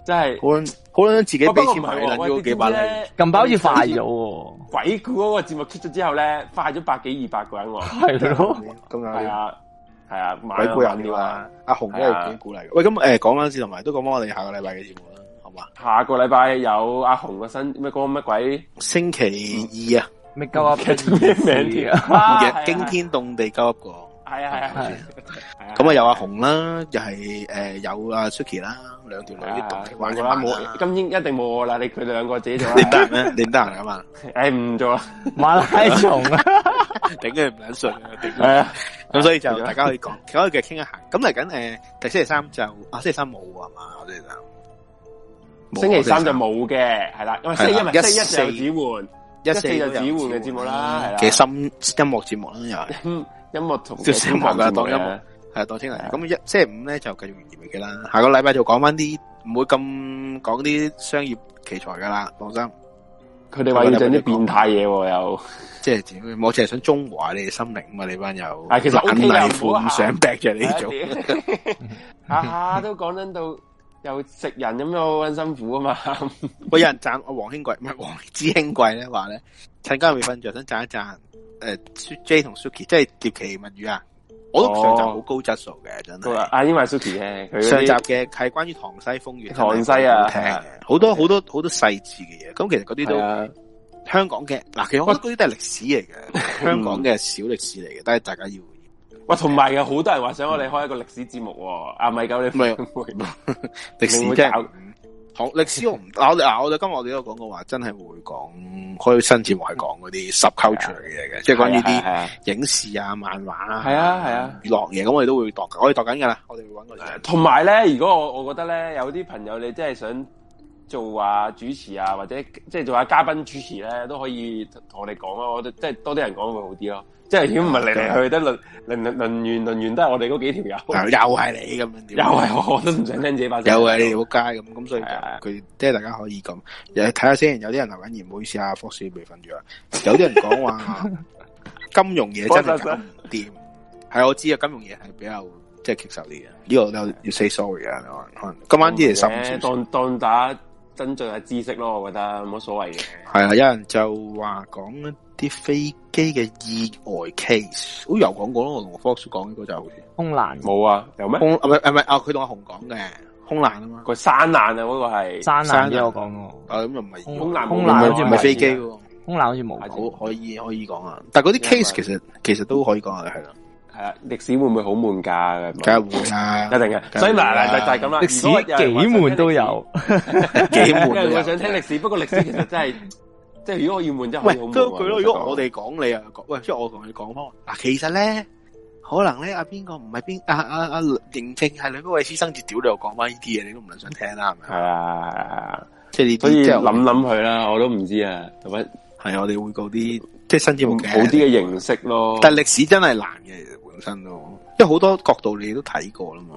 真係好捻好捻自己俾錢嚟嘅。啊啊、幾百，知唔知咧？近排好似快咗喎，啊。鬼故嗰個節目出咗之後咧，快咗百幾二百個人喎。係咯，咁啊，係、 嗯嗯嗯嗯，啊，係啊，鬼故人啲嘛。阿紅都係鬼故嚟。喂，咁、嗯、誒，講翻先，同埋都講翻我哋下個禮拜嘅節目啦，好嘛？下個禮拜有阿紅個新咩個乜鬼星期二啊？咪鳩啊！名帖啊，驚天動地鳩一個，係啊係啊，係啊，咁啊有阿紅啦，又係誒有阿 Suki 啦，兩條女啲動力玩嘅話冇，今朝一定冇我啦！你佢哋兩個自己做，你得咩？你得閒啊嘛？誒唔做，馬拉松頂佢唔忍順啊！係啊，咁所以就大家可以講，其他嘅傾一下。咁嚟緊誒，第星期三就啊，星期三冇啊嘛，我哋就星期三就冇嘅，係啦，因為星期一咪星期一就只換。一四就指會嘅節目啦，嘅心音樂節目啦又係音樂同即係音樂嘅當音樂係啊當聽嚟。咁一星期五咧就繼續延續嘅啦。下個禮拜就講翻啲唔會咁講啲商業奇才噶啦，放心。佢哋話要整啲變態嘢又，即係點？我淨係想中華你嘅心靈啊嘛，你班友。啊，其實有啲又唔想逼著你做。啊，都講緊到。又食人咁樣好辛苦啊嘛！ 我有人讚阿黃兄貴，唔係黃之兄貴咧，話咧趁家未瞓着，想讚一讚誒、呃、，J 同 Suki，即係蝶奇物語啊！我都上集好高質素嘅，真係。阿英話 Suki 咧，上集嘅係關於唐西風月。唐西啊，好多好多好、okay. 多細致嘅嘢。咁其實嗰啲都香港嘅，嗱，其實我覺得嗰啲都係歷史嚟嘅、 嗯，香港嘅小歷史嚟嘅，但係大家要。哇，同埋有好多人話想我哋開一個歷史節目喎、哦，阿、嗯啊、米狗你唔係 歷史劇，同歷史我唔，我哋我哋今日我哋都講過話真係會講開新節目係講嗰啲 subculture 嘅嘢嘅，即係關於啲影視呀、啊啊啊、漫畫呀、啊、係啊係嘢咁我哋都會度，我哋度緊㗎啦，我哋會揾過嚟。同埋、啊、呢，如果我，我覺得呢，有啲朋友你真係想。做啊主持啊，或者即係做下嘉賓主持咧，都可以同我哋講、就是 oh, okay. 啊！我覺得即係多啲人講會好啲咯。即係如果唔係嚟嚟去去都輪輪輪輪完輪完都係我哋嗰幾條友，又係你咁樣點？又係我都唔想聽自己把聲，又係你撲街咁，咁所以佢即係大家可以咁，睇下先。有啲人留緊言，唔好意思啊，霍士未瞓住啊。有啲人講話金融嘢真係唔掂，係 我知啊，金融嘢係比較即係棘手啲啊。呢、就是這個都要 say sorry 啊。可能今晚啲人心思思、嗯，當當打增進下知識咯，我覺得冇所謂嘅。係啊，有人就話講一啲飛機嘅意外 case，好有講過咯，我同我 Fox 講呢個就好似。空難。冇、嗯、啊，有咩？空啊，唔係唔係啊，佢同阿雄講嘅空難啊嘛，佢山難啊嗰、那個係山難我講過。誒、啊，咁又唔係空難，唔係唔係飛機喎？空難好似冇。好，像沒有講好像沒有講，可以可以講啊，但係嗰啲 case 其實其實都可以講啊，係啦。係啊，歷史會唔會好悶噶？梗係會啊，一定嘅。所以嗱，就就係咁啦。歷史幾悶都有，幾悶。我 想聽歷史，不過歷史其實真係，即 係如果我要悶真係喂，都佢如果我哋講你啊，喂，即係我同你講翻。嗱，其實咧，可能咧阿邊個唔係邊阿阿阿林正係邊位先生節，就、啊、屌你又講翻呢啲嘢，你都唔能想聽啦，係咪？啊，即係所以諗諗佢啦。我都唔知啊，同埋係我哋會講啲即係甚至好好啲嘅形式咯。但係歷史真係難嘅。身咯，即係好多角度你都睇過啦嘛、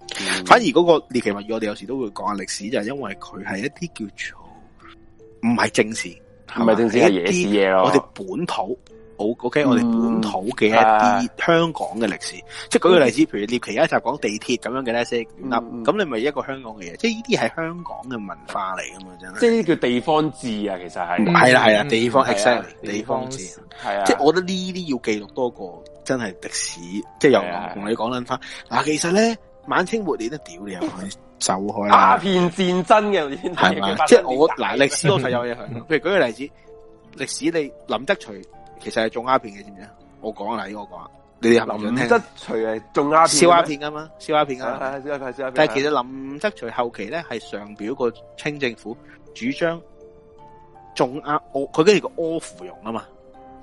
嗯。反而嗰個獵奇物語，我哋有時都會講下歷史，就係因為佢係一啲叫做唔係正事，唔係正事？係野嘢咯。我哋本土好 o k 我哋本土嘅一啲香港嘅歷史，即係舉個例子，譬如獵奇一家就講地鐵咁樣嘅咧，先、嗯、嗱，咁你咪一個香港嘅嘢，即係呢啲係香港嘅文化嚟噶嘛，真係，即係叫地方志啊，其實係，係、嗯、啦，係啦、嗯，地方、嗯、e x c t l y 地方志，係啊，即係我覺得呢啲要記錄多過。真係歷史，即係又同你講緊翻。嗱，其實咧，晚清末年都屌你又去走開鴉片戰爭嘅，係咪？即係我嗱歷史都睇有嘢去。譬如舉個例子，歷史你林則徐其實係種鴉片嘅，知唔知啊？我講啊，嗱，呢個講啊，你哋諗唔想聽？林則徐係種鴉片，燒鴉片噶嘛，燒鴉片啊，嘛？但係其實林則徐後期咧係上表個清政府主張種鴉，哦佢跟住個柯芙蓉啊嘛。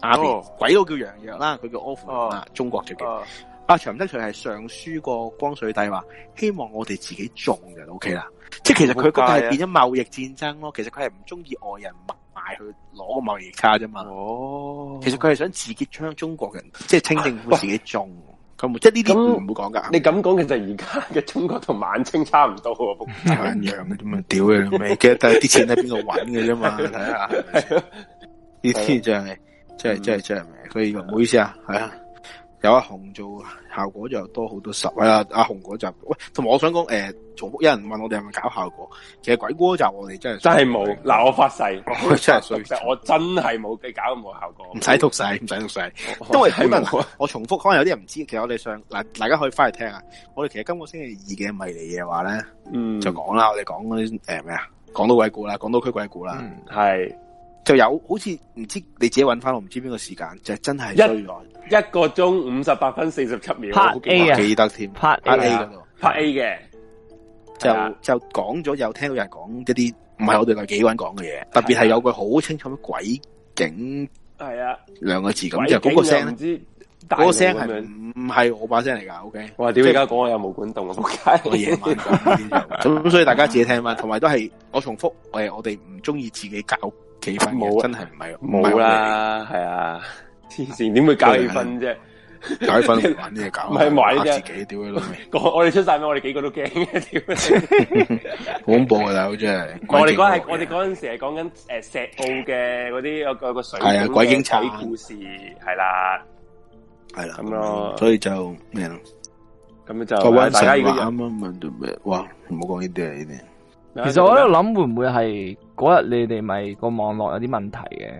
Oh, 鬼都叫養約啦，佢叫屙扶啊！叫 Ofma, oh. 中國直接、oh. 啊，秦德全係上書個光水帝話，希望我哋自己種就 O K 啦。即、oh. 係、okay、其實佢得係變咗貿易戰爭咯。Oh. 其實佢係唔中意外人買埋去攞個貿易卡啫嘛。哦、oh.，其實佢係想自己搶中國人，即、就、係、是、清政府自己種咁、oh. 啊啊，即係呢啲唔會講噶。你咁講，其實而家嘅中國同晚清差唔多，養約咁啊屌嘅，未嘅，得係啲錢喺邊度揾嘅啫嘛，睇下啲錢就係。 道 道 即係即係即係，嗯、真真所以唔好意思啊，係啊，有阿紅做效果就多好多十位啊，阿紅嗰集，喂，同埋我想講，誒、欸，重複有人問我哋係咪搞效果，其實鬼故集我哋真係真係冇，嗱我發誓，我真係冇，我真係冇嘅，搞咁冇效果，唔使讀晒，唔使讀晒，因為睇問，我重複可能有啲人唔知，其實我哋想，嗱大家可以翻嚟聽下。我哋其實今個星期二嘅迷嚟嘢話咧、嗯，就講啦，我哋講嗰啲，誒咩啊，港島鬼故啦，港島區鬼故啦，係、嗯。就有好似唔知你自己揾翻，我唔知邊個時間，就真係衰咗。一一個鐘五十八分四十七秒，拍 A 記得添，拍 A 嘅，拍 A 嘅，就、yeah. 就講咗，有聽到人講一啲唔係我哋自己搵講嘅嘢，yeah. 特別係有句好清楚鬼影，係啊，兩個字咁、yeah. 就嗰個聲，嗰個聲係咪唔係我把聲嚟噶？O K，哇，點解而家講我有冇管動啊？咁 所以大家自己聽翻，同埋都係我重複，我哋唔中意自己搞。氣氛冇，真係唔係冇啦，係啊！黐線點會解分啫？解分玩啲嘢搞，唔係埋自己屌老味！我哋出晒咩？我哋幾個都驚，屌！好 恐怖啊！大佬真係。我哋嗰係我哋嗰陣時係講緊誒石澳嘅嗰啲有個水係啊鬼影慘鬼故事係啦，係啦咁咯，所以就咩咯？咁就大家要啱啱問到咩？哇！唔好講呢啲啊呢啲。其實我喺度諗會唔會係？嗰日你哋咪、那個網絡有啲問題嘅，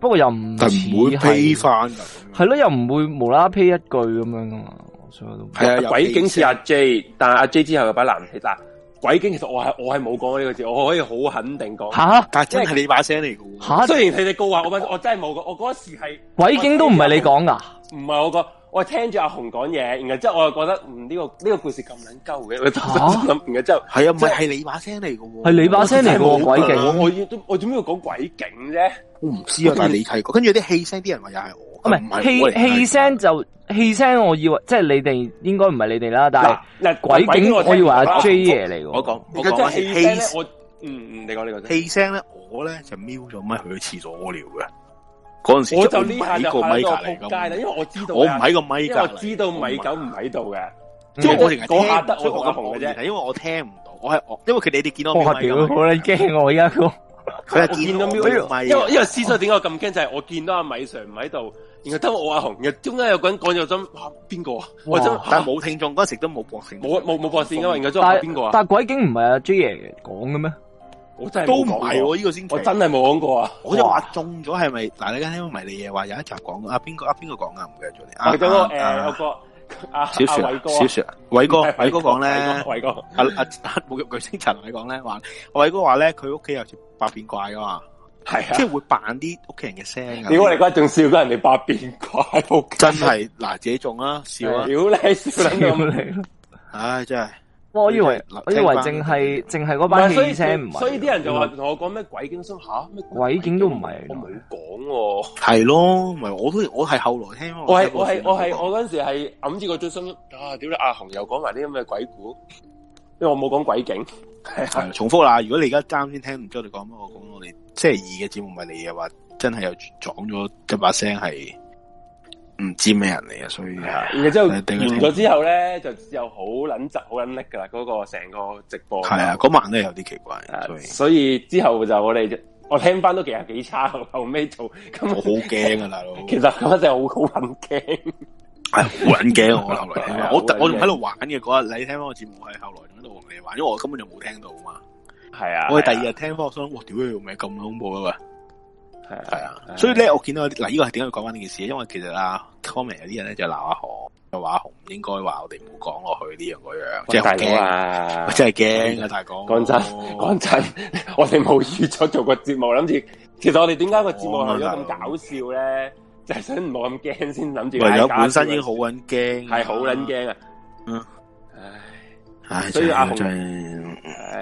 不過又唔會批返翻，係咯，又唔會無啦啦批一句咁樣噶嘛。所以都係啊、嗯，鬼警是阿 J，但係阿 J 之後又擺難。其實鬼警其實我係我係冇講呢個字，我可以好肯定講吓、啊。但真係你把聲嚟嘅，吓、啊、雖然佢哋告話我，我真係冇講，我嗰時係鬼警都唔係你講噶，唔係我講。我聽住阿紅講嘢，然後之後我又覺得唔呢、嗯這個呢、這個故事咁撚鳩嘅，吓，然後之後係啊，唔係、即係啊即係、你把聲嚟嘅喎，係你把聲嚟個鬼景、啊，我要都我點解要講鬼景啫？我唔知啊，但你睇過，跟住啲氣聲，啲人話又係我，唔係氣氣聲就氣聲，我以為即係你哋應該唔係你哋啦，但係嗱鬼景，我以為阿 J 爺嚟嘅，我講我講氣聲咧，我嗯嗯，你講呢個氣聲咧，我咧就瞄咗乜去廁所屙尿嘅。嗰陣時我就呢下就喺個扑街啦，因為我知道我唔喺個米家，知道米狗唔喺度嘅，即係我淨係聽得我阿紅嘅啫，係因為我聽唔到，我係我因為佢哋哋見到我。我屌，好你驚我而家佢佢又見到阿米，因為因為思素點解咁驚就係我見到阿米常唔喺度，然後得我阿紅，然後中間有個人講咗針，吓邊個啊？我真但係冇聽眾嗰陣時都冇播線，冇冇冇播線噶嘛？然後中但係邊個啊？但係鬼警唔係阿 J 爺講嘅咩？我真係都唔係喎，呢、呢個先。我真係冇講過啊！哦、我真係話中咗係咪？嗱、啊，你而家聽迷你嘢話有一集講啊，邊個啊，邊個講啊？唔記得咗你啊，阿哥誒，阿哥阿偉哥，小雪，偉哥，偉哥講咧，偉哥阿阿冇劇巨星陳偉講咧話，偉哥話咧佢屋企有百變怪啊嘛，係啊，即、就、係、是、會扮啲屋企人嘅聲啊！屌你個仲笑咗人哋百變怪，真係嗱，啊啊、自己種啊笑啊，屌你，笑咁靚，唉，真係。我以為，我以為淨係淨係嗰把聲，所以啲人就話同我講咩鬼景聲下？咩鬼景都唔係。我冇講喎。係咯，唔係我都我係後來聽。我係我係我係我嗰陣時係揞住個最心，啊！點解阿紅又講埋啲咁嘅鬼故？因為我冇講鬼景。係 重複啦，如果你而家啱先聽唔知我哋講乜，我講我哋星期二嘅節目，咪你嘅話真係又撞咗一把聲係。唔知咩人嚟啊！所以，啊、然後就之後完咗之後咧，就又好捻窒、好捻叻噶啦。嗰、嗰個成個直播係啊，嗰、嗰、晚咧有啲奇怪所。所以之後就我哋，我聽翻都其實都幾，幾差。後尾做咁好驚㗎喇。其實嗰陣好好撚驚，係好撚驚。我後來聽，我、哎、 我仲喺度玩嘅嗰日，你聽返個節目係後來仲喺度同你玩，因為我根本就冇聽到嘛。係啊，我第二日聽翻、啊，我心諗，我屌你，用咩咁恐怖噶喂！係啊，啊，所以咧，我見到嗱，呢個係點解要講返呢件事？因為其實、啊、明人呢就阿 c o m m t 有啲人咧就鬧阿何就話，紅唔應該話我哋唔好講落去呢樣嗰樣，即係驚啊！我真係驚啊！大講，講、啊、真講真，真，真，我哋冇預咗做個節目，諗住，其實我哋點解個節目而家咁搞笑咧？就係、是、想唔冇咁驚先諗住。原有本身已經好撚驚，係好撚驚啊！嗯、啊，唉唉，所以阿俊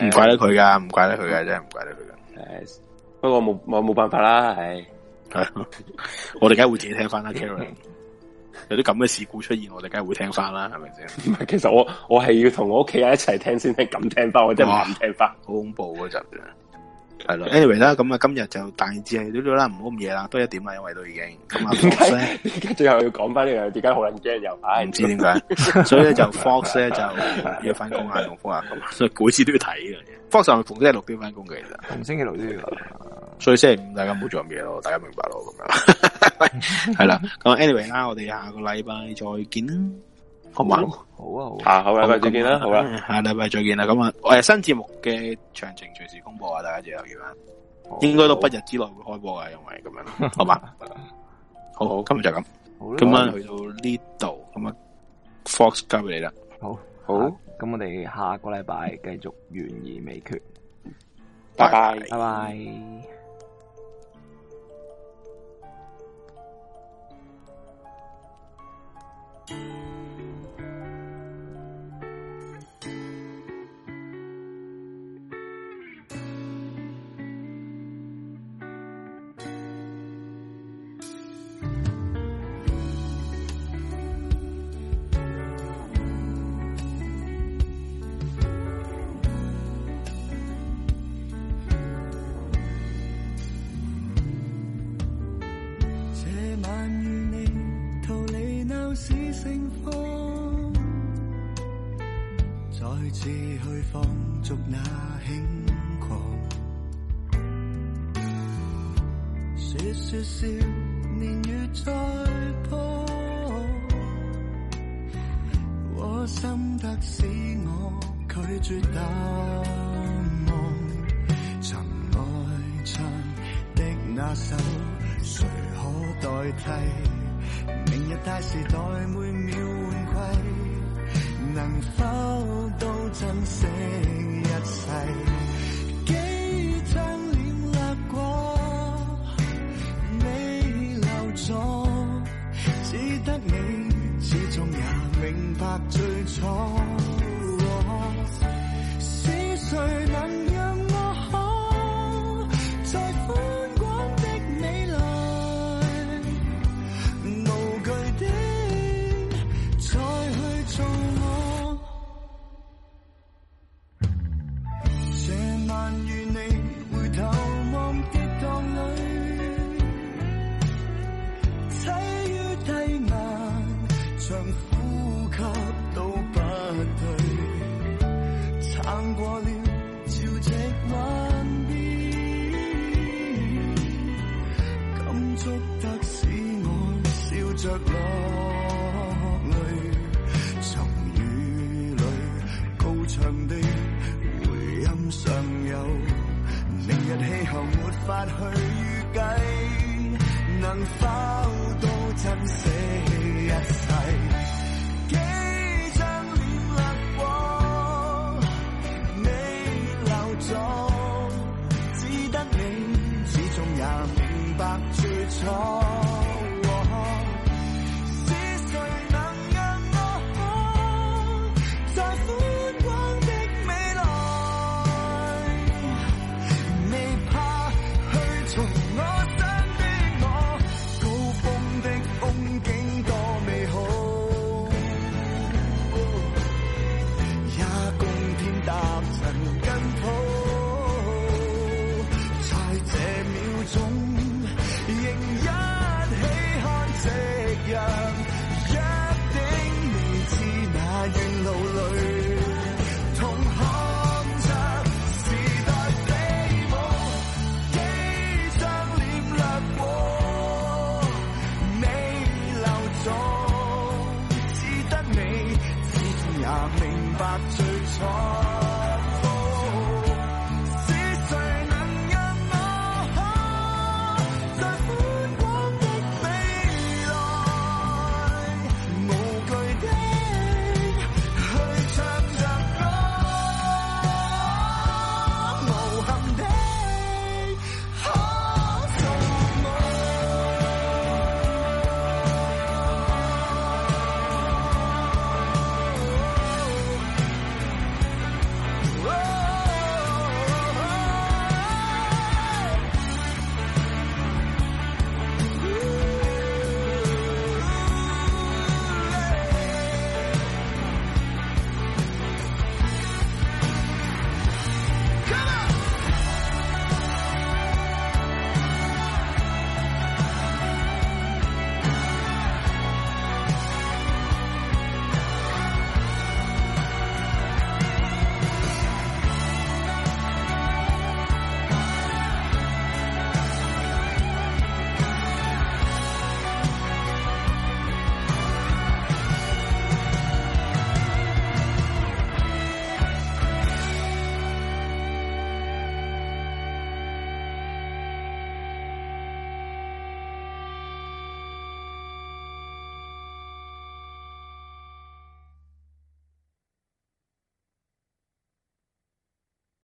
唔怪得佢㗎，唔怪得佢㗎，真係唔怪得佢㗎。不過我冇，我冇辦法啦，係，係， 我哋梗係會自己聽翻啦 Karen 有啲咁嘅事故出現，我哋梗係會聽翻啦，係咪先？其實我我係要同我屋企人一齊聽先聽敢聽翻，我真係唔敢聽翻、啊，好恐怖嗰係咯，anyway 啦，咁啊今日就大致係呢度啦，唔好咁夜啦，都一點啊，因為都已經咁啊。點解？點解？最後要講翻呢樣？而家好撚驚又？唉，唔知點解。所以咧就 Fox 咧就要翻工啊，用 Fox 所以每次都要睇嘅。Fox 係逢星期六都要翻工嘅其實，逢、嗯、星期六都要。所以星期五大家唔好做咁嘢咯？大家明白咯？咁樣係啦。咁 Anyway 啦，我哋、 anyway, 下個禮拜再見好嘛，好啊，好。啊，下啦、啊，拜、啊啊、再見啦，好啦、啊，下禮拜再見啦。咁啊，我哋新節目嘅詳情隨時公布啊，大家注意啊！應該都不日之內會開播噶，因為咁樣，好嘛、啊？好、啊嗯、好、啊，今日就咁、啊，今晚去到呢度，咁啊，Fox 交俾你啦。好，好、啊，咁、啊、我哋下個禮拜繼續懸而未決。拜拜，拜拜。Bye bye